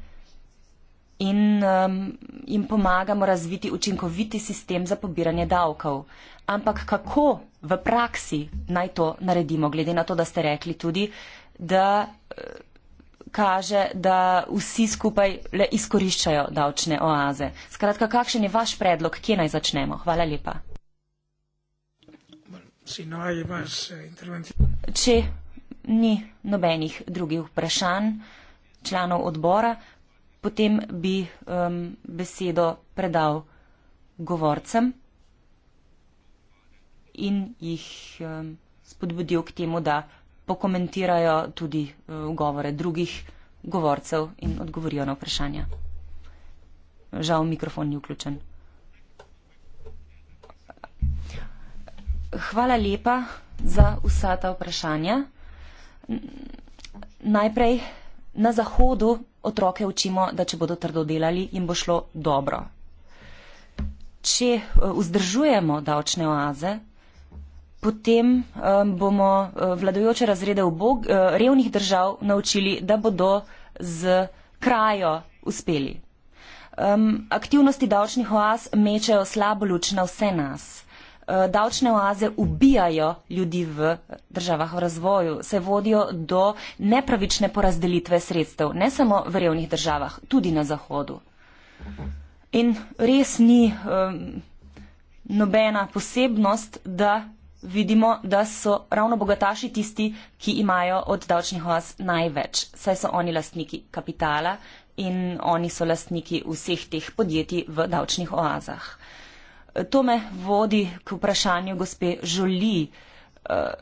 in um, jim pomagamo razviti učinkoviti sistem za pobiranje davkov. Ampak kako v praksi naj to naredimo, glede na to, da ste rekli tudi, da eh, kaže, da vsi skupaj le izkoriščajo davčne oaze. Skratka, kakšen je vaš predlog, kje naj začnemo? Hvala lepa. No, eh, Če ni nobenih drugih vprašanj članov odbora, potem bi um, besedo predal govorcem in jih um, spodbudil k temu, da pokomentirajo tudi eh, govore drugih govorcev in odgovorijo na vprašanja. Žal, mikrofon ni vključen. Hvala lepa za vsa ta vprašanja. Najprej na zahodu otroke učimo, da če bodo trdo delali, jim bo šlo dobro. Če eh, vzdržujemo davčne oaze, potem eh, bomo eh, vladajoče razrede obog, eh, revnih držav naučili, da bodo z krajo uspeli. Aktivnosti davčnih oaz mečejo slabo luč na vse nas. Davčne oaze ubijajo ljudi v državah v razvoju, se vodijo do nepravične porazdelitve sredstev, ne samo v revnih državah, tudi na Zahodu. In res ni um, nobena posebnost, da vidimo, da so ravno bogataši tisti, ki imajo od davčnih oaz največ, saj so oni lastniki kapitala in oni so lastniki vseh teh podjetij v davčnih oazah. To me vodi k vprašanju gospe Žoli, eh,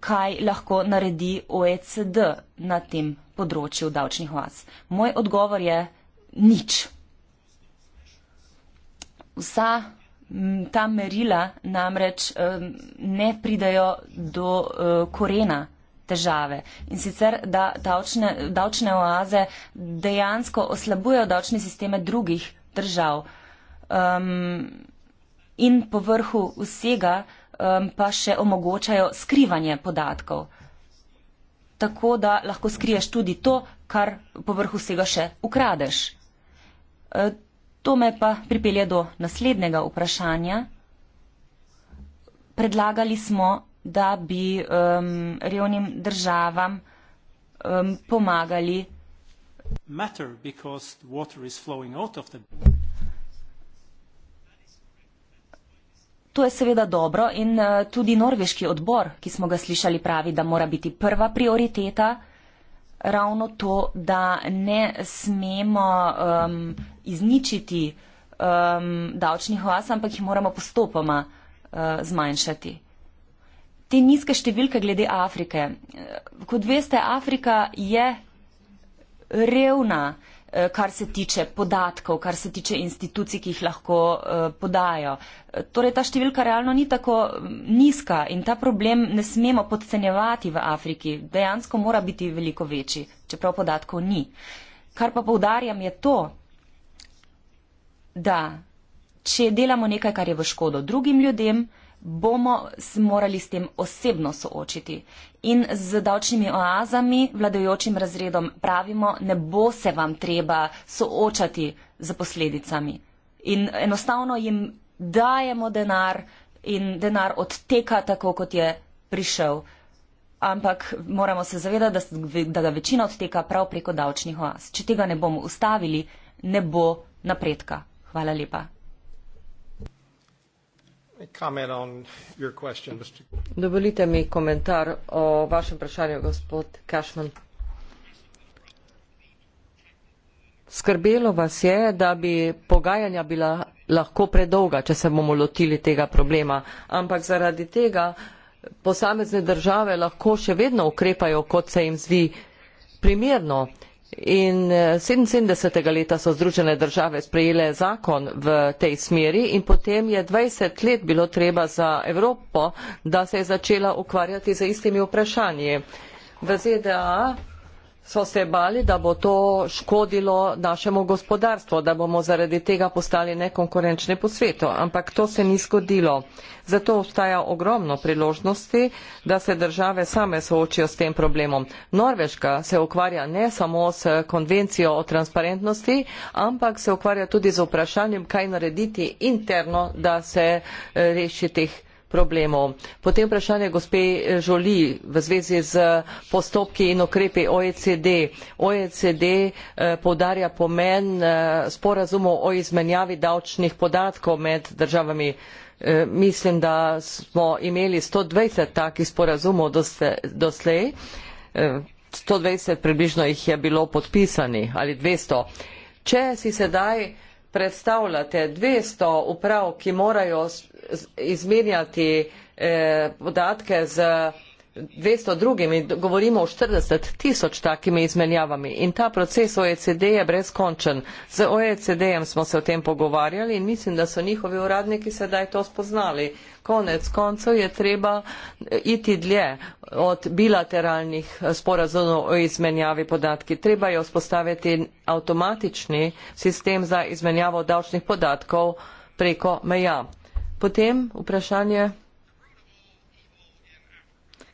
kaj lahko naredi OECD na tem področju davčnih oaz. Moj odgovor je nič. Vsa Mm, ta merila namreč ne pridajo do e, korena težave. In sicer, da davčne, davčne oaze dejansko oslabujejo davčne sisteme drugih držav. Um, in povrhu vsega um, pa še omogočajo skrivanje podatkov. Tako da lahko skriješ tudi to, kar povrhu vsega še ukradeš. Uh, To me pa pripelje do naslednjega vprašanja. Predlagali smo, da bi um, revnim državam um, pomagali. To je seveda dobro in uh, tudi norveški odbor, ki smo ga slišali, pravi, da mora biti prva prioriteta ravno to, da ne smemo um, izničiti um, davčnih oas, ampak jih moramo postopoma uh, zmanjšati. Te nizke številke glede Afrike. Kot veste, Afrika je revna. Eh, kar se tiče podatkov, kar se tiče institucij, ki jih lahko eh, podajo. Eh, torej, ta številka realno ni tako mm, nizka in ta problem ne smemo podcenjevati v Afriki. Dejansko mora biti veliko večji, čeprav podatkov ni. Kar pa povdarjam je to, da če delamo nekaj, kar je v škodo drugim ljudem, bomo se morali s tem osebno soočiti in z davčnimi oazami vladajočim razredom pravimo, ne bo se vam treba soočati z posledicami. In enostavno jim dajemo denar in denar odteka tako, kot je prišel. Ampak moramo se zavedati, da, da ga večina odteka prav preko davčnih oaz. Če tega ne bomo ustavili, ne bo napredka. Hvala lepa. Dovolite mi komentar o vašem vprašanju, gospod Kašman. Skrbelo vas je, da bi pogajanja bila lahko predolga, če se bomo lotili tega problema, ampak zaradi tega posamezne države lahko še vedno ukrepajo, kot se jim zvi primerno. In 77. Eh, leta so Združene države sprejele zakon v tej smeri in potem je 20 let bilo treba za Evropo, da se je začela ukvarjati z istimi vprašanji. V ZDA so se bali, da bo to škodilo našemu gospodarstvu, da bomo zaradi tega postali nekonkurenčni po svetu. Ampak to se ni zgodilo. Zato obstaja ogromno priložnosti, da se države same soočijo s tem problemom. Norveška se ukvarja ne samo s konvencijo o transparentnosti, ampak se ukvarja tudi z vprašanjem, kaj narediti interno, da se eh, reši teh problemov problemov. potem vprašanje gospe žoli v zvezi z postopki in ukrepi oecd. oecd eh, poudarja pomen eh, sporazumov o izmenjavi davčnih podatkov med državami. Eh, mislim, da smo imeli 120 takih sporazumov doslej. Eh, 120 približno jih je bilo podpisani ali 200. Če si sedaj predstavljate 200 uprav, ki morajo izmenjati eh, podatke z 200 drugimi, govorimo o 40 tisoč takimi izmenjavami in ta proces OECD je brezkončen. Z OECD-em smo se o tem pogovarjali in mislim, da so njihovi uradniki sedaj to spoznali. Konec koncev je treba eh, iti dlje od bilateralnih eh, sporazumov o izmenjavi podatki. Treba je vzpostaviti avtomatični sistem za izmenjavo davčnih podatkov preko meja. Potem vprašanje,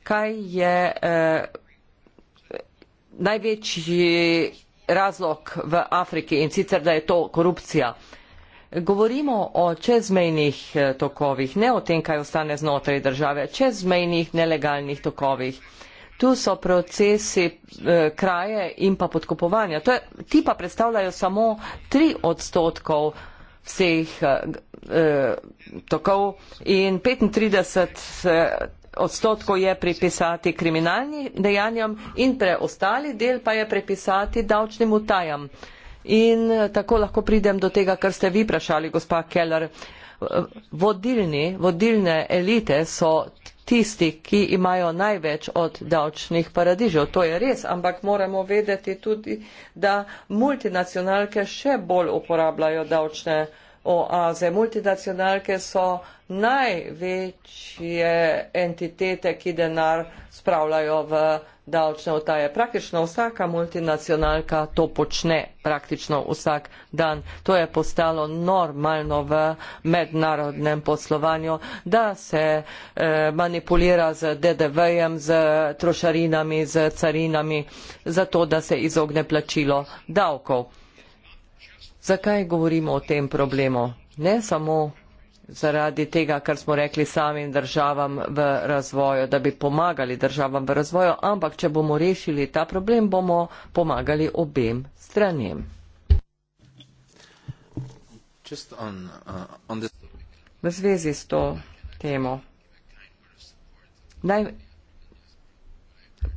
kaj je eh, največji razlog v Afriki in sicer, da je to korupcija. Govorimo o čezmejnih eh, tokovih, ne o tem, kaj ostane znotraj države, čezmejnih nelegalnih tokovih. Tu so procesi eh, kraje in pa podkupovanja. To je, ti pa predstavljajo samo tri odstotkov vseh eh, eh, tokov in 35 eh, odstotkov je pripisati kriminalnim dejanjem in preostali del pa je pripisati davčnim utajam. In eh, tako lahko pridem do tega, kar ste vi vprašali, gospa Keller. Vodilni, vodilne elite so tisti, ki imajo največ od davčnih paradižev. To je res, ampak moramo vedeti tudi, da multinacionalke še bolj uporabljajo davčne oaze. Multinacionalke so največje entitete, ki denar spravljajo v davčne otaje. Praktično vsaka multinacionalka to počne praktično vsak dan. To je postalo normalno v mednarodnem poslovanju, da se eh, manipulira z DDV-jem, z trošarinami, z carinami, zato da se izogne plačilo davkov. Zakaj govorimo o tem problemu? Ne samo zaradi tega, kar smo rekli samim državam v razvoju, da bi pomagali državam v razvoju, ampak če bomo rešili ta problem, bomo pomagali obem stranjem. Uh, v zvezi s to temo. Naj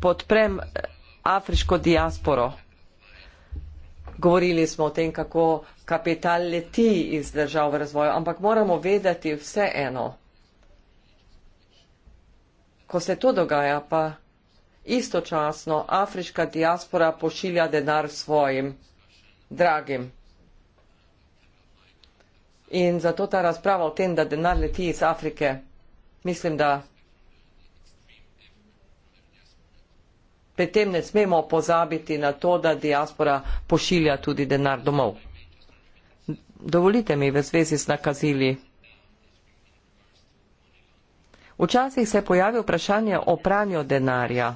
podprem afriško diasporo govorili smo o tem, kako kapital leti iz držav v razvoju, ampak moramo vedeti vse eno. Ko se to dogaja, pa istočasno afriška diaspora pošilja denar svojim dragim. In zato ta razprava o tem, da denar leti iz Afrike, mislim, da pri tem ne smemo pozabiti na to, da diaspora pošilja tudi denar domov. Dovolite mi v zvezi s nakazili. Včasih se pojavi vprašanje o pranju denarja.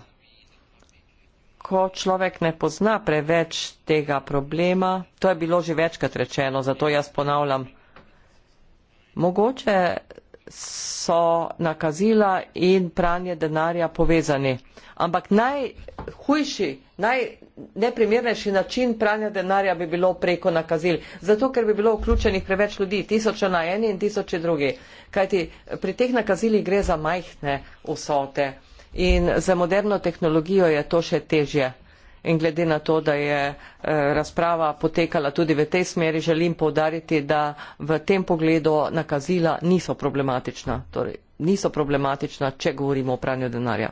Ko človek ne pozna preveč tega problema, to je bilo že večkrat rečeno, zato jaz ponavljam, mogoče so nakazila in pranje denarja povezani. Ampak najhujši, najneprimernejši način pranja denarja bi bilo preko nakazil, zato ker bi bilo vključenih preveč ljudi, tisoče na eni in tisoče drugi. Kajti pri teh nakazilih gre za majhne vsote in za moderno tehnologijo je to še težje in glede na to, da je eh, razprava potekala tudi v tej smeri, želim povdariti, da v tem pogledu nakazila niso problematična. Torej, niso problematična, če govorimo o pranju denarja.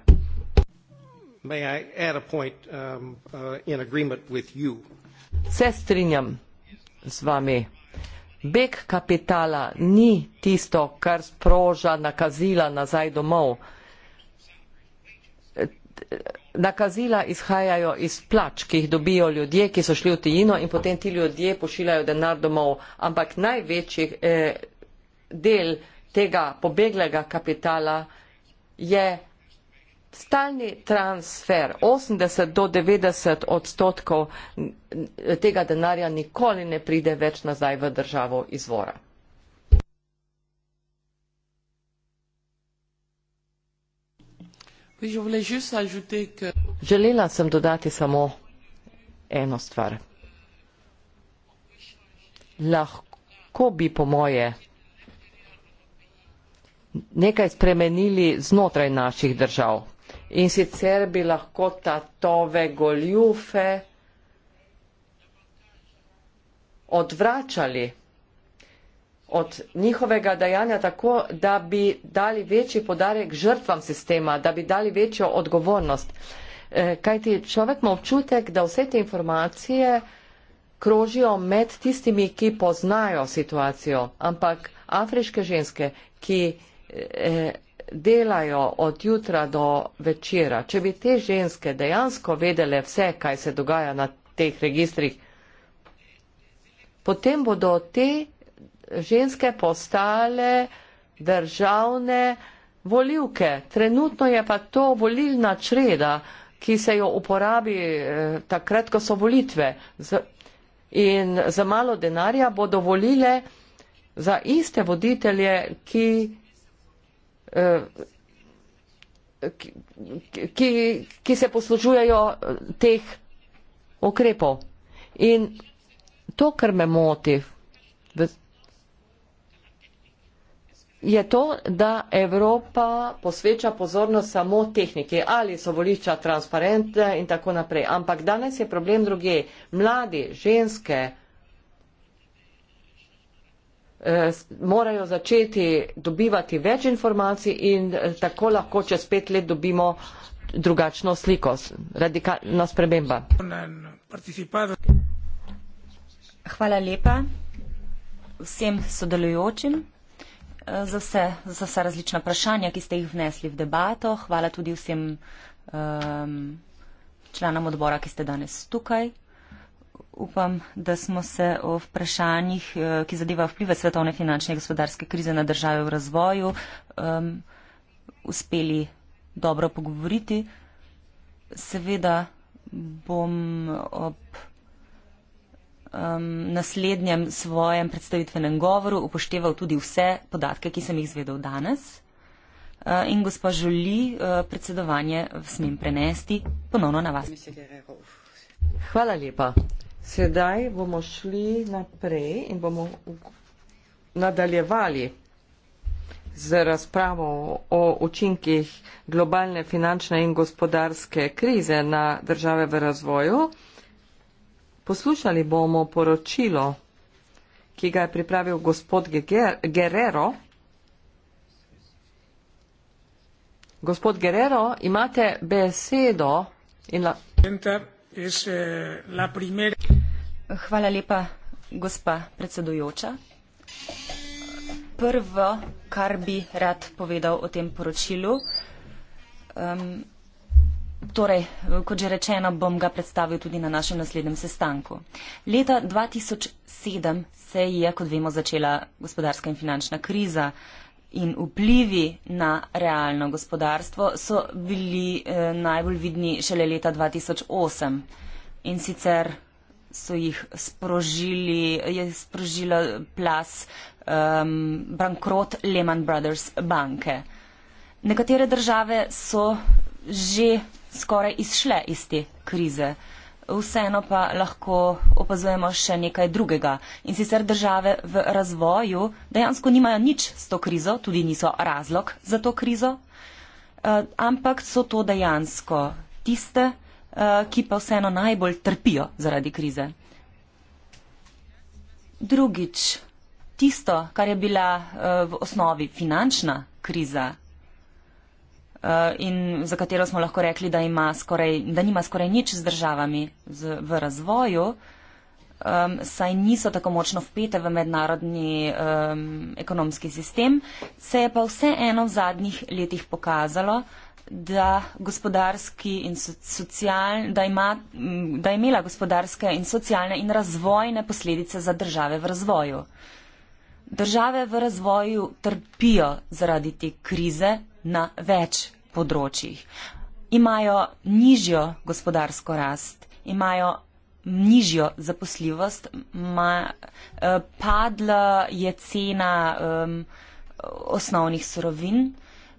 Point, um, uh, Se strinjam z vami. Beg kapitala ni tisto, kar sproža nakazila nazaj domov nakazila izhajajo iz plač, ki jih dobijo ljudje, ki so šli v tujino in potem ti ljudje pošiljajo denar domov. Ampak največji eh, del tega pobeglega kapitala je stalni transfer. 80 do 90 odstotkov tega denarja nikoli ne pride več nazaj v državo izvora. Želela sem dodati samo eno stvar. Lahko bi po moje nekaj spremenili znotraj naših držav. In sicer bi lahko tatove goljufe odvračali od njihovega dejanja tako, da bi dali večji podarek žrtvam sistema, da bi dali večjo odgovornost. Eh, kaj ti človek ima občutek, da vse te informacije krožijo med tistimi, ki poznajo situacijo, ampak afriške ženske, ki eh, delajo od jutra do večera, če bi te ženske dejansko vedele vse, kaj se dogaja na teh registrih, potem bodo te ženske postale državne volivke. Trenutno je pa to volilna čreda, ki se jo uporabi eh, takrat, ko so volitve. In za malo denarja bodo volile za iste voditelje, ki, eh, ki, ki, ki se poslužujejo eh, teh ukrepov. In to, kar me moti, je to, da Evropa posveča pozornost samo tehniki, ali so volišča transparentna in tako naprej. Ampak danes je problem druge. Mladi, ženske eh, morajo začeti dobivati več informacij in eh, tako lahko čez pet let dobimo drugačno sliko, radikalna sprememba. Hvala lepa vsem sodelujočim za vse, za vse različna vprašanja, ki ste jih vnesli v debato. Hvala tudi vsem um, članom odbora, ki ste danes tukaj. Upam, da smo se o vprašanjih, uh, ki zadevajo vplive svetovne finančne in gospodarske krize na države v razvoju, um, uspeli dobro pogovoriti. Seveda bom ob um, naslednjem svojem predstavitvenem govoru upošteval tudi vse podatke, ki sem jih zvedel danes. Uh, in gospa Žuli, uh, predsedovanje smem prenesti ponovno na vas. Hvala lepa. Sedaj bomo šli naprej in bomo nadaljevali z razpravo o učinkih globalne finančne in gospodarske krize na države v razvoju. Poslušali bomo poročilo, ki ga je pripravil gospod Guerrero. Gospod Guerrero, imate besedo. La... Hvala lepa, gospa predsedujoča. Prvo, kar bi rad povedal o tem poročilu, um, Torej, kot že rečeno, bom ga predstavil tudi na našem naslednjem sestanku. Leta 2007 se je, kot vemo, začela gospodarska in finančna kriza in vplivi na realno gospodarstvo so bili eh, najbolj vidni šele leta 2008. In sicer so jih sprožili, je sprožila plas um, ehm, bankrot Lehman Brothers banke. Nekatere države so že skoraj izšle iz te krize. Vseeno pa lahko opazujemo še nekaj drugega. In sicer države v razvoju dejansko nimajo nič s to krizo, tudi niso razlog za to krizo, eh, ampak so to dejansko tiste, eh, ki pa vseeno najbolj trpijo zaradi krize. Drugič, tisto, kar je bila eh, v osnovi finančna kriza, Eh, in za katero smo lahko rekli, da, skoraj, da nima skoraj nič z državami z, v razvoju, um, saj niso tako močno vpete v mednarodni um, ekonomski sistem, se je pa vseeno v zadnjih letih pokazalo, da, gospodarski in social, da, ima, da je imela gospodarske in socialne in razvojne posledice za države v razvoju. Države v razvoju trpijo zaradi te krize, na več področjih. Imajo nižjo gospodarsko rast, imajo nižjo zaposljivost, ma, eh, padla je cena um, osnovnih surovin,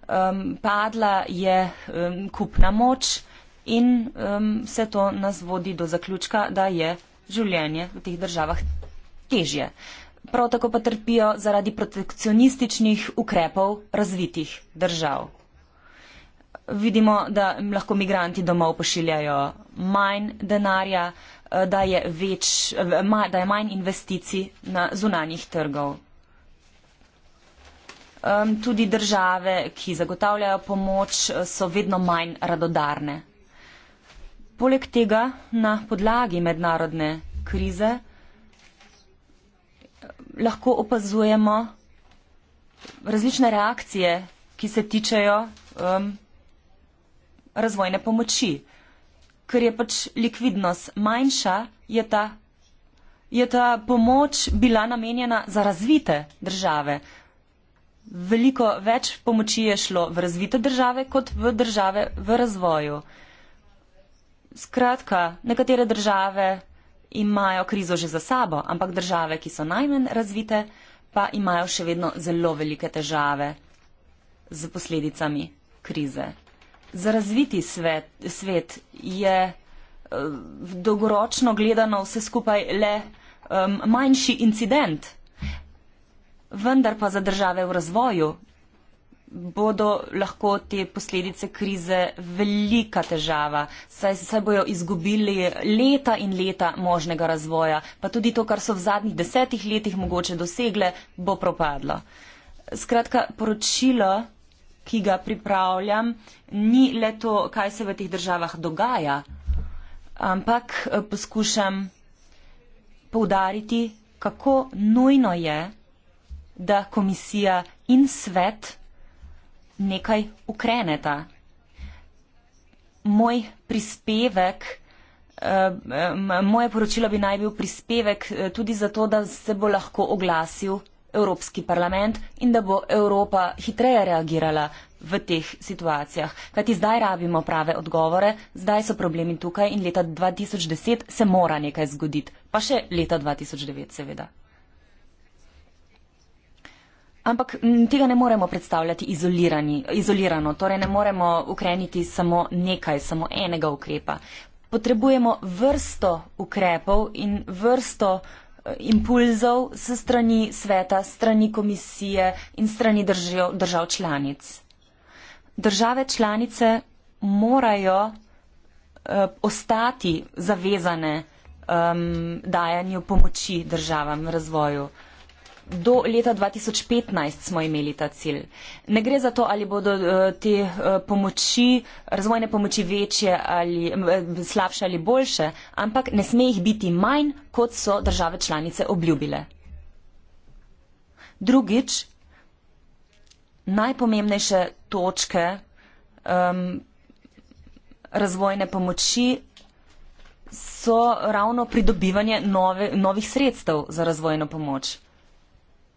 um, padla je um, kupna moč in um, vse to nas vodi do zaključka, da je življenje v teh državah težje. Uh, prav tako pa trpijo zaradi protekcionističnih ukrepov razvitih držav. Vidimo, da lahko migranti domov pošiljajo manj denarja, eh, da je, več, eh, da je manj investicij na zunanjih trgov. Tudi države, ki zagotavljajo pomoč, eh, so vedno manj radodarne. Poleg tega na podlagi mednarodne krize lahko opazujemo različne reakcije, ki se tičejo um, razvojne pomoči. Ker je pač likvidnost manjša, je ta, je ta pomoč bila namenjena za razvite države. Veliko več pomoči je šlo v razvite države kot v države v razvoju. Skratka, nekatere države imajo krizo že za sabo, ampak države, ki so najmanj razvite, pa imajo še vedno zelo velike težave z posledicami krize. Za razviti svet, svet je eh, dolgoročno gledano vse skupaj le um, manjši incident, vendar pa za države v razvoju bodo lahko te posledice krize velika težava, saj se bojo izgubili leta in leta možnega razvoja, pa tudi to, kar so v zadnjih desetih letih mogoče dosegle, bo propadlo. Skratka, poročilo, ki ga pripravljam, ni le to, kaj se v teh državah dogaja, ampak eh, poskušam poudariti, kako nujno je, da komisija in svet nekaj ukreneta. Moj prispevek, eh, moje poročilo bi naj bil prispevek eh, tudi zato, da se bo lahko oglasil Evropski parlament in da bo Evropa hitreje reagirala v teh situacijah. Kajti zdaj rabimo prave odgovore, zdaj so problemi tukaj in leta 2010 se mora nekaj zgoditi. Pa še leta 2009 seveda. Ampak tega ne moremo predstavljati izolirano, torej ne moremo ukreniti samo nekaj, samo enega ukrepa. Potrebujemo vrsto ukrepov in vrsto eh, impulzov se strani sveta, strani komisije in strani držav, držav članic. Države članice morajo uh, ostati zavezane um, dajanju pomoči državam v razvoju do leta 2015 smo imeli ta cilj. Ne gre za to, ali bodo eh, te eh, pomoči, razvojne pomoči večje ali eh, slabše ali boljše, ampak ne sme jih biti manj, kot so države članice obljubile. Drugič, najpomembnejše točke um, razvojne pomoči so ravno pridobivanje nove, novih sredstev za razvojno pomoč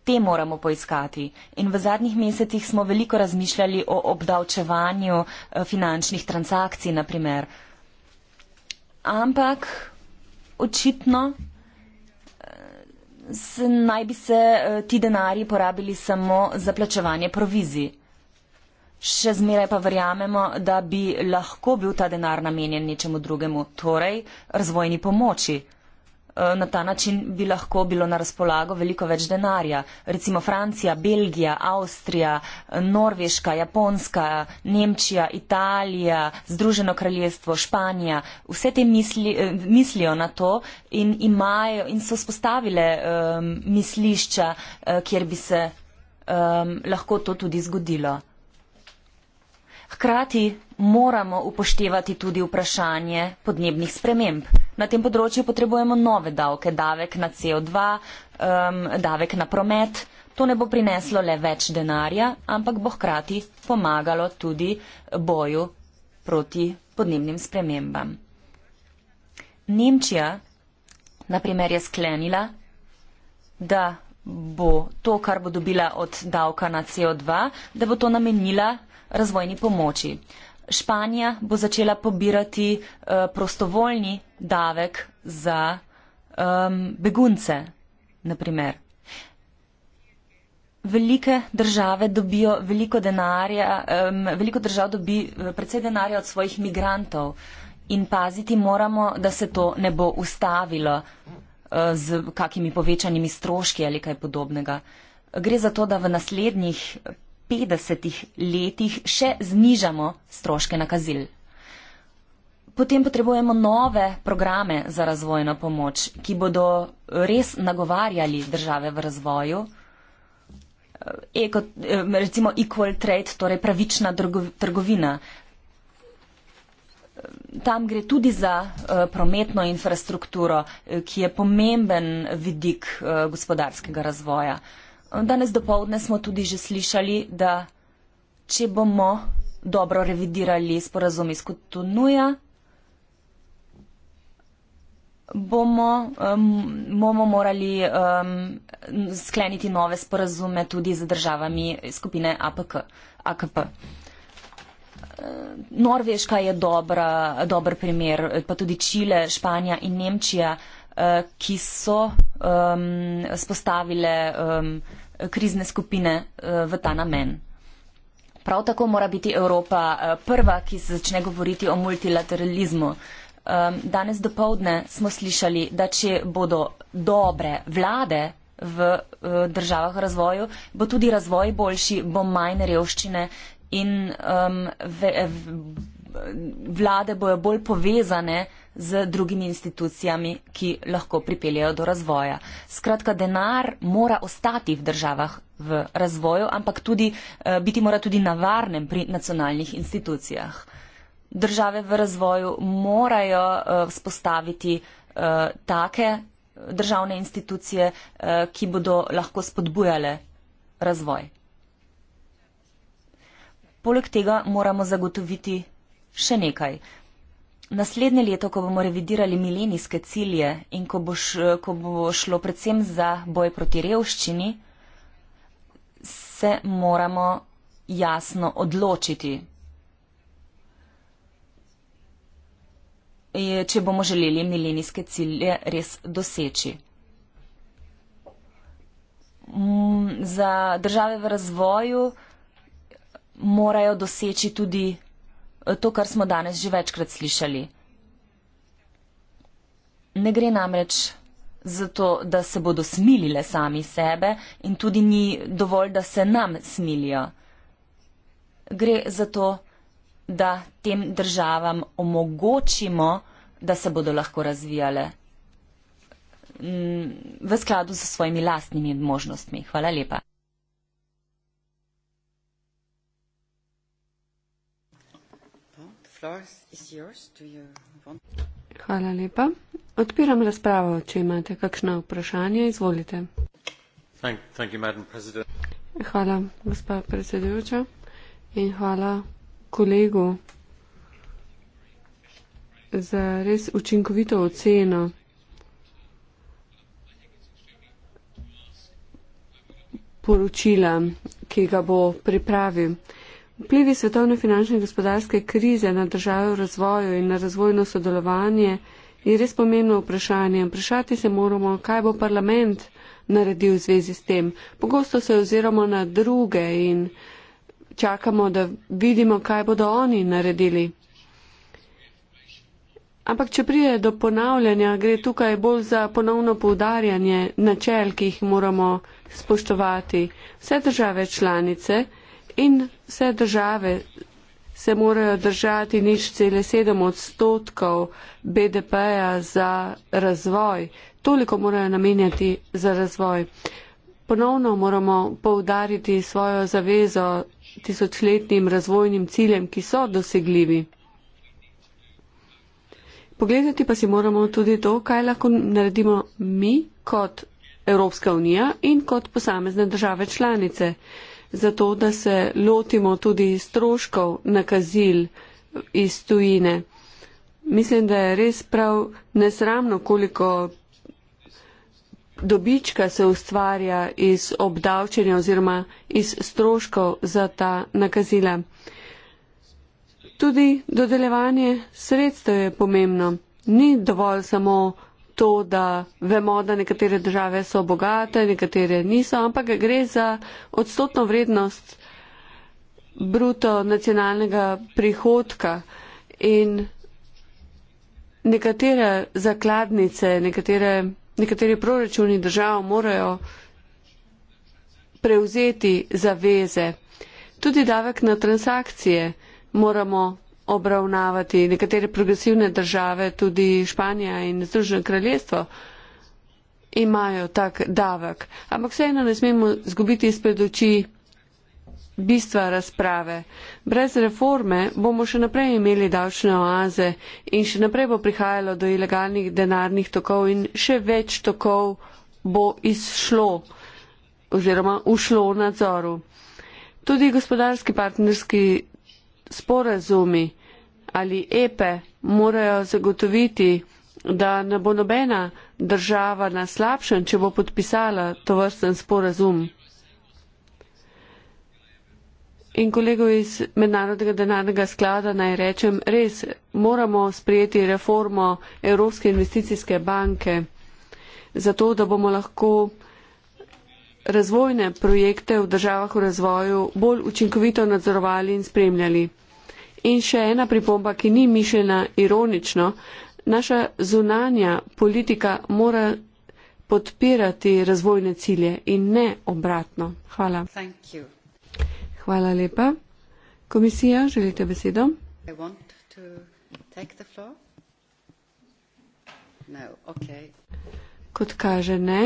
te moramo poiskati. In v zadnjih mesecih smo veliko razmišljali o obdavčevanju eh, finančnih transakcij, naprimer. Ampak očitno eh, se, naj bi se eh, ti denari porabili samo za plačevanje provizij. Še zmeraj pa verjamemo, da bi lahko bil ta denar namenjen nečemu drugemu, torej razvojni pomoči. Eh, na ta način bi lahko bilo na razpolago veliko več denarja. Recimo Francija, Belgija, Avstrija, eh, Norveška, Japonska, Nemčija, Italija, Združeno kraljestvo, Španija. Vse te misli, eh, mislijo na to in, imajo, in so spostavile um, mislišča, kjer bi se um, lahko to tudi zgodilo. Hkrati moramo upoštevati tudi vprašanje podnebnih sprememb. Na tem področju potrebujemo nove davke, davek na CO2, um, davek na promet. To ne bo prineslo le več denarja, ampak bo hkrati pomagalo tudi boju proti podnebnim spremembam. Nemčija, naprimer, je sklenila, da bo to, kar bo dobila od davka na CO2, da bo to namenila razvojni pomoči. Španija bo začela pobirati uh, prostovoljni davek za um, begunce, naprimer. Velike države dobijo veliko denarja, um, veliko držav dobi eh, predvsej denarja od svojih migrantov in paziti moramo, da se to ne bo ustavilo uh, z kakimi povečanimi stroški ali kaj podobnega. Gre za to, da v naslednjih 50 letih še znižamo stroške nakazil. Potem potrebujemo nove programe za razvojno pomoč, ki bodo res nagovarjali države v razvoju. Eh, eko, eh, recimo equal trade, torej pravična trgovina. Eh, tam gre tudi za prometno infrastrukturo, ki je pomemben vidik gospodarskega razvoja. Danes dopoledne smo tudi že slišali, da če bomo dobro revidirali sporazum iz Kotonuja, bomo, um, bomo morali um, skleniti nove sporazume tudi z državami skupine APK, AKP. Norveška je dobra, dober primer, pa tudi Čile, Španija in Nemčija, eh, ki so um, spostavile um, krizne skupine eh, v ta namen. Prav tako mora biti Evropa eh, prva, ki se začne govoriti o multilateralizmu. Danes dopoledne smo slišali, da če bodo dobre vlade v eh, državah razvoju, bo tudi razvoj boljši, bo manj revščine in um, ve, vlade bojo bolj povezane z drugimi institucijami, ki lahko pripeljajo do razvoja. Skratka, denar mora ostati v državah v razvoju, ampak tudi, eh, biti mora tudi na varnem pri nacionalnih institucijah. Države v razvoju morajo spostaviti eh, eh, take državne institucije, ki bodo lahko spodbujale razvoj. Poleg tega moramo zagotoviti še nekaj. Naslednje leto, ko bomo revidirali milenijske cilje in ko bo, š, ko bo šlo predvsem za boj proti revščini, se moramo jasno odločiti, če bomo želeli milenijske cilje res doseči. Mm, za države v razvoju morajo doseči tudi to, kar smo danes že večkrat slišali. Ne gre namreč zato, da se bodo smilile sami sebe in tudi ni dovolj, da se nam smilijo. Gre zato, da tem državam omogočimo, da se bodo lahko razvijale mm, v skladu s svojimi lastnimi možnostmi. Hvala lepa. Hvala lepa. Odpiram razpravo. Če imate kakšno vprašanje, izvolite. Thank, thank you, hvala, gospa predsedujoča. In hvala kolegu za res učinkovito oceno. poročila, ki ga bo pripravil. Vplivi svetovne finančne in gospodarske krize na države v razvoju in na razvojno sodelovanje je res pomembno vprašanje. Vprašati se moramo, kaj bo parlament naredil v zvezi s tem. Pogosto se oziramo na druge in čakamo, da vidimo, kaj bodo oni naredili. Ampak če prije do ponavljanja, gre tukaj bolj za ponovno poudarjanje načel, ki jih moramo spoštovati. Vse države članice in vse države se morajo držati nič cele sedem odstotkov BDP-ja za razvoj. Toliko morajo namenjati za razvoj. Ponovno moramo poudariti svojo zavezo tisočletnim razvojnim ciljem, ki so dosegljivi. Pogledati pa si moramo tudi to, kaj lahko naredimo mi kot Evropska unija in kot posamezne države članice zato da se lotimo tudi stroškov nakazil iz tujine. Mislim, da je res prav nesramno, koliko dobička se ustvarja iz obdavčenja oziroma iz stroškov za ta nakazila. Tudi dodelevanje sredstev je pomembno. Ni dovolj samo to, da vemo, da nekatere države so bogate, nekatere niso, ampak gre za odstotno vrednost bruto nacionalnega prihodka in nekatere zakladnice, nekatere, nekateri proračuni držav morajo prevzeti zaveze. Tudi davek na transakcije moramo obravnavati. Nekatere progresivne države, tudi Španija in Združeno kraljestvo, imajo tak davek. Ampak vseeno ne smemo zgubiti izpred oči bistva razprave. Brez reforme bomo še naprej imeli davčne oaze in še naprej bo prihajalo do ilegalnih denarnih tokov in še več tokov bo izšlo oziroma ušlo v nadzoru. Tudi gospodarski partnerski sporazumi ali epe e morajo zagotoviti, da ne bo nobena država na slabšem, če bo podpisala to vrsten sporazum. In kolego iz Mednarodnega denarnega sklada naj rečem, res moramo sprijeti reformo Evropske investicijske banke, zato da bomo lahko razvojne projekte v državah v razvoju bolj učinkovito nadzorovali in spremljali. In še ena pripomba, ki ni mišljena ironično. Naša zunanja politika mora podpirati razvojne cilje in ne obratno. Hvala. Hvala lepa. Komisija, želite besedo? No, okay. Kot kaže ne.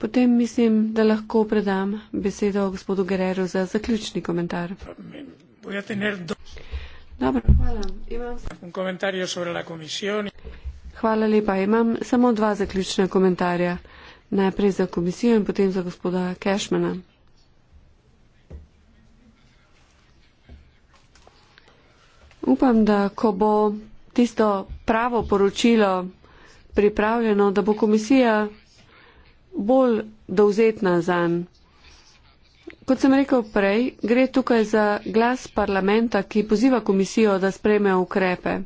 Potem mislim, da lahko predam besedo gospodu Gereru za zaključni komentar. Dobro, hvala. hvala lepa. Imam samo dva zaključna komentarja. Najprej za komisijo in potem za gospoda Kešmana. Upam, da ko bo tisto pravo poročilo pripravljeno, da bo komisija bolj dovzetna zan. Kot sem rekel prej, gre tukaj za glas parlamenta, ki poziva komisijo, da spreme ukrepe.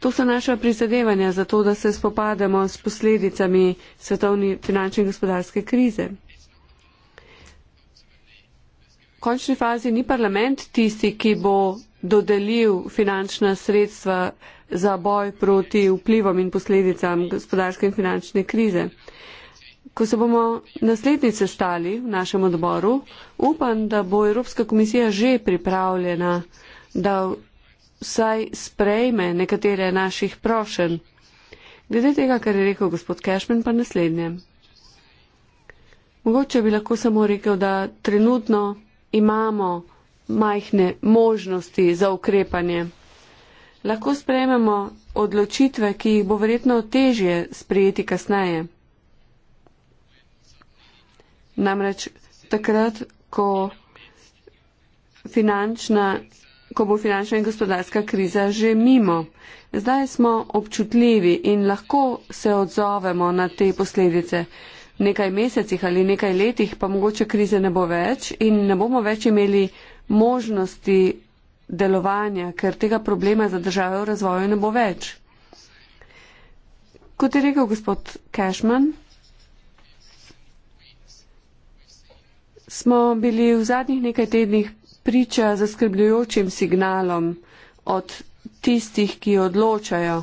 To so naša prizadevanja za to, da se spopademo s posledicami svetovne finančne in gospodarske krize. V končni fazi ni parlament tisti, ki bo dodelil finančna sredstva za boj proti vplivom in posledicam gospodarske in finančne krize ko se bomo naslednji sestali v našem odboru, upam, da bo Evropska komisija že pripravljena, da vsaj sprejme nekatere naših prošen. Glede tega, kar je rekel gospod Kešmen, pa naslednje. Mogoče bi lahko samo rekel, da trenutno imamo majhne možnosti za ukrepanje. Lahko sprejmemo odločitve, ki jih bo verjetno težje sprejeti kasneje. Namreč takrat, ko, finančna, ko bo finančna in gospodarska kriza že mimo. Zdaj smo občutljivi in lahko se odzovemo na te posledice. V nekaj mesecih ali nekaj letih pa mogoče krize ne bo več in ne bomo več imeli možnosti delovanja, ker tega problema za države v razvoju ne bo več. Kot je rekel gospod Cashman, smo bili v zadnjih nekaj tednih priča zaskrbljujočim signalom od tistih, ki odločajo.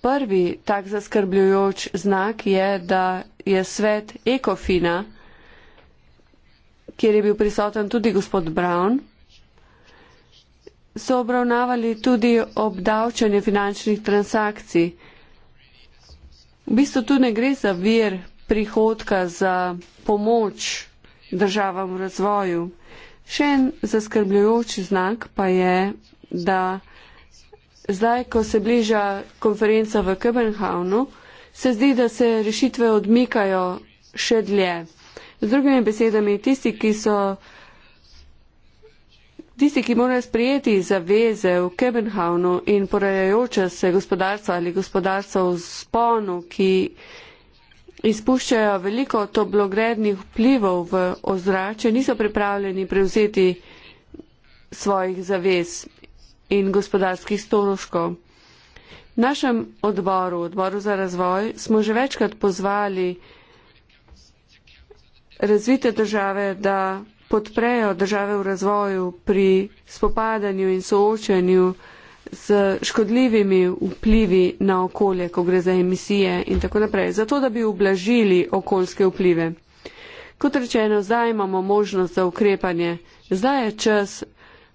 Prvi tak zaskrbljujoč znak je, da je svet Ekofina, kjer je bil prisoten tudi gospod Brown, so obravnavali tudi obdavčanje finančnih transakcij. V bistvu tu ne gre za vir prihodka za pomoč državam v razvoju. Še en zaskrbljujoči znak pa je, da zdaj, ko se bliža konferenca v Köbenhavnu, se zdi, da se rešitve odmikajo še dlje. Z drugimi besedami, tisti, ki so. Tisti, ki morajo sprijeti zaveze v Kebenhavnu in porajajoče se gospodarstva ali gospodarstva v sponu, ki izpuščajo veliko toblogrednih vplivov v ozračje, niso pripravljeni prevzeti svojih zavez in gospodarskih stroškov. V našem odboru, odboru za razvoj, smo že večkrat pozvali razvite države, da podprejo države v razvoju pri spopadanju in soočanju z škodljivimi vplivi na okolje, ko gre za emisije in tako naprej, zato da bi ublažili okoljske vplive. Kot rečeno, zdaj imamo možnost za ukrepanje, zdaj je čas,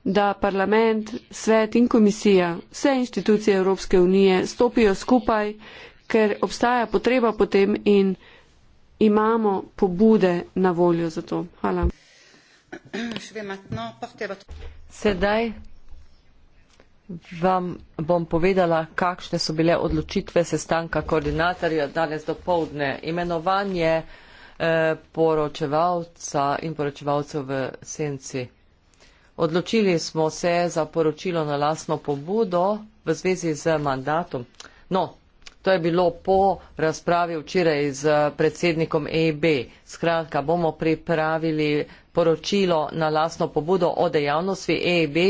da parlament, svet in komisija, vse inštitucije Evropske unije stopijo skupaj, ker obstaja potreba potem in imamo pobude na voljo za to. Hvala. Sedaj vam bom povedala, kakšne so bile odločitve sestanka koordinatorja danes do povdne. Imenovanje eh, poročevalca in poročevalcev v senci. Odločili smo se za poročilo na lasno pobudo v zvezi z mandatom. No, to je bilo po razpravi včeraj z predsednikom EIB. Skratka, bomo pripravili poročilo na lasno pobudo o dejavnosti EIB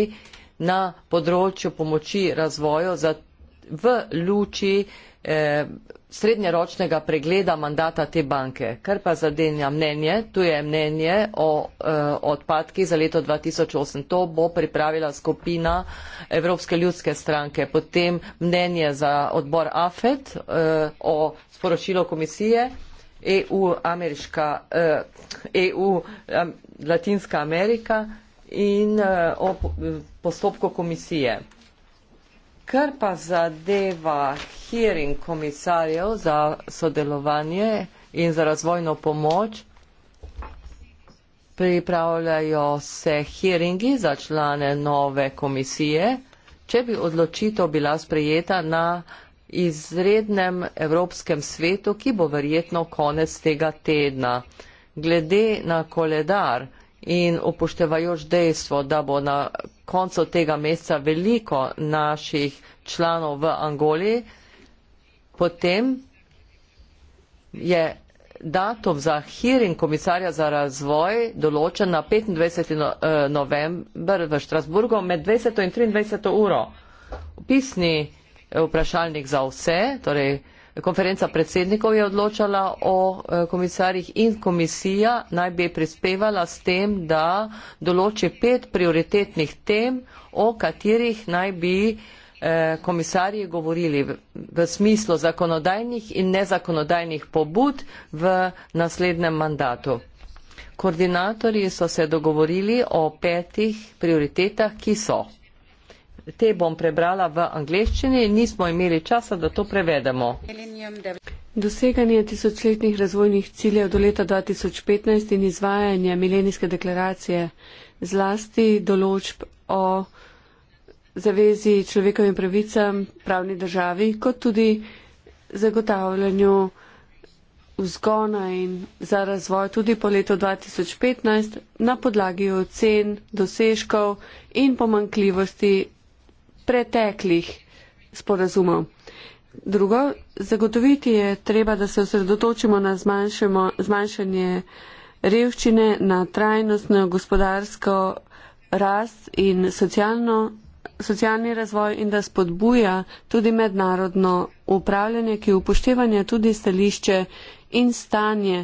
na področju pomoči razvoju za, v luči eh, srednjeročnega pregleda mandata te banke. Kar pa zadenja mnenje, tu je mnenje o eh, odpadkih za leto 2008. To bo pripravila skupina Evropske ljudske stranke. Potem mnenje za odbor AFED eh, o sporočilo komisije. EU, Ameriška, eh, EU, eh, Latinska Amerika in uh, o postopku komisije. Kar pa zadeva hearing komisarjev za sodelovanje in za razvojno pomoč, pripravljajo se hearingi za člane nove komisije, če bi odločitev bila sprejeta na izrednem Evropskem svetu, ki bo verjetno konec tega tedna. Glede na koledar, in upoštevajoč dejstvo, da bo na koncu tega meseca veliko naših članov v Angoliji, potem je datum za hearing komisarja za razvoj določen na 25. No-, eh, november v Štrasburgu med 20. in 23. uro. Pisni eh, vprašalnik za vse, torej konferenca predsednikov je odločala o eh, komisarjih in komisija naj bi prispevala s tem, da določi pet prioritetnih tem, o katerih naj bi eh, komisarji govorili v smislu zakonodajnih in nezakonodajnih pobud v naslednjem mandatu. Koordinatorji so se dogovorili o petih prioritetah, ki so te bom prebrala v angleščini, nismo imeli časa, da to prevedemo. Doseganje tisočletnih razvojnih ciljev do leta 2015 in izvajanje milenijske deklaracije zlasti določb o zavezi človekovim pravicam, pravni državi, kot tudi zagotavljanju vzgona in za razvoj tudi po letu 2015 na podlagi ocen, dosežkov in pomankljivosti preteklih sporazumov. Drugo, zagotoviti je treba, da se osredotočimo na zmanjšanje revščine, na trajnostno gospodarsko rast in socialno, socialni razvoj in da spodbuja tudi mednarodno upravljanje, ki upoštevanje tudi stališče in stanje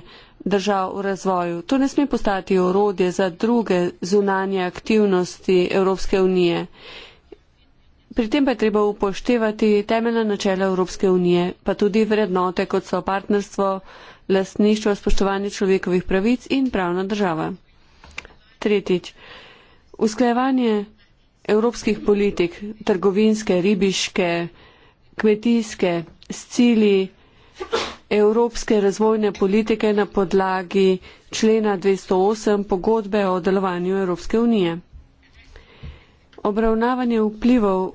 držav v razvoju. To ne sme postati orodje za druge zunanje aktivnosti Evropske unije. Pri tem pa je treba upoštevati temeljna načela Evropske unije, pa tudi vrednote, kot so partnerstvo, lastništvo, spoštovanje človekovih pravic in pravna država. Tretjič. Usklajevanje evropskih politik, trgovinske, ribiške, kmetijske, s cili evropske razvojne politike na podlagi člena 208 pogodbe o delovanju Evropske unije. Obravnavanje vplivov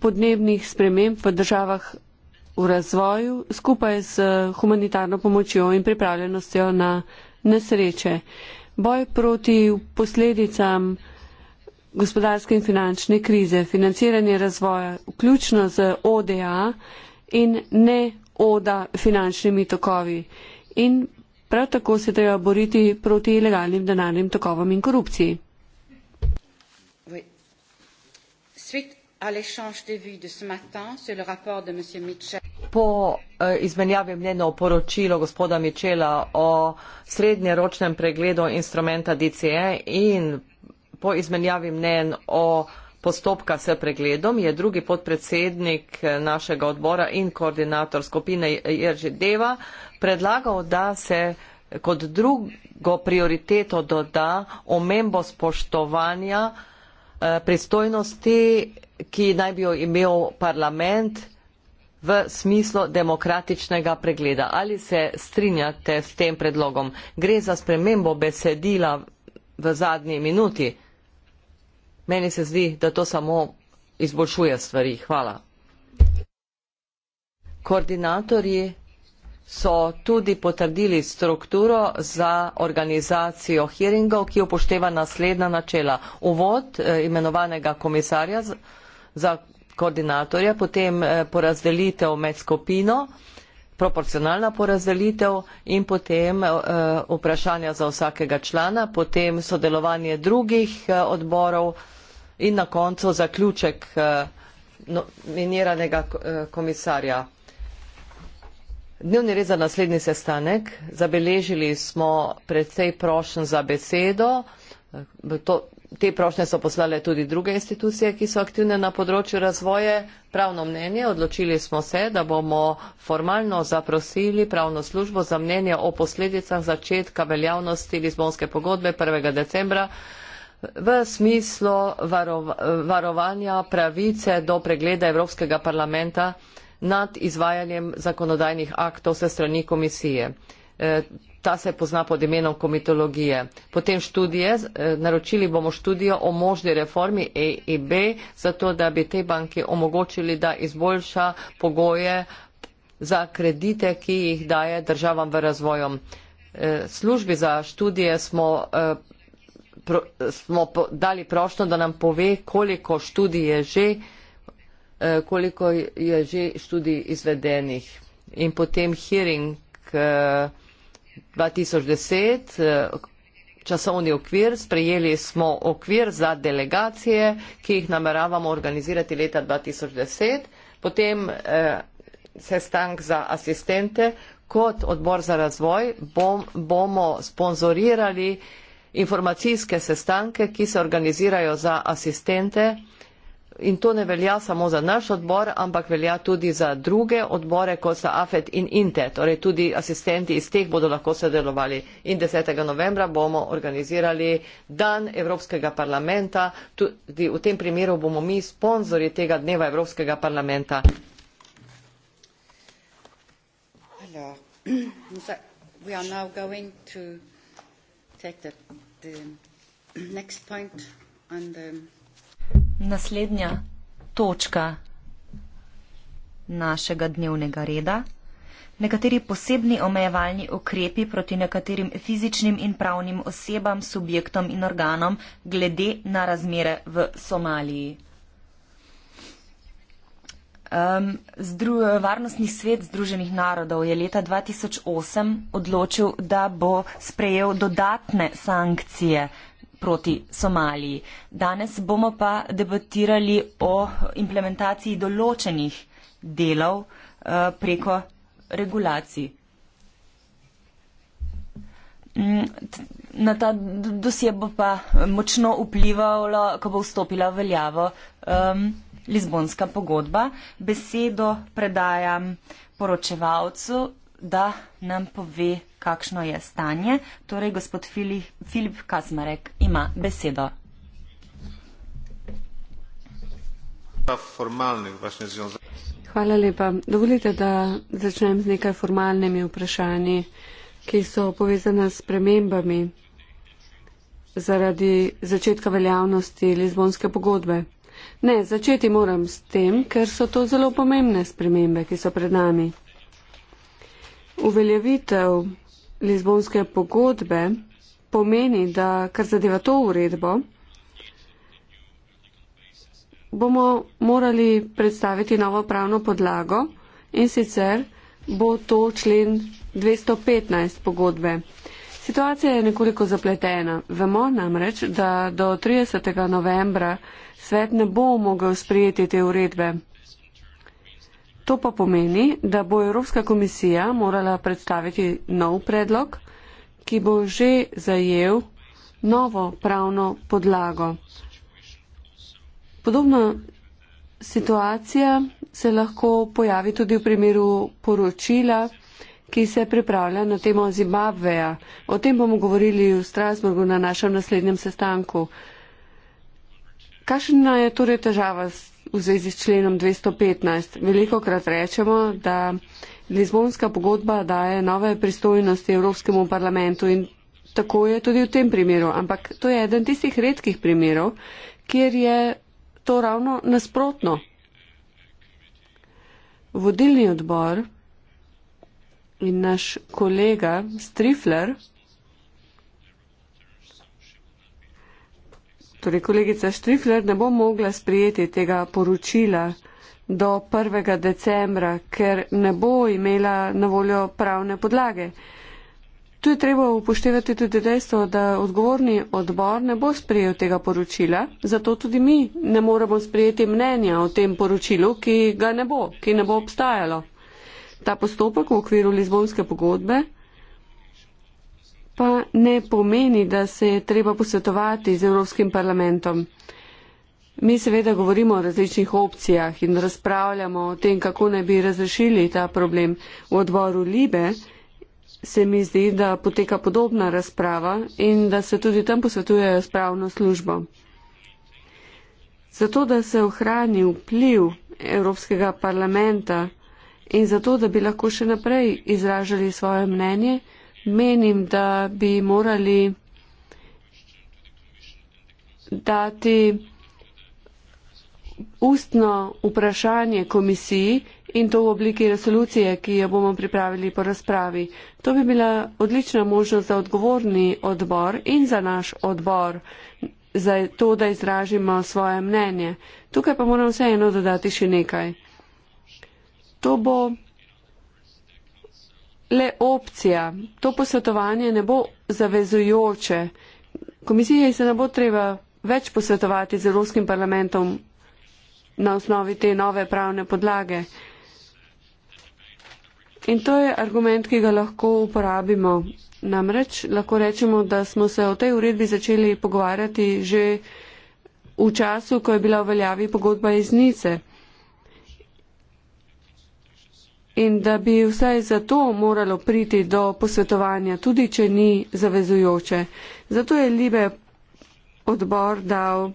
podnebnih sprememb v državah v razvoju skupaj z humanitarno pomočjo in pripravljenostjo na nesreče. Boj proti posledicam gospodarske in finančne krize, financiranje razvoja, vključno z ODA in ne ODA finančnimi tokovi. In prav tako se treba boriti proti ilegalnim denarnim tokovom in korupciji. à l'échange de vues de ce matin sur le rapport de M. Mitchell. Po eh, izmenjavi mnenja o poročilu gospoda Mičela o srednjeročnem pregledu instrumenta DCE in po izmenjavi mnen o postopka s pregledom je drugi podpredsednik eh, našega odbora in koordinator skupine Jerži Deva predlagal, da se kot drugo prioriteto doda omembo spoštovanja eh, pristojnosti ki naj bi jo imel parlament v smislu demokratičnega pregleda. Ali se strinjate s tem predlogom? Gre za spremembo besedila v zadnji minuti. Meni se zdi, da to samo izboljšuje stvari. Hvala. Koordinatorji so tudi potrdili strukturo za organizacijo hearingov, ki upošteva naslednja načela. Uvod eh, imenovanega komisarja za koordinatorja, potem eh, porazdelitev med skupino, proporcionalna porazdelitev in potem eh, vprašanja za vsakega člana, potem sodelovanje drugih eh, odborov in na koncu zaključek no, nominiranega komisarja. Dnevni red za naslednji sestanek. Zabeležili smo predvsej prošen za besedo te prošnje so poslale tudi druge institucije, ki so aktivne na področju razvoja. Pravno mnenje, odločili smo se, da bomo formalno zaprosili pravno službo za mnenje o posledicah začetka veljavnosti Lizbonske pogodbe 1. decembra v smislu varo varovanja pravice do pregleda Evropskega parlamenta nad izvajanjem zakonodajnih aktov se strani komisije. E, ta se pozna pod imenom komitologije. Potem študije, eh, naročili bomo študijo o možni reformi EIB, zato da bi te banke omogočili, da izboljša pogoje za kredite, ki jih daje državam v razvojom. Eh, službi za študije smo, eh, smo dali prošlo, da nam pove, koliko študij je že, koliko je že študij izvedenih. In potem hearing, 2010, eh, časovni okvir, sprejeli smo okvir za delegacije, ki jih nameravamo organizirati leta 2010, potem eh, sestank za asistente, kot odbor za razvoj bom, bomo sponzorirali informacijske sestanke, ki se organizirajo za asistente eh, in to ne velja samo za naš odbor, ampak velja tudi za druge odbore, kot sta AFET in INTE, torej tudi asistenti iz teh bodo lahko sodelovali. In 10. novembra bomo organizirali dan Evropskega parlamenta, tudi v tem primeru bomo mi sponzori tega dneva Evropskega parlamenta. We are now going to take the, the next point on the naslednja točka našega dnevnega reda. Nekateri posebni omejevalni ukrepi proti nekaterim fizičnim in pravnim osebam, subjektom in organom glede na razmere v Somaliji. Um, zdru, varnostni svet Združenih narodov je leta 2008 odločil, da bo sprejel dodatne sankcije uh, proti Somaliji. Danes bomo pa debatirali o implementaciji določenih delov eh, preko regulacij. Mm, na ta dosje bo pa močno vplivalo, ko bo vstopila v veljavo um, Lizbonska pogodba. Besedo predajam poročevalcu, da nam pove kakšno je stanje. Torej, gospod Filip, Filip Kazmarek ima besedo. Hvala lepa. Dovolite, da začnem z nekaj formalnimi vprašanji, ki so povezane s premembami zaradi začetka veljavnosti Lizbonske pogodbe. Ne, začeti moram s tem, ker so to zelo pomembne spremembe, ki so pred nami. Uveljavitev Lizbonske pogodbe pomeni, da kar zadeva to uredbo, bomo morali predstaviti novo pravno podlago in sicer bo to člen 215 pogodbe. Situacija je nekoliko zapletena. Vemo namreč, da do 30. novembra svet ne bo mogel sprejeti te uredbe. To pa pomeni, da bo Evropska komisija morala predstaviti nov predlog, ki bo že zajel novo pravno podlago. Podobna situacija se lahko pojavi tudi v primeru poročila, ki se pripravlja na temo Zimbabveja. O tem bomo govorili v Strasburgu na našem naslednjem sestanku. Kakšna je torej težava s v zvezi s členom 215. Veliko krat rečemo, da Lizbonska pogodba daje nove pristojnosti Evropskemu parlamentu in tako je tudi v tem primeru. Ampak to je eden tistih redkih primerov, kjer je to ravno nasprotno. Vodilni odbor in naš kolega Strifler torej kolegica Štrifler ne bo mogla sprijeti tega poročila do 1. decembra, ker ne bo imela na voljo pravne podlage. Tu je treba upoštevati tudi dejstvo, da odgovorni odbor ne bo sprejel tega poročila, zato tudi mi ne moremo sprejeti mnenja o tem poročilu, ki ga ne bo, ki ne bo obstajalo. Ta postopek v okviru Lizbonske pogodbe pa ne pomeni, da se je treba posvetovati z Evropskim parlamentom. Mi seveda govorimo o različnih opcijah in razpravljamo o tem, kako naj bi razrešili ta problem. V odboru Libe se mi zdi, da poteka podobna razprava in da se tudi tam posvetujejo s pravno službo. Zato, da se ohrani vpliv Evropskega parlamenta in zato, da bi lahko še naprej izražali svoje mnenje, menim, da bi morali dati ustno vprašanje komisiji in to v obliki resolucije, ki jo bomo pripravili po razpravi. To bi bila odlična možnost za odgovorni odbor in za naš odbor, za to, da izražimo svoje mnenje. Tukaj pa moram vseeno dodati še nekaj. To bo le opcija. To posvetovanje ne bo zavezujoče. Komisiji se ne bo treba več posvetovati z Evropskim parlamentom na osnovi te nove pravne podlage. In to je argument, ki ga lahko uporabimo. Namreč lahko rečemo, da smo se o tej uredbi začeli pogovarjati že v času, ko je bila v veljavi pogodba iz Nice in da bi vsaj zato moralo priti do posvetovanja, tudi če ni zavezujoče. Zato je Libe odbor dal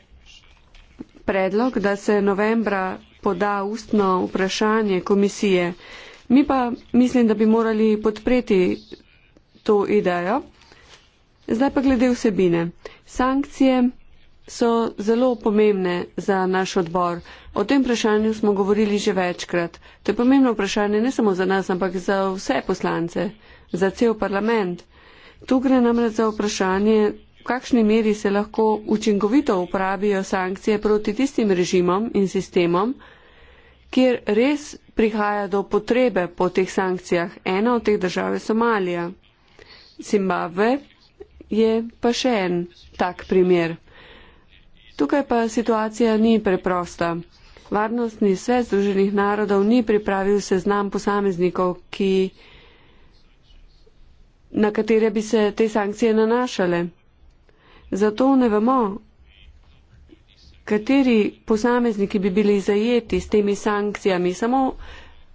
predlog, da se novembra poda ustno vprašanje komisije. Mi pa mislim, da bi morali podpreti to idejo. Zdaj pa glede vsebine. Sankcije so zelo pomembne za naš odbor. O tem vprašanju smo govorili že večkrat. To je pomembno vprašanje ne samo za nas, ampak za vse poslance, za cel parlament. Tu gre namreč za vprašanje, v kakšni meri se lahko učinkovito uporabijo sankcije proti tistim režimom in sistemom, kjer res prihaja do potrebe po teh sankcijah. Ena od teh držav je Somalija. Zimbabve je pa še en tak primer. Tukaj pa situacija ni preprosta. Varnostni svet Združenih narodov ni pripravil seznam posameznikov, ki, na katere bi se te sankcije nanašale. Zato ne vemo, kateri posamezniki bi bili zajeti s temi sankcijami. Samo,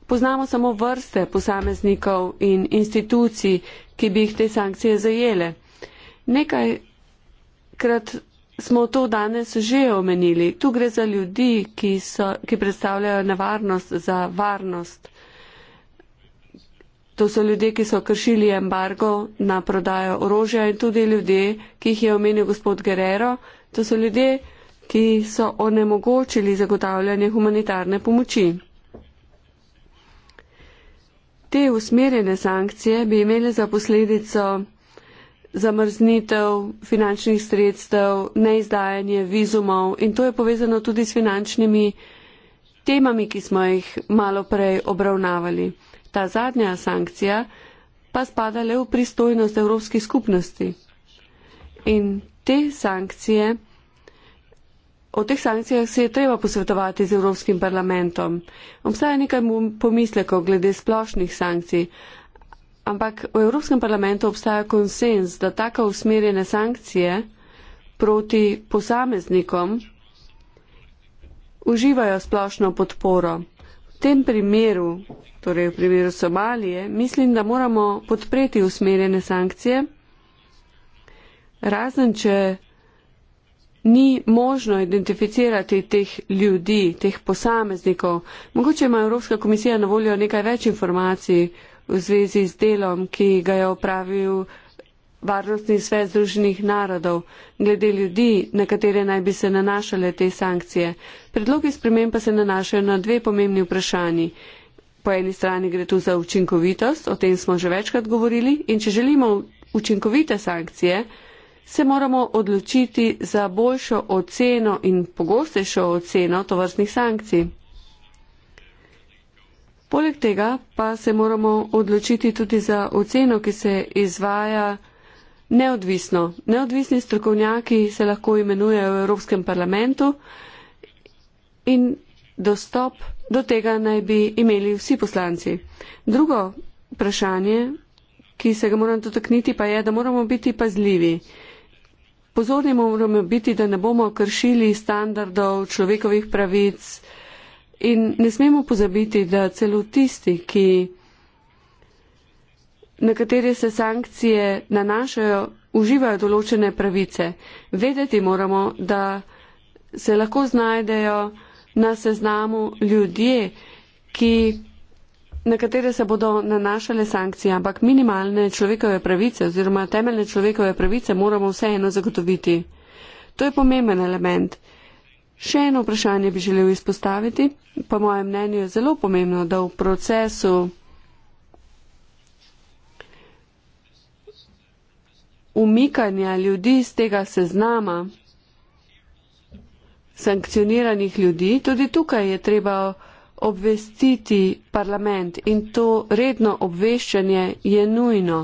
poznamo samo vrste posameznikov in institucij, ki bi jih te sankcije zajele. Nekajkrat smo to danes že omenili. Tu gre za ljudi, ki, so, ki predstavljajo nevarnost za varnost. To so ljudje, ki so kršili embargo na prodajo orožja in tudi ljudje, ki jih je omenil gospod Guerrero. To so ljudje, ki so onemogočili zagotavljanje humanitarne pomoči. Te usmerjene sankcije bi imele za posledico zamrznitev finančnih sredstev, neizdajanje vizumov in to je povezano tudi s finančnimi temami, ki smo jih malo prej obravnavali. Ta zadnja sankcija pa spada le v pristojnost Evropskih skupnosti. In te sankcije, o teh sankcijah se je treba posvetovati z Evropskim parlamentom. Obstaja nekaj pomislekov glede splošnih sankcij, Ampak v Evropskem parlamentu obstaja konsens, da tako usmerjene sankcije proti posameznikom uživajo splošno podporo. V tem primeru, torej v primeru Somalije, mislim, da moramo podpreti usmerjene sankcije, razen če ni možno identificirati teh ljudi, teh posameznikov. Mogoče ima Evropska komisija na voljo nekaj več informacij v zvezi z delom, ki ga je opravil Varnostni svet Združenih narodov, glede ljudi, na katere naj bi se nanašale te sankcije. Predlogi sprememb pa se nanašajo na dve pomembni vprašanji. Po eni strani gre tu za učinkovitost, o tem smo že večkrat govorili, in če želimo učinkovite sankcije, se moramo odločiti za boljšo oceno in pogostejšo oceno tovrstnih sankcij. Poleg tega pa se moramo odločiti tudi za oceno, ki se izvaja neodvisno. Neodvisni strokovnjaki se lahko imenujejo v Evropskem parlamentu in dostop do tega naj bi imeli vsi poslanci. Drugo vprašanje, ki se ga moram dotakniti, pa je, da moramo biti pazljivi. Pozorni moramo biti, da ne bomo kršili standardov človekovih pravic, In ne smemo pozabiti, da celo tisti, ki, na katere se sankcije nanašajo, uživajo določene pravice. Vedeti moramo, da se lahko znajdejo na seznamu ljudje, ki, na katere se bodo nanašale sankcije, ampak minimalne človekove pravice oziroma temeljne človekove pravice moramo vseeno zagotoviti. To je pomemben element. Še eno vprašanje bi želel izpostaviti. Po mojem mnenju je zelo pomembno, da v procesu umikanja ljudi z tega seznama sankcioniranih ljudi, tudi tukaj je treba obvestiti parlament in to redno obveščanje je nujno.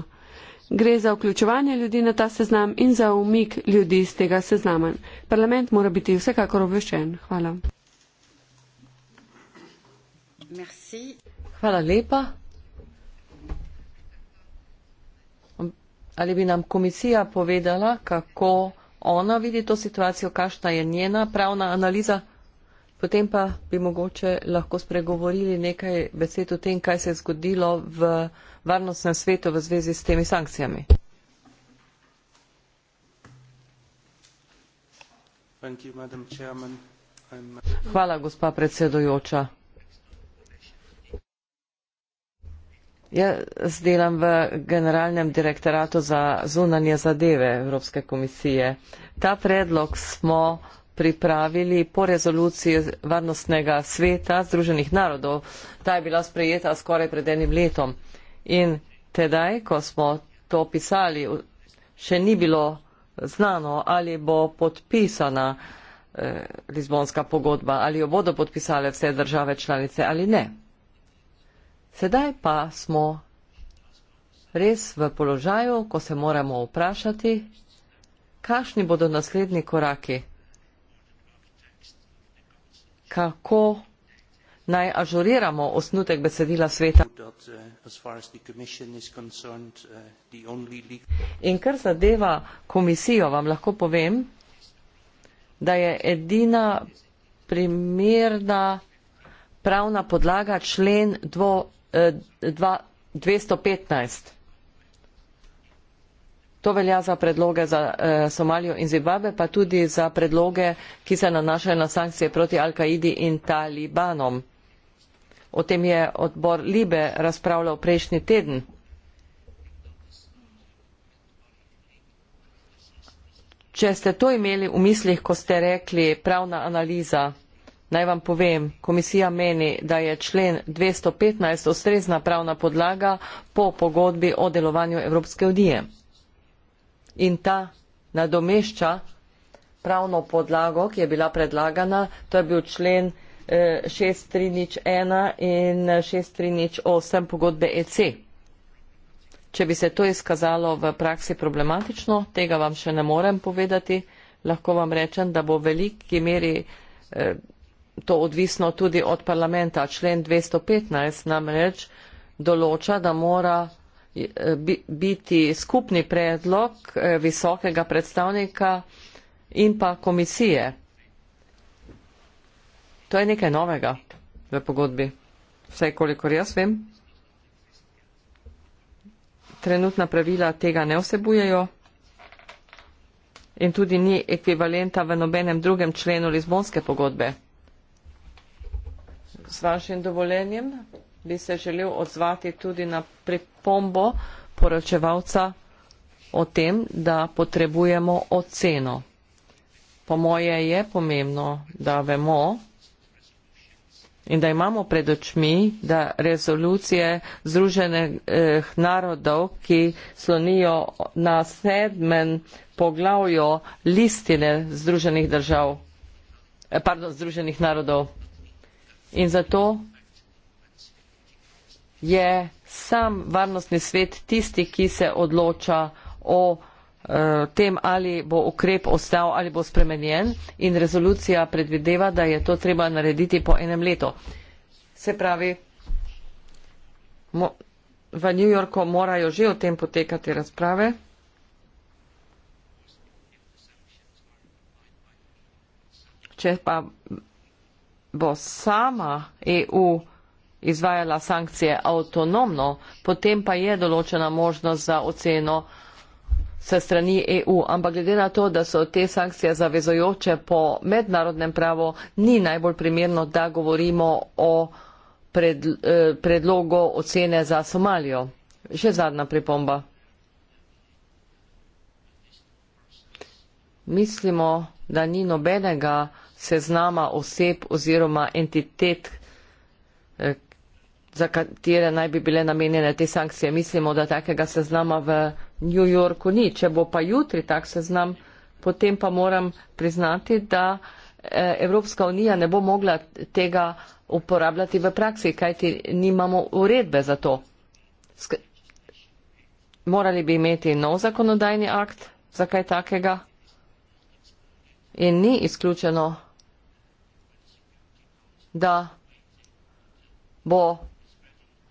Gre za vključevanje ljudi na ta seznam in za umik ljudi z tega seznama. Parlament mora biti vsekakor obveščen. Hvala. Merci. Hvala lepa. Ali bi nam komisija povedala, kako ona vidi to situacijo, kakšna je njena pravna analiza? Potem pa bi mogoče lahko spregovorili nekaj besed o tem, kaj se je zgodilo v varnostnem svetu v zvezi s temi sankcijami. Uh, Hvala, gospa predsedujoča. Jaz delam v Generalnem direktoratu za zunanje zadeve Evropske komisije. Ta predlog smo pripravili po rezoluciji Varnostnega sveta Združenih narodov. Ta je bila sprejeta skoraj pred enim letom. In tedaj, ko smo to pisali, še ni bilo znano, ali bo podpisana eh, Lizbonska pogodba, ali jo bodo podpisale vse države članice ali ne. Sedaj pa smo res v položaju, ko se moramo vprašati, kakšni bodo naslednji koraki, kako naj ažuriramo osnutek besedila sveta. In kar zadeva komisijo, vam lahko povem, da je edina primerna pravna podlaga člen dvo, eh, dva, 215. To velja za predloge za eh, Somalijo in Zimbabve, pa tudi za predloge, ki se nanašajo na sankcije proti Al-Kaidi in Talibanom. O tem je odbor Libe razpravljal prejšnji teden. Če ste to imeli v mislih, ko ste rekli pravna analiza, naj vam povem, komisija meni, da je člen 215 ustrezna pravna podlaga po pogodbi o delovanju Evropske unije. In ta nadomešča pravno podlago, ki je bila predlagana, to je bil člen 215. 6301 in 6308 pogodbe EC. Če bi se to izkazalo v praksi problematično, tega vam še ne morem povedati. Lahko vam rečem, da bo v veliki meri eh, to odvisno tudi od parlamenta. Člen 215 namreč določa, da mora eh, biti skupni predlog eh, visokega predstavnika in pa komisije. To je nekaj novega v pogodbi, vsaj kolikor jaz vem. Trenutna pravila tega ne vsebujejo in tudi ni ekvivalenta v nobenem drugem členu Lizbonske pogodbe. S vašim dovoljenjem bi se želel odzvati tudi na pripombo poročevalca o tem, da potrebujemo oceno. Po moje je pomembno, da vemo, in da imamo pred očmi, da rezolucije Združenih eh, narodov, ki slonijo na sedmen poglavju listine Združenih držav, eh, pardon, Združenih narodov. In zato je sam varnostni svet tisti, ki se odloča o Eh, tem ali bo ukrep ostal ali bo spremenjen in rezolucija predvideva, da je to treba narediti po enem letu. Se pravi, mo, v New Yorku morajo že o tem potekati razprave. Če pa bo sama EU izvajala sankcije avtonomno, potem pa je določena možnost za oceno se strani EU, ampak glede na to, da so te sankcije zavezojoče po mednarodnem pravu, ni najbolj primerno, da govorimo o eh, predlogu ocene za Somalijo. Še zadnja pripomba. Mislimo, da ni nobenega seznama oseb oziroma entitet, eh, za katere naj bi bile namenjene te sankcije. Mislimo, da takega seznama v New Yorku ni. Če bo pa jutri tak seznam, potem pa moram priznati, da eh, Evropska unija ne bo mogla tega uporabljati v praksi, kajti nimamo uredbe za to. Morali bi imeti nov zakonodajni akt za kaj takega in ni izključeno, da bo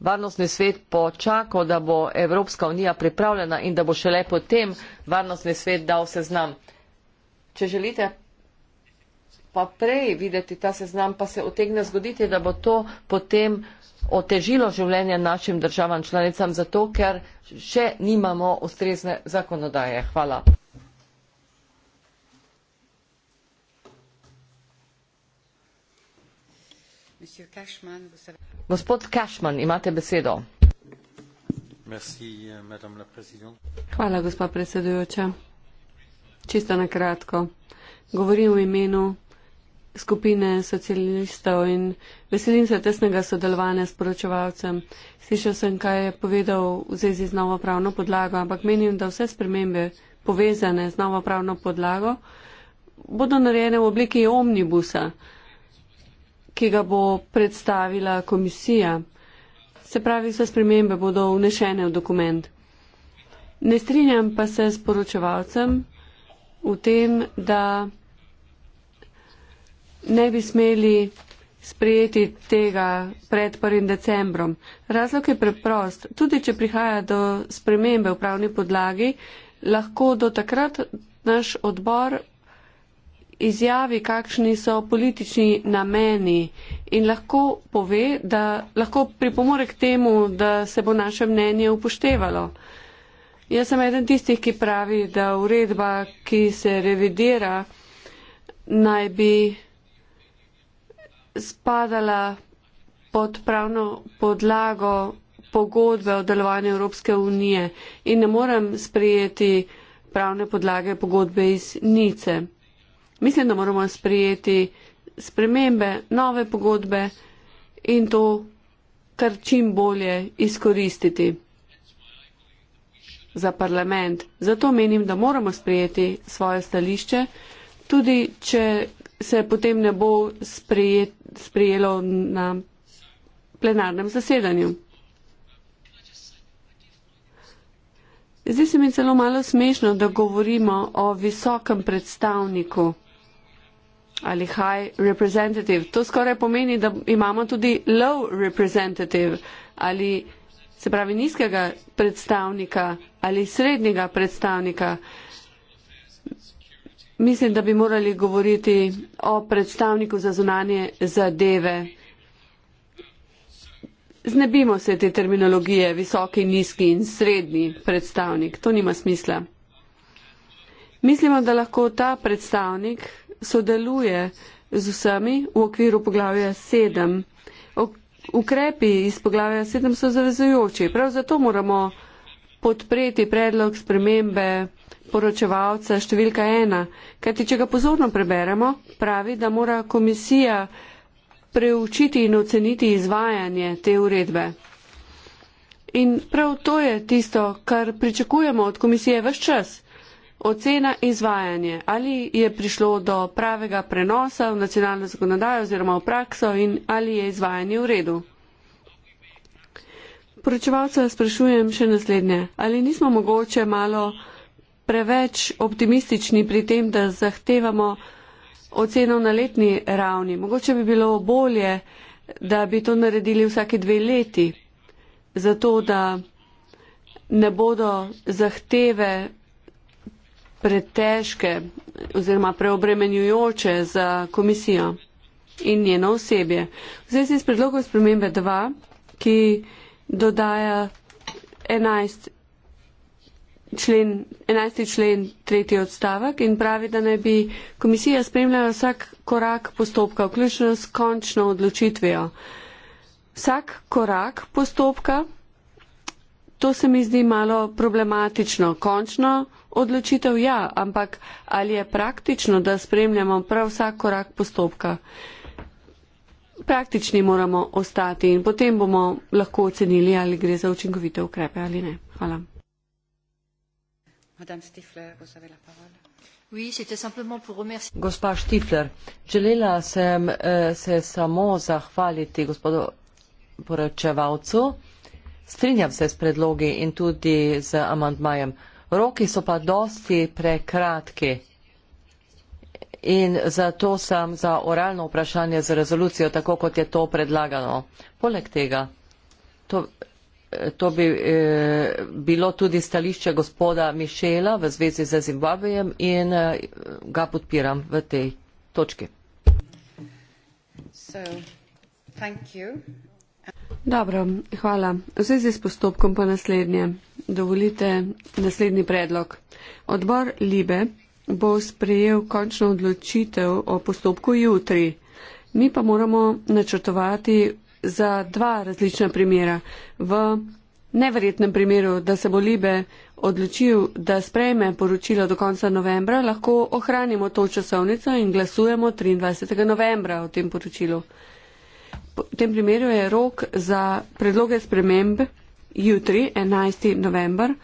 varnostni svet počakal, da bo Evropska unija pripravljena in da bo šele potem varnostni svet dal seznam. Če želite pa prej videti ta seznam, pa se otegne zgoditi, da bo to potem otežilo življenje našim državam članicam, zato ker še nimamo ustrezne zakonodaje. Hvala. gospod cashman imate besedo hvala gospa predsedujoča čisto na kratko govorim v imenu skupine socialistov in veselim se tesnega sodelovanja s poročevalcem. Slišal sem, kaj je povedal v zvezi z novo pravno podlago, ampak menim, da vse spremembe povezane z novo pravno podlago bodo narejene v obliki omnibusa. Uh, ki ga bo predstavila komisija. Se pravi, vse spremembe bodo vnešene v dokument. Ne strinjam pa se s poročevalcem v tem, da ne bi smeli sprejeti tega pred 1. decembrom. Razlog je preprost. Tudi, če prihaja do spremembe v pravni podlagi, lahko do takrat naš odbor izjavi, kakšni so politični nameni in lahko pove, da lahko pripomore k temu, da se bo naše mnenje upoštevalo. Jaz sem eden tistih, ki pravi, da uredba, ki se revidira, naj bi spadala pod pravno podlago pogodbe o delovanju Evropske unije in ne morem sprejeti pravne podlage pogodbe iz Nice. Mislim, da moramo sprejeti spremembe, nove pogodbe in to kar čim bolje izkoristiti za parlament. Zato menim, da moramo sprejeti svoje stališče, tudi če se potem ne bo sprejet, sprejelo na plenarnem zasedanju. Zdi se mi celo malo smešno, da govorimo o visokem predstavniku ali high representative. To skoraj pomeni, da imamo tudi low representative ali se pravi nizkega predstavnika ali srednjega predstavnika. Mislim, da bi morali govoriti o predstavniku za zunanje zadeve. Znebimo se te terminologije visoki, nizki in srednji predstavnik. To nima smisla. Mislimo, da lahko ta predstavnik sodeluje z vsemi v okviru poglavja 7. Ukrepi iz poglavja 7 so zavezujoči. Prav zato moramo podpreti predlog spremembe poročevalca številka 1, kajti če ga pozorno preberemo, pravi, da mora komisija preučiti in oceniti izvajanje te uredbe. In prav to je tisto, kar pričakujemo od komisije vse čas. Ocena izvajanje, ali je prišlo do pravega prenosa v nacionalno zakonodajo oziroma v prakso in ali je izvajanje v redu. Poročevalca sprašujem še naslednje. Ali nismo mogoče malo preveč optimistični pri tem, da zahtevamo oceno na letni ravni? Mogoče bi bilo bolje, da bi to naredili vsake dve leti, zato da ne bodo zahteve pretežke oziroma preobremenjujoče za komisijo in njeno osebje. Vzel si s predlogom spremembe 2, ki dodaja 11. Člen, 11. člen, tretji odstavek in pravi, da naj bi komisija spremljala vsak korak postopka, vključno s končno odločitvijo. Vsak korak postopka, to se mi zdi malo problematično. Končno odločitev ja, ampak ali je praktično, da spremljamo prav vsak korak postopka? Praktični moramo ostati in potem bomo lahko ocenili, ali gre za učinkovite ukrepe ali ne. Hvala. Gospa Štifler, želela sem eh, se samo zahvaliti gospodu poročevalcu. Strinjam se s predlogi in tudi z amantmajem. Roki so pa dosti prekratki. In zato sem za oralno vprašanje z rezolucijo, tako kot je to predlagano. Poleg tega, to, to bi e, bilo tudi stališče gospoda Mišela v zvezi z Zimbabvejem in e, ga podpiram v tej točki. So, Dobro, hvala. V zvezi s postopkom pa naslednje. Dovolite naslednji predlog. Odbor Libe bo sprejel končno odločitev o postopku jutri. Mi pa moramo načrtovati za dva različna primera. V neverjetnem primeru, da se bo Libe odločil, da sprejme poročilo do konca novembra, lahko ohranimo to časovnico in glasujemo 23. novembra o tem poročilu. V tem primeru je rok za predloge sprememb jutri, 11. november,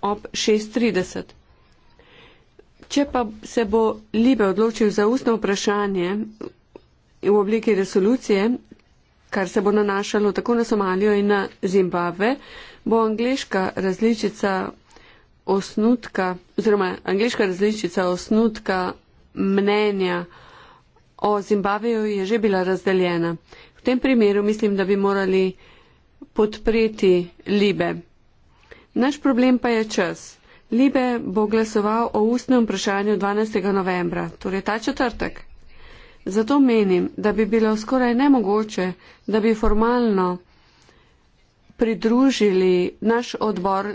ob 6.30. Če pa se bo Libe odločil za ustno vprašanje v obliki resolucije, kar se bo nanašalo tako na Somalijo in na Zimbabve, bo angliška različica osnutka, oziroma angliška različica osnutka mnenja, o Zimbabveju je že bila razdeljena. V tem primeru mislim, da bi morali podpreti Libe. Naš problem pa je čas. Libe bo glasoval o ustnem vprašanju 12. novembra, torej ta četrtek. Zato menim, da bi bilo skoraj nemogoče, da bi formalno pridružili naš odbor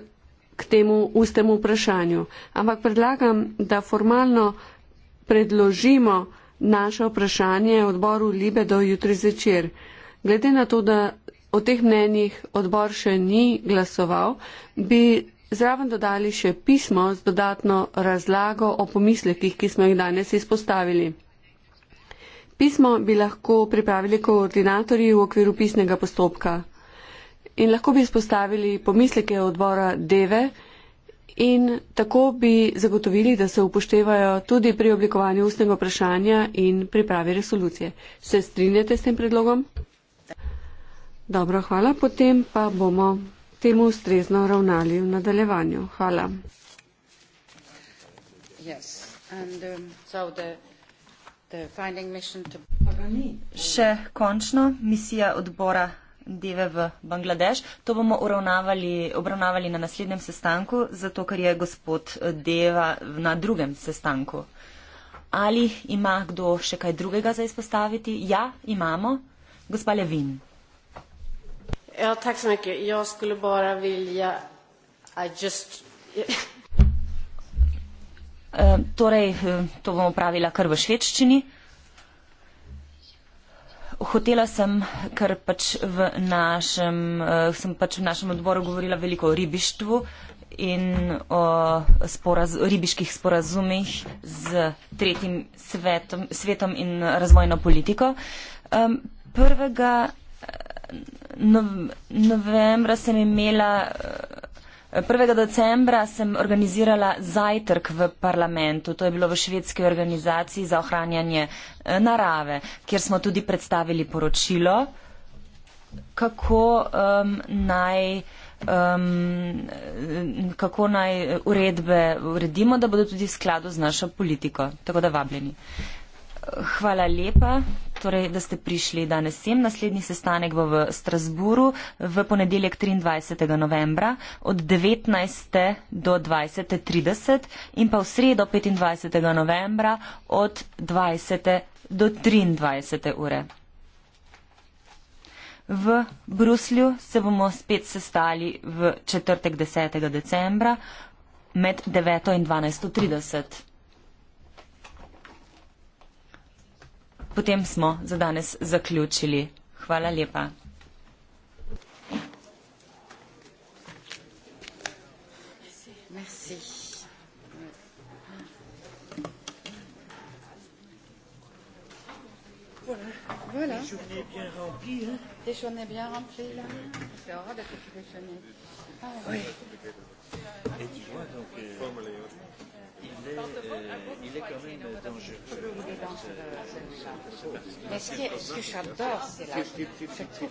k temu ustemu vprašanju. Ampak predlagam, da formalno predložimo naše vprašanje odboru Libe do jutri zvečer. Glede na to, da o teh mnenjih odbor še ni glasoval, bi zraven dodali še pismo z dodatno razlago o pomislekih, ki smo jih danes izpostavili. Pismo bi lahko pripravili koordinatorji v okviru pisnega postopka in lahko bi izpostavili pomisleke odbora Deve, in tako bi zagotovili, da se upoštevajo tudi pri oblikovanju ustnega vprašanja in pripravi resolucije. Se strinjate s tem predlogom? Dobro, hvala. Potem pa bomo temu ustrezno ravnali v nadaljevanju. Hvala. Yes. And, um, so the, the to... Še končno misija odbora zadeve v Bangladeš. To bomo obravnavali na naslednjem sestanku, zato ker je gospod eh, Deva na drugem sestanku. Ali ima kdo še kaj drugega za izpostaviti? Ja, imamo. Gospa Levin. Ja, tak sem rekel. Jaz skulle bara vilja... Just... Eh, torej, eh, to bom opravila kar v švedščini hotela sem, ker pač v našem, uh, sem pač v našem odboru govorila veliko o ribištvu in o sporaz ribiških sporazumih z tretjim svetom, svetom in razvojno politiko. Um, prvega eh, nov novembra sem imela uh, 1. decembra sem organizirala zajtrk v parlamentu, to je bilo v švedski organizaciji za ohranjanje eh, narave, kjer smo tudi predstavili poročilo, kako um, naj. Um, kako naj uredbe uredimo, da bodo tudi v skladu z našo politiko. Tako da vabljeni. Uh, Hvala lepa, torej, da ste prišli danes sem. Naslednji sestanek bo v Strasburu v ponedeljek 23. novembra od 19. do 20.30 in pa v sredo 25. novembra od 20. do 23. ure. V Bruslju se bomo spet sestali v četrtek 10. decembra med 9. in 12.30. potem smo za danes zaključili. Hvala lepa. Voilà. Les journées bien remplies. Hein. Les journées bien remplies, là. C'est horrible de se questionner. Ah, oui. oui. Et tu vois, donc. Euh il est, euh, il est quand même dangereux. Mais ce que j'adore, c'est la.